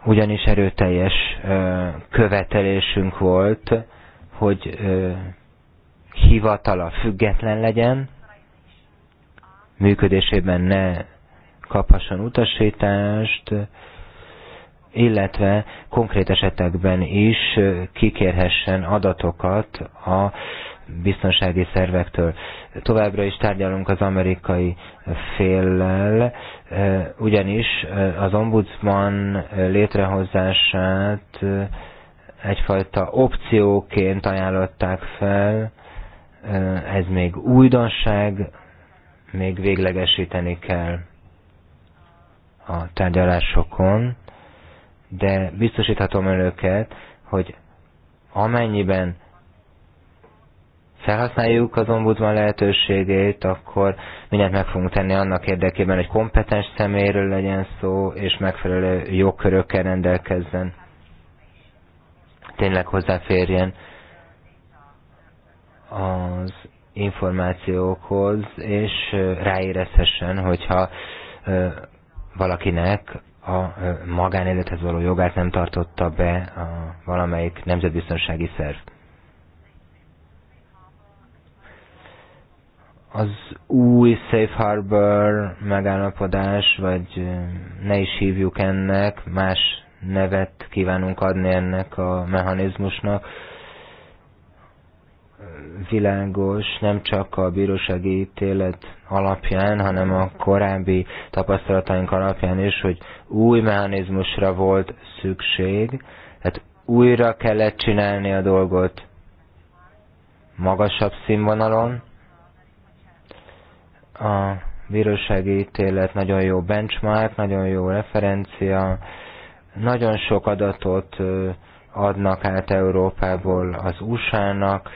Ugyanis erőteljes követelésünk volt, hogy hivatala független legyen, működésében ne kaphasson utasítást, illetve konkrét esetekben is kikérhessen adatokat a biztonsági szervektől. Továbbra is tárgyalunk az amerikai féllel, ugyanis az ombudsman létrehozását egyfajta opcióként ajánlották fel, ez még újdonság, még véglegesíteni kell a tárgyalásokon de biztosíthatom önöket, hogy amennyiben felhasználjuk az ombudsman lehetőségét, akkor mindent meg fogunk tenni annak érdekében, hogy kompetens személyről legyen szó, és megfelelő jogkörökkel rendelkezzen. Tényleg hozzáférjen az információkhoz, és ráérezhessen, hogyha valakinek a magánélethez való jogát nem tartotta be a valamelyik nemzetbiztonsági szerv. Az új Safe Harbor megállapodás, vagy ne is hívjuk ennek, más nevet kívánunk adni ennek a mechanizmusnak, világos nem csak a bírósági ítélet alapján, hanem a korábbi tapasztalataink alapján is, hogy új mechanizmusra volt szükség, tehát újra kellett csinálni a dolgot magasabb színvonalon. A bírósági ítélet nagyon jó benchmark, nagyon jó referencia, nagyon sok adatot adnak át Európából az USA-nak,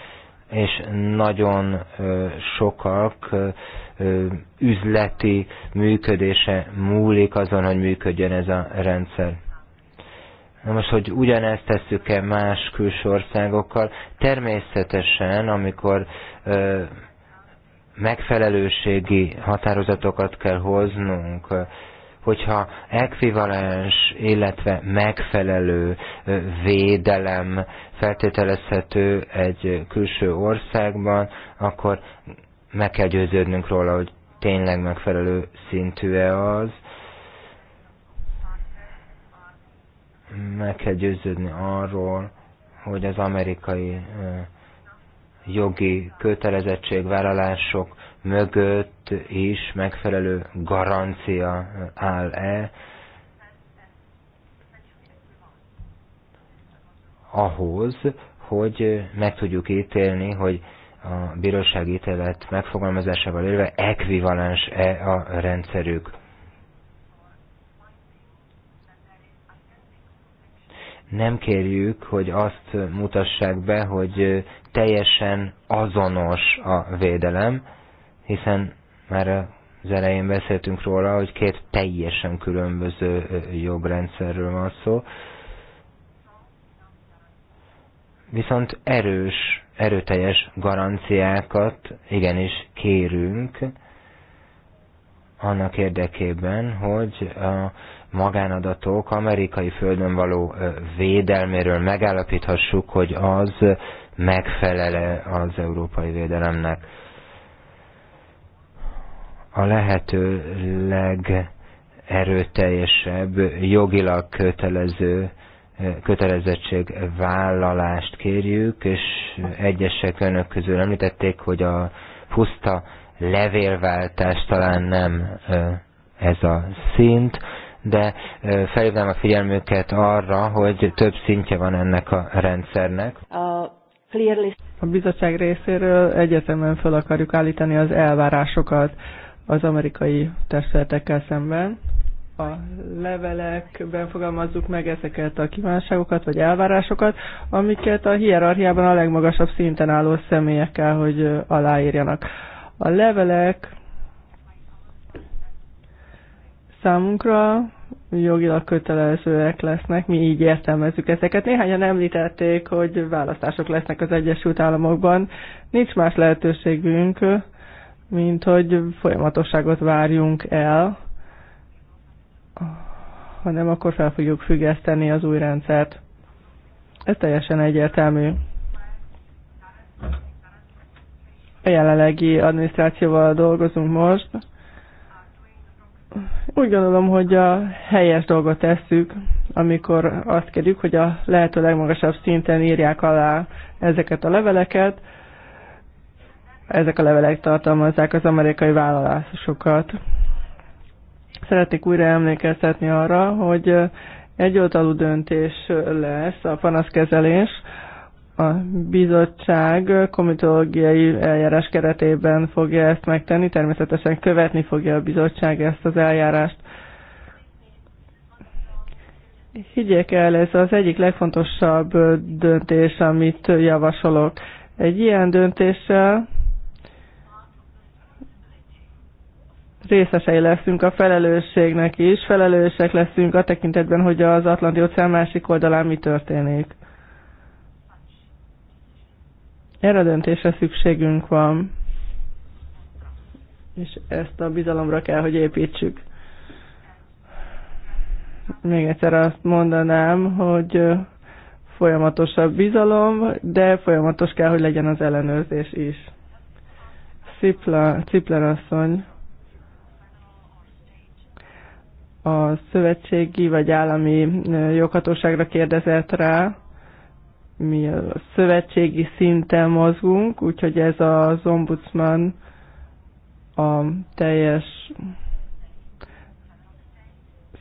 és nagyon sokak üzleti működése múlik azon, hogy működjön ez a rendszer. Na most, hogy ugyanezt tesszük-e más külső országokkal, természetesen, amikor megfelelőségi határozatokat kell hoznunk, hogyha ekvivalens, illetve megfelelő védelem feltételezhető egy külső országban, akkor meg kell győződnünk róla, hogy tényleg megfelelő szintű-e az. Meg kell győződni arról, hogy az amerikai jogi kötelezettségvállalások mögött is megfelelő garancia áll-e, ahhoz, hogy meg tudjuk ítélni, hogy a bíróság ítélet megfogalmazásával élve ekvivalens-e a rendszerük. Nem kérjük, hogy azt mutassák be, hogy teljesen azonos a védelem, hiszen már az elején beszéltünk róla, hogy két teljesen különböző jogrendszerről van szó, viszont erős, erőteljes garanciákat igenis kérünk annak érdekében, hogy a magánadatok amerikai földön való védelméről megállapíthassuk, hogy az megfelele az európai védelemnek a lehető legerőteljesebb jogilag kötelező kötelezettség vállalást kérjük, és egyesek önök közül említették, hogy a puszta levélváltás talán nem ez a szint, de felhívnám a figyelmüket arra, hogy több szintje van ennek a rendszernek. A bizottság részéről egyetemen fel akarjuk állítani az elvárásokat az amerikai testületekkel szemben. A levelekben fogalmazzuk meg ezeket a kívánságokat vagy elvárásokat, amiket a hierarchiában a legmagasabb szinten álló személyekkel, hogy aláírjanak. A levelek számunkra jogilag kötelezőek lesznek, mi így értelmezzük ezeket. Néhányan említették, hogy választások lesznek az Egyesült Államokban, nincs más lehetőségünk, mint hogy folyamatosságot várjunk el, hanem akkor fel fogjuk függeszteni az új rendszert. Ez teljesen egyértelmű. A jelenlegi adminisztrációval dolgozunk most. Úgy gondolom, hogy a helyes dolgot tesszük, amikor azt kérjük, hogy a lehető legmagasabb szinten írják alá ezeket a leveleket, ezek a levelek tartalmazzák az amerikai vállalásokat. Szeretnék újra emlékeztetni arra, hogy egy oldalú döntés lesz a panaszkezelés, a bizottság komitológiai eljárás keretében fogja ezt megtenni, természetesen követni fogja a bizottság ezt az eljárást. Higgyék el, ez az egyik legfontosabb döntés, amit javasolok. Egy ilyen döntéssel részesei leszünk a felelősségnek is, felelősek leszünk a tekintetben, hogy az Atlanti-óceán másik oldalán mi történik. Erre a döntésre szükségünk van, és ezt a bizalomra kell, hogy építsük. Még egyszer azt mondanám, hogy folyamatos a bizalom, de folyamatos kell, hogy legyen az ellenőrzés is. Cipla, Cipler asszony. a szövetségi vagy állami joghatóságra kérdezett rá, mi a szövetségi szinten mozgunk, úgyhogy ez az ombudsman a teljes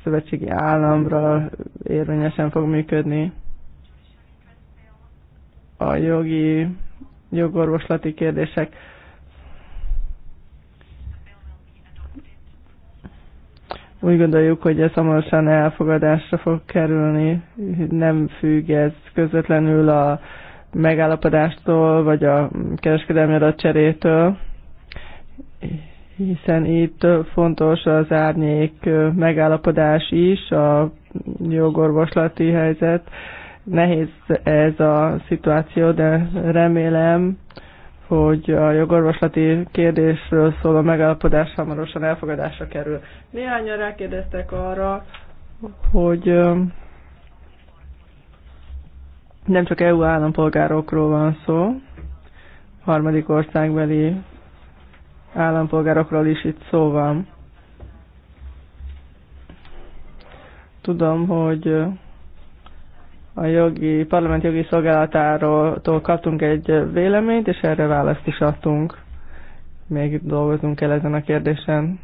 szövetségi államra érvényesen fog működni. A jogi, jogorvoslati kérdések Úgy gondoljuk, hogy ez hamarosan elfogadásra fog kerülni, nem függ ez közvetlenül a megállapodástól, vagy a kereskedelmi adatcserétől, hiszen itt fontos az árnyék megállapodás is, a jogorvoslati helyzet. Nehéz ez a szituáció, de remélem hogy a jogorvoslati kérdésről szóló megállapodás hamarosan elfogadásra kerül. Néhányan rákérdeztek arra, hogy nem csak EU állampolgárokról van szó, harmadik országbeli állampolgárokról is itt szó van. Tudom, hogy a jogi, parlament jogi szolgálatáról kaptunk egy véleményt, és erre választ is adtunk. Még dolgozunk el ezen a kérdésen.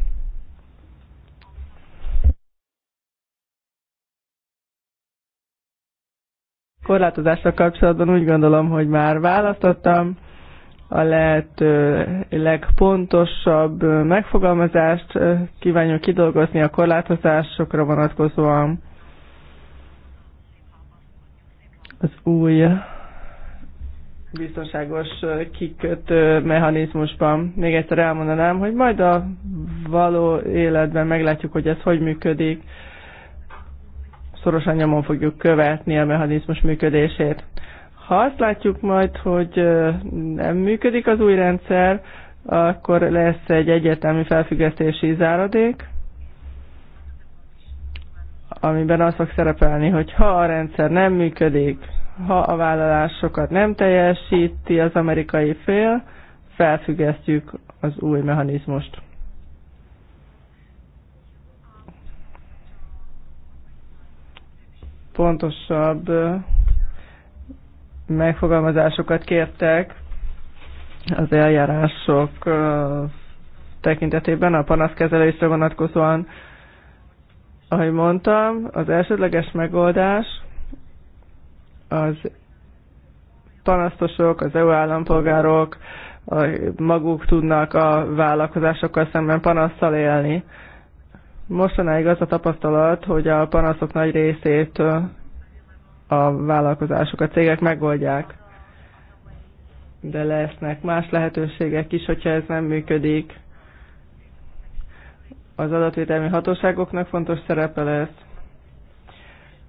Korlátozásra kapcsolatban úgy gondolom, hogy már választottam a lehető legpontosabb megfogalmazást kívánjuk kidolgozni a korlátozásokra vonatkozóan az új biztonságos kikötő mechanizmusban. Még egyszer elmondanám, hogy majd a való életben meglátjuk, hogy ez hogy működik. Szorosan nyomon fogjuk követni a mechanizmus működését. Ha azt látjuk majd, hogy nem működik az új rendszer, akkor lesz egy egyértelmű felfüggesztési záradék, amiben az fog szerepelni, hogy ha a rendszer nem működik, ha a vállalásokat nem teljesíti az amerikai fél, felfüggesztjük az új mechanizmust. Pontosabb megfogalmazásokat kértek az eljárások tekintetében a panaszkezelésre vonatkozóan ahogy mondtam, az elsődleges megoldás az panasztosok, az EU állampolgárok maguk tudnak a vállalkozásokkal szemben panasztal élni. Mostanáig az a tapasztalat, hogy a panaszok nagy részét a vállalkozások, a cégek megoldják. De lesznek más lehetőségek is, hogyha ez nem működik. Az adatvédelmi hatóságoknak fontos szerepe lesz.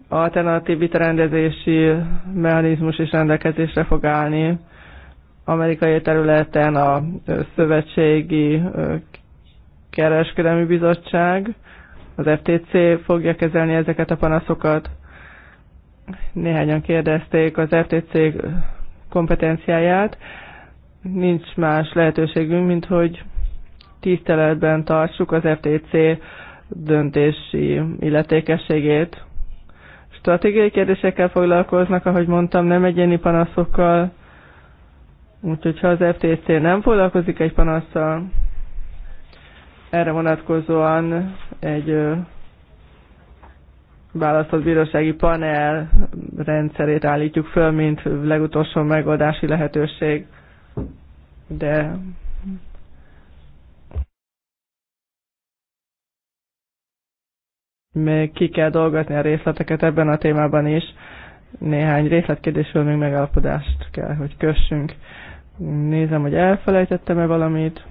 Alternatív vitarendezési mechanizmus is rendelkezésre fog állni. Amerikai területen a Szövetségi Kereskedelmi Bizottság, az FTC fogja kezelni ezeket a panaszokat. Néhányan kérdezték az FTC kompetenciáját. Nincs más lehetőségünk, mint hogy tiszteletben tartsuk az FTC döntési illetékességét. Stratégiai kérdésekkel foglalkoznak, ahogy mondtam, nem egyéni panaszokkal, úgyhogy ha az FTC nem foglalkozik egy panaszsal, erre vonatkozóan egy választott bírósági panel rendszerét állítjuk föl, mint legutolsó megoldási lehetőség, de még ki kell dolgozni a részleteket ebben a témában is. Néhány részletkérdésről még megállapodást kell, hogy kössünk. Nézem, hogy elfelejtettem-e valamit.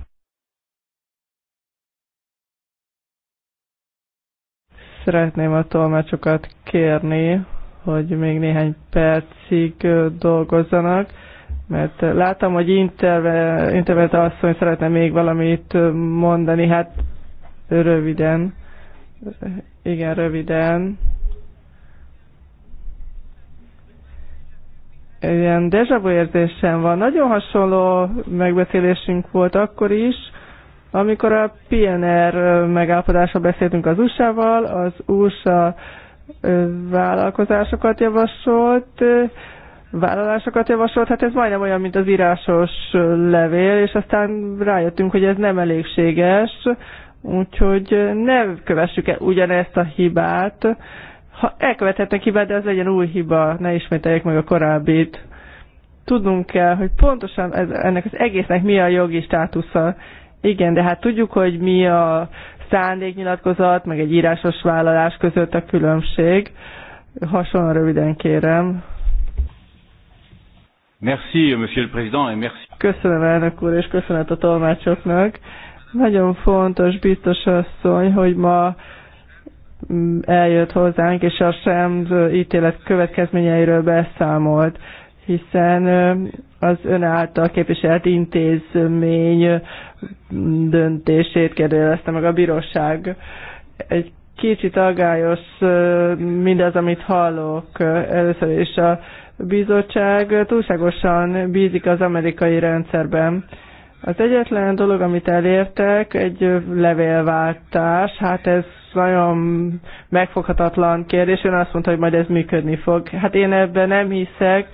Szeretném a tolmácsokat kérni, hogy még néhány percig dolgozzanak, mert látom, hogy interve, intervete asszony szeretne még valamit mondani, hát röviden igen, röviden. Ilyen vu érzésem van. Nagyon hasonló megbeszélésünk volt akkor is, amikor a PNR megállapodásra beszéltünk az USA-val, az USA vállalkozásokat javasolt, vállalásokat javasolt, hát ez majdnem olyan, mint az írásos levél, és aztán rájöttünk, hogy ez nem elégséges, Úgyhogy ne kövessük el ugyanezt a hibát. Ha elkövethetnek hibát, de az legyen új hiba, ne ismételjék meg a korábbit. Tudnunk kell, hogy pontosan ez, ennek az egésznek mi a jogi státusza. Igen, de hát tudjuk, hogy mi a szándéknyilatkozat, meg egy írásos vállalás között a különbség. Hasonlóan röviden kérem. Merci, Monsieur le Président, et merci. Köszönöm elnök úr, és köszönet a tolmácsoknak. Nagyon fontos, biztos asszony, hogy ma mm, eljött hozzánk, és a sem ítélet következményeiről beszámolt, hiszen az ön által képviselt intézmény mm, döntését kérdezte meg a bíróság. Egy kicsit agályos mindaz, amit hallok. Először is a bizottság túlságosan bízik az amerikai rendszerben az egyetlen dolog, amit elértek, egy levélváltás, hát ez nagyon megfoghatatlan kérdés, ön azt mondta, hogy majd ez működni fog. Hát én ebben nem hiszek,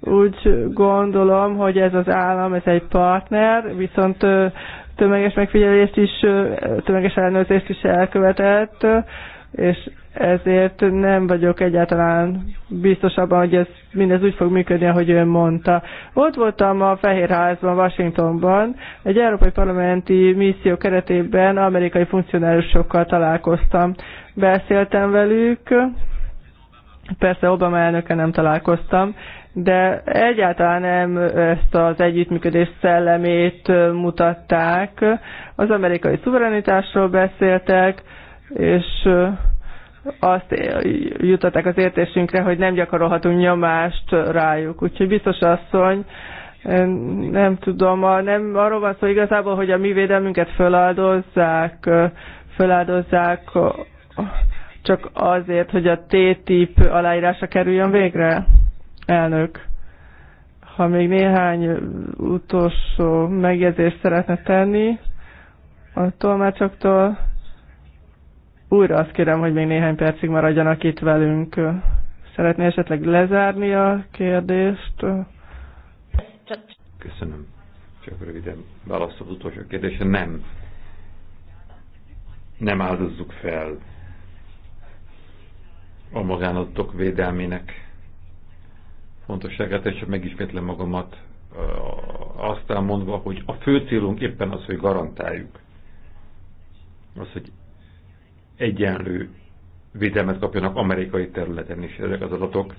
úgy gondolom, hogy ez az állam, ez egy partner, viszont tömeges megfigyelést is, tömeges ellenőrzést is elkövetett, és ezért nem vagyok egyáltalán biztos abban, hogy ez mindez úgy fog működni, ahogy ő mondta. Ott voltam a Fehérházban, Washingtonban, egy európai parlamenti misszió keretében amerikai funkcionárusokkal találkoztam. Beszéltem velük, persze Obama elnöke nem találkoztam, de egyáltalán nem ezt az együttműködés szellemét mutatták. Az amerikai szuverenitásról beszéltek, és azt jutottak az értésünkre, hogy nem gyakorolhatunk nyomást rájuk. Úgyhogy biztos asszony, nem tudom, a, nem arról van szó igazából, hogy a mi védelmünket feláldozzák, feláldozzák csak azért, hogy a T-tip aláírása kerüljön végre, elnök. Ha még néhány utolsó megjegyzést szeretne tenni a tolmácsoktól, újra azt kérem, hogy még néhány percig maradjanak itt velünk. Szeretné esetleg lezárni a kérdést? Köszönöm. Csak röviden válasz az utolsó kérdésre. Nem. Nem áldozzuk fel a magánatok védelmének fontosságát, és csak megismétlem magamat eh, azt elmondva, hogy a fő célunk éppen az, hogy garantáljuk az, hogy egyenlő védelmet kapjanak amerikai területen is ezek az adatok,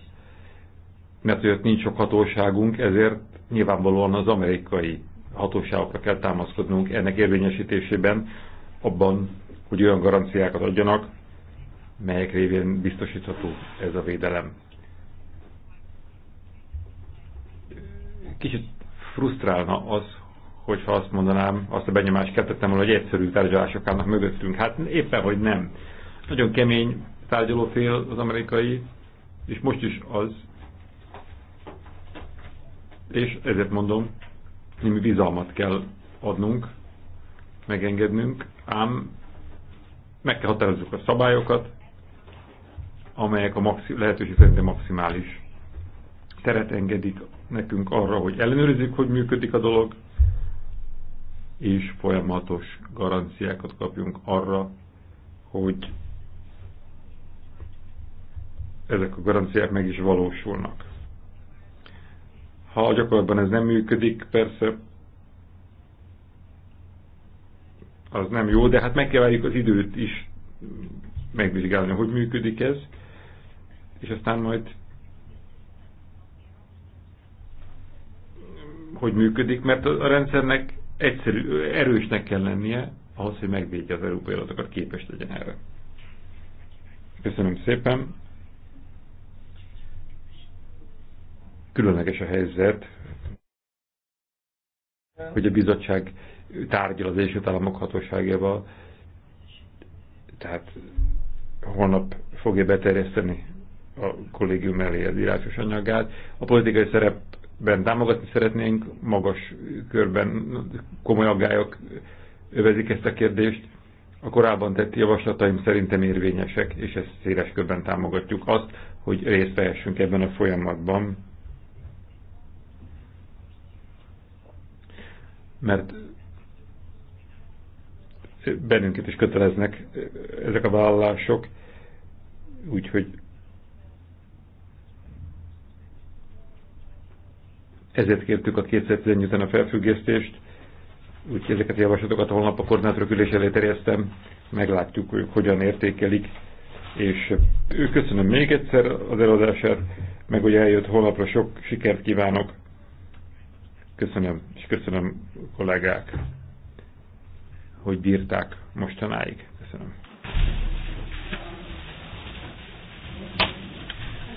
mert hogy ott nincs sok hatóságunk, ezért nyilvánvalóan az amerikai hatóságokra kell támaszkodnunk ennek érvényesítésében, abban, hogy olyan garanciákat adjanak, melyek révén biztosítható ez a védelem. Kicsit frusztrálna az, hogyha azt mondanám, azt a benyomást keltettem volna, hogy egyszerű tárgyalások állnak mögöttünk. Hát éppen, hogy nem. Nagyon kemény tárgyalófél az amerikai, és most is az. És ezért mondom, némi bizalmat kell adnunk, megengednünk, ám meg kell határozzuk a szabályokat, amelyek a maxi- lehetőség szerint maximális teret engedik nekünk arra, hogy ellenőrizzük, hogy működik a dolog, és folyamatos garanciákat kapjunk arra, hogy ezek a garanciák meg is valósulnak. Ha a gyakorlatban ez nem működik, persze az nem jó, de hát meg kell várjuk az időt is megvizsgálni, hogy működik ez, és aztán majd hogy működik, mert a rendszernek egyszerű, erősnek kell lennie ahhoz, hogy megvédje az európai adatokat, képes legyen erre. Köszönöm szépen. Különleges a helyzet, hogy a bizottság tárgyal az Egyesült Államok hatóságával, tehát holnap fogja beterjeszteni a kollégium elé az írásos anyagát. A politikai szerep ben támogatni szeretnénk, magas körben komoly aggályok övezik ezt a kérdést. A korábban tett javaslataim szerintem érvényesek, és ezt széles körben támogatjuk azt, hogy részt vehessünk ebben a folyamatban. Mert bennünket is köteleznek ezek a vállalások, úgyhogy Ezért kértük a 2010 után a felfüggesztést, úgyhogy ezeket a javaslatokat holnap a koordinátorok ülés elé terjesztem, meglátjuk, hogy hogyan értékelik, és köszönöm még egyszer az előadását, meg hogy eljött holnapra sok sikert kívánok. Köszönöm, és köszönöm kollégák, hogy bírták mostanáig. Köszönöm.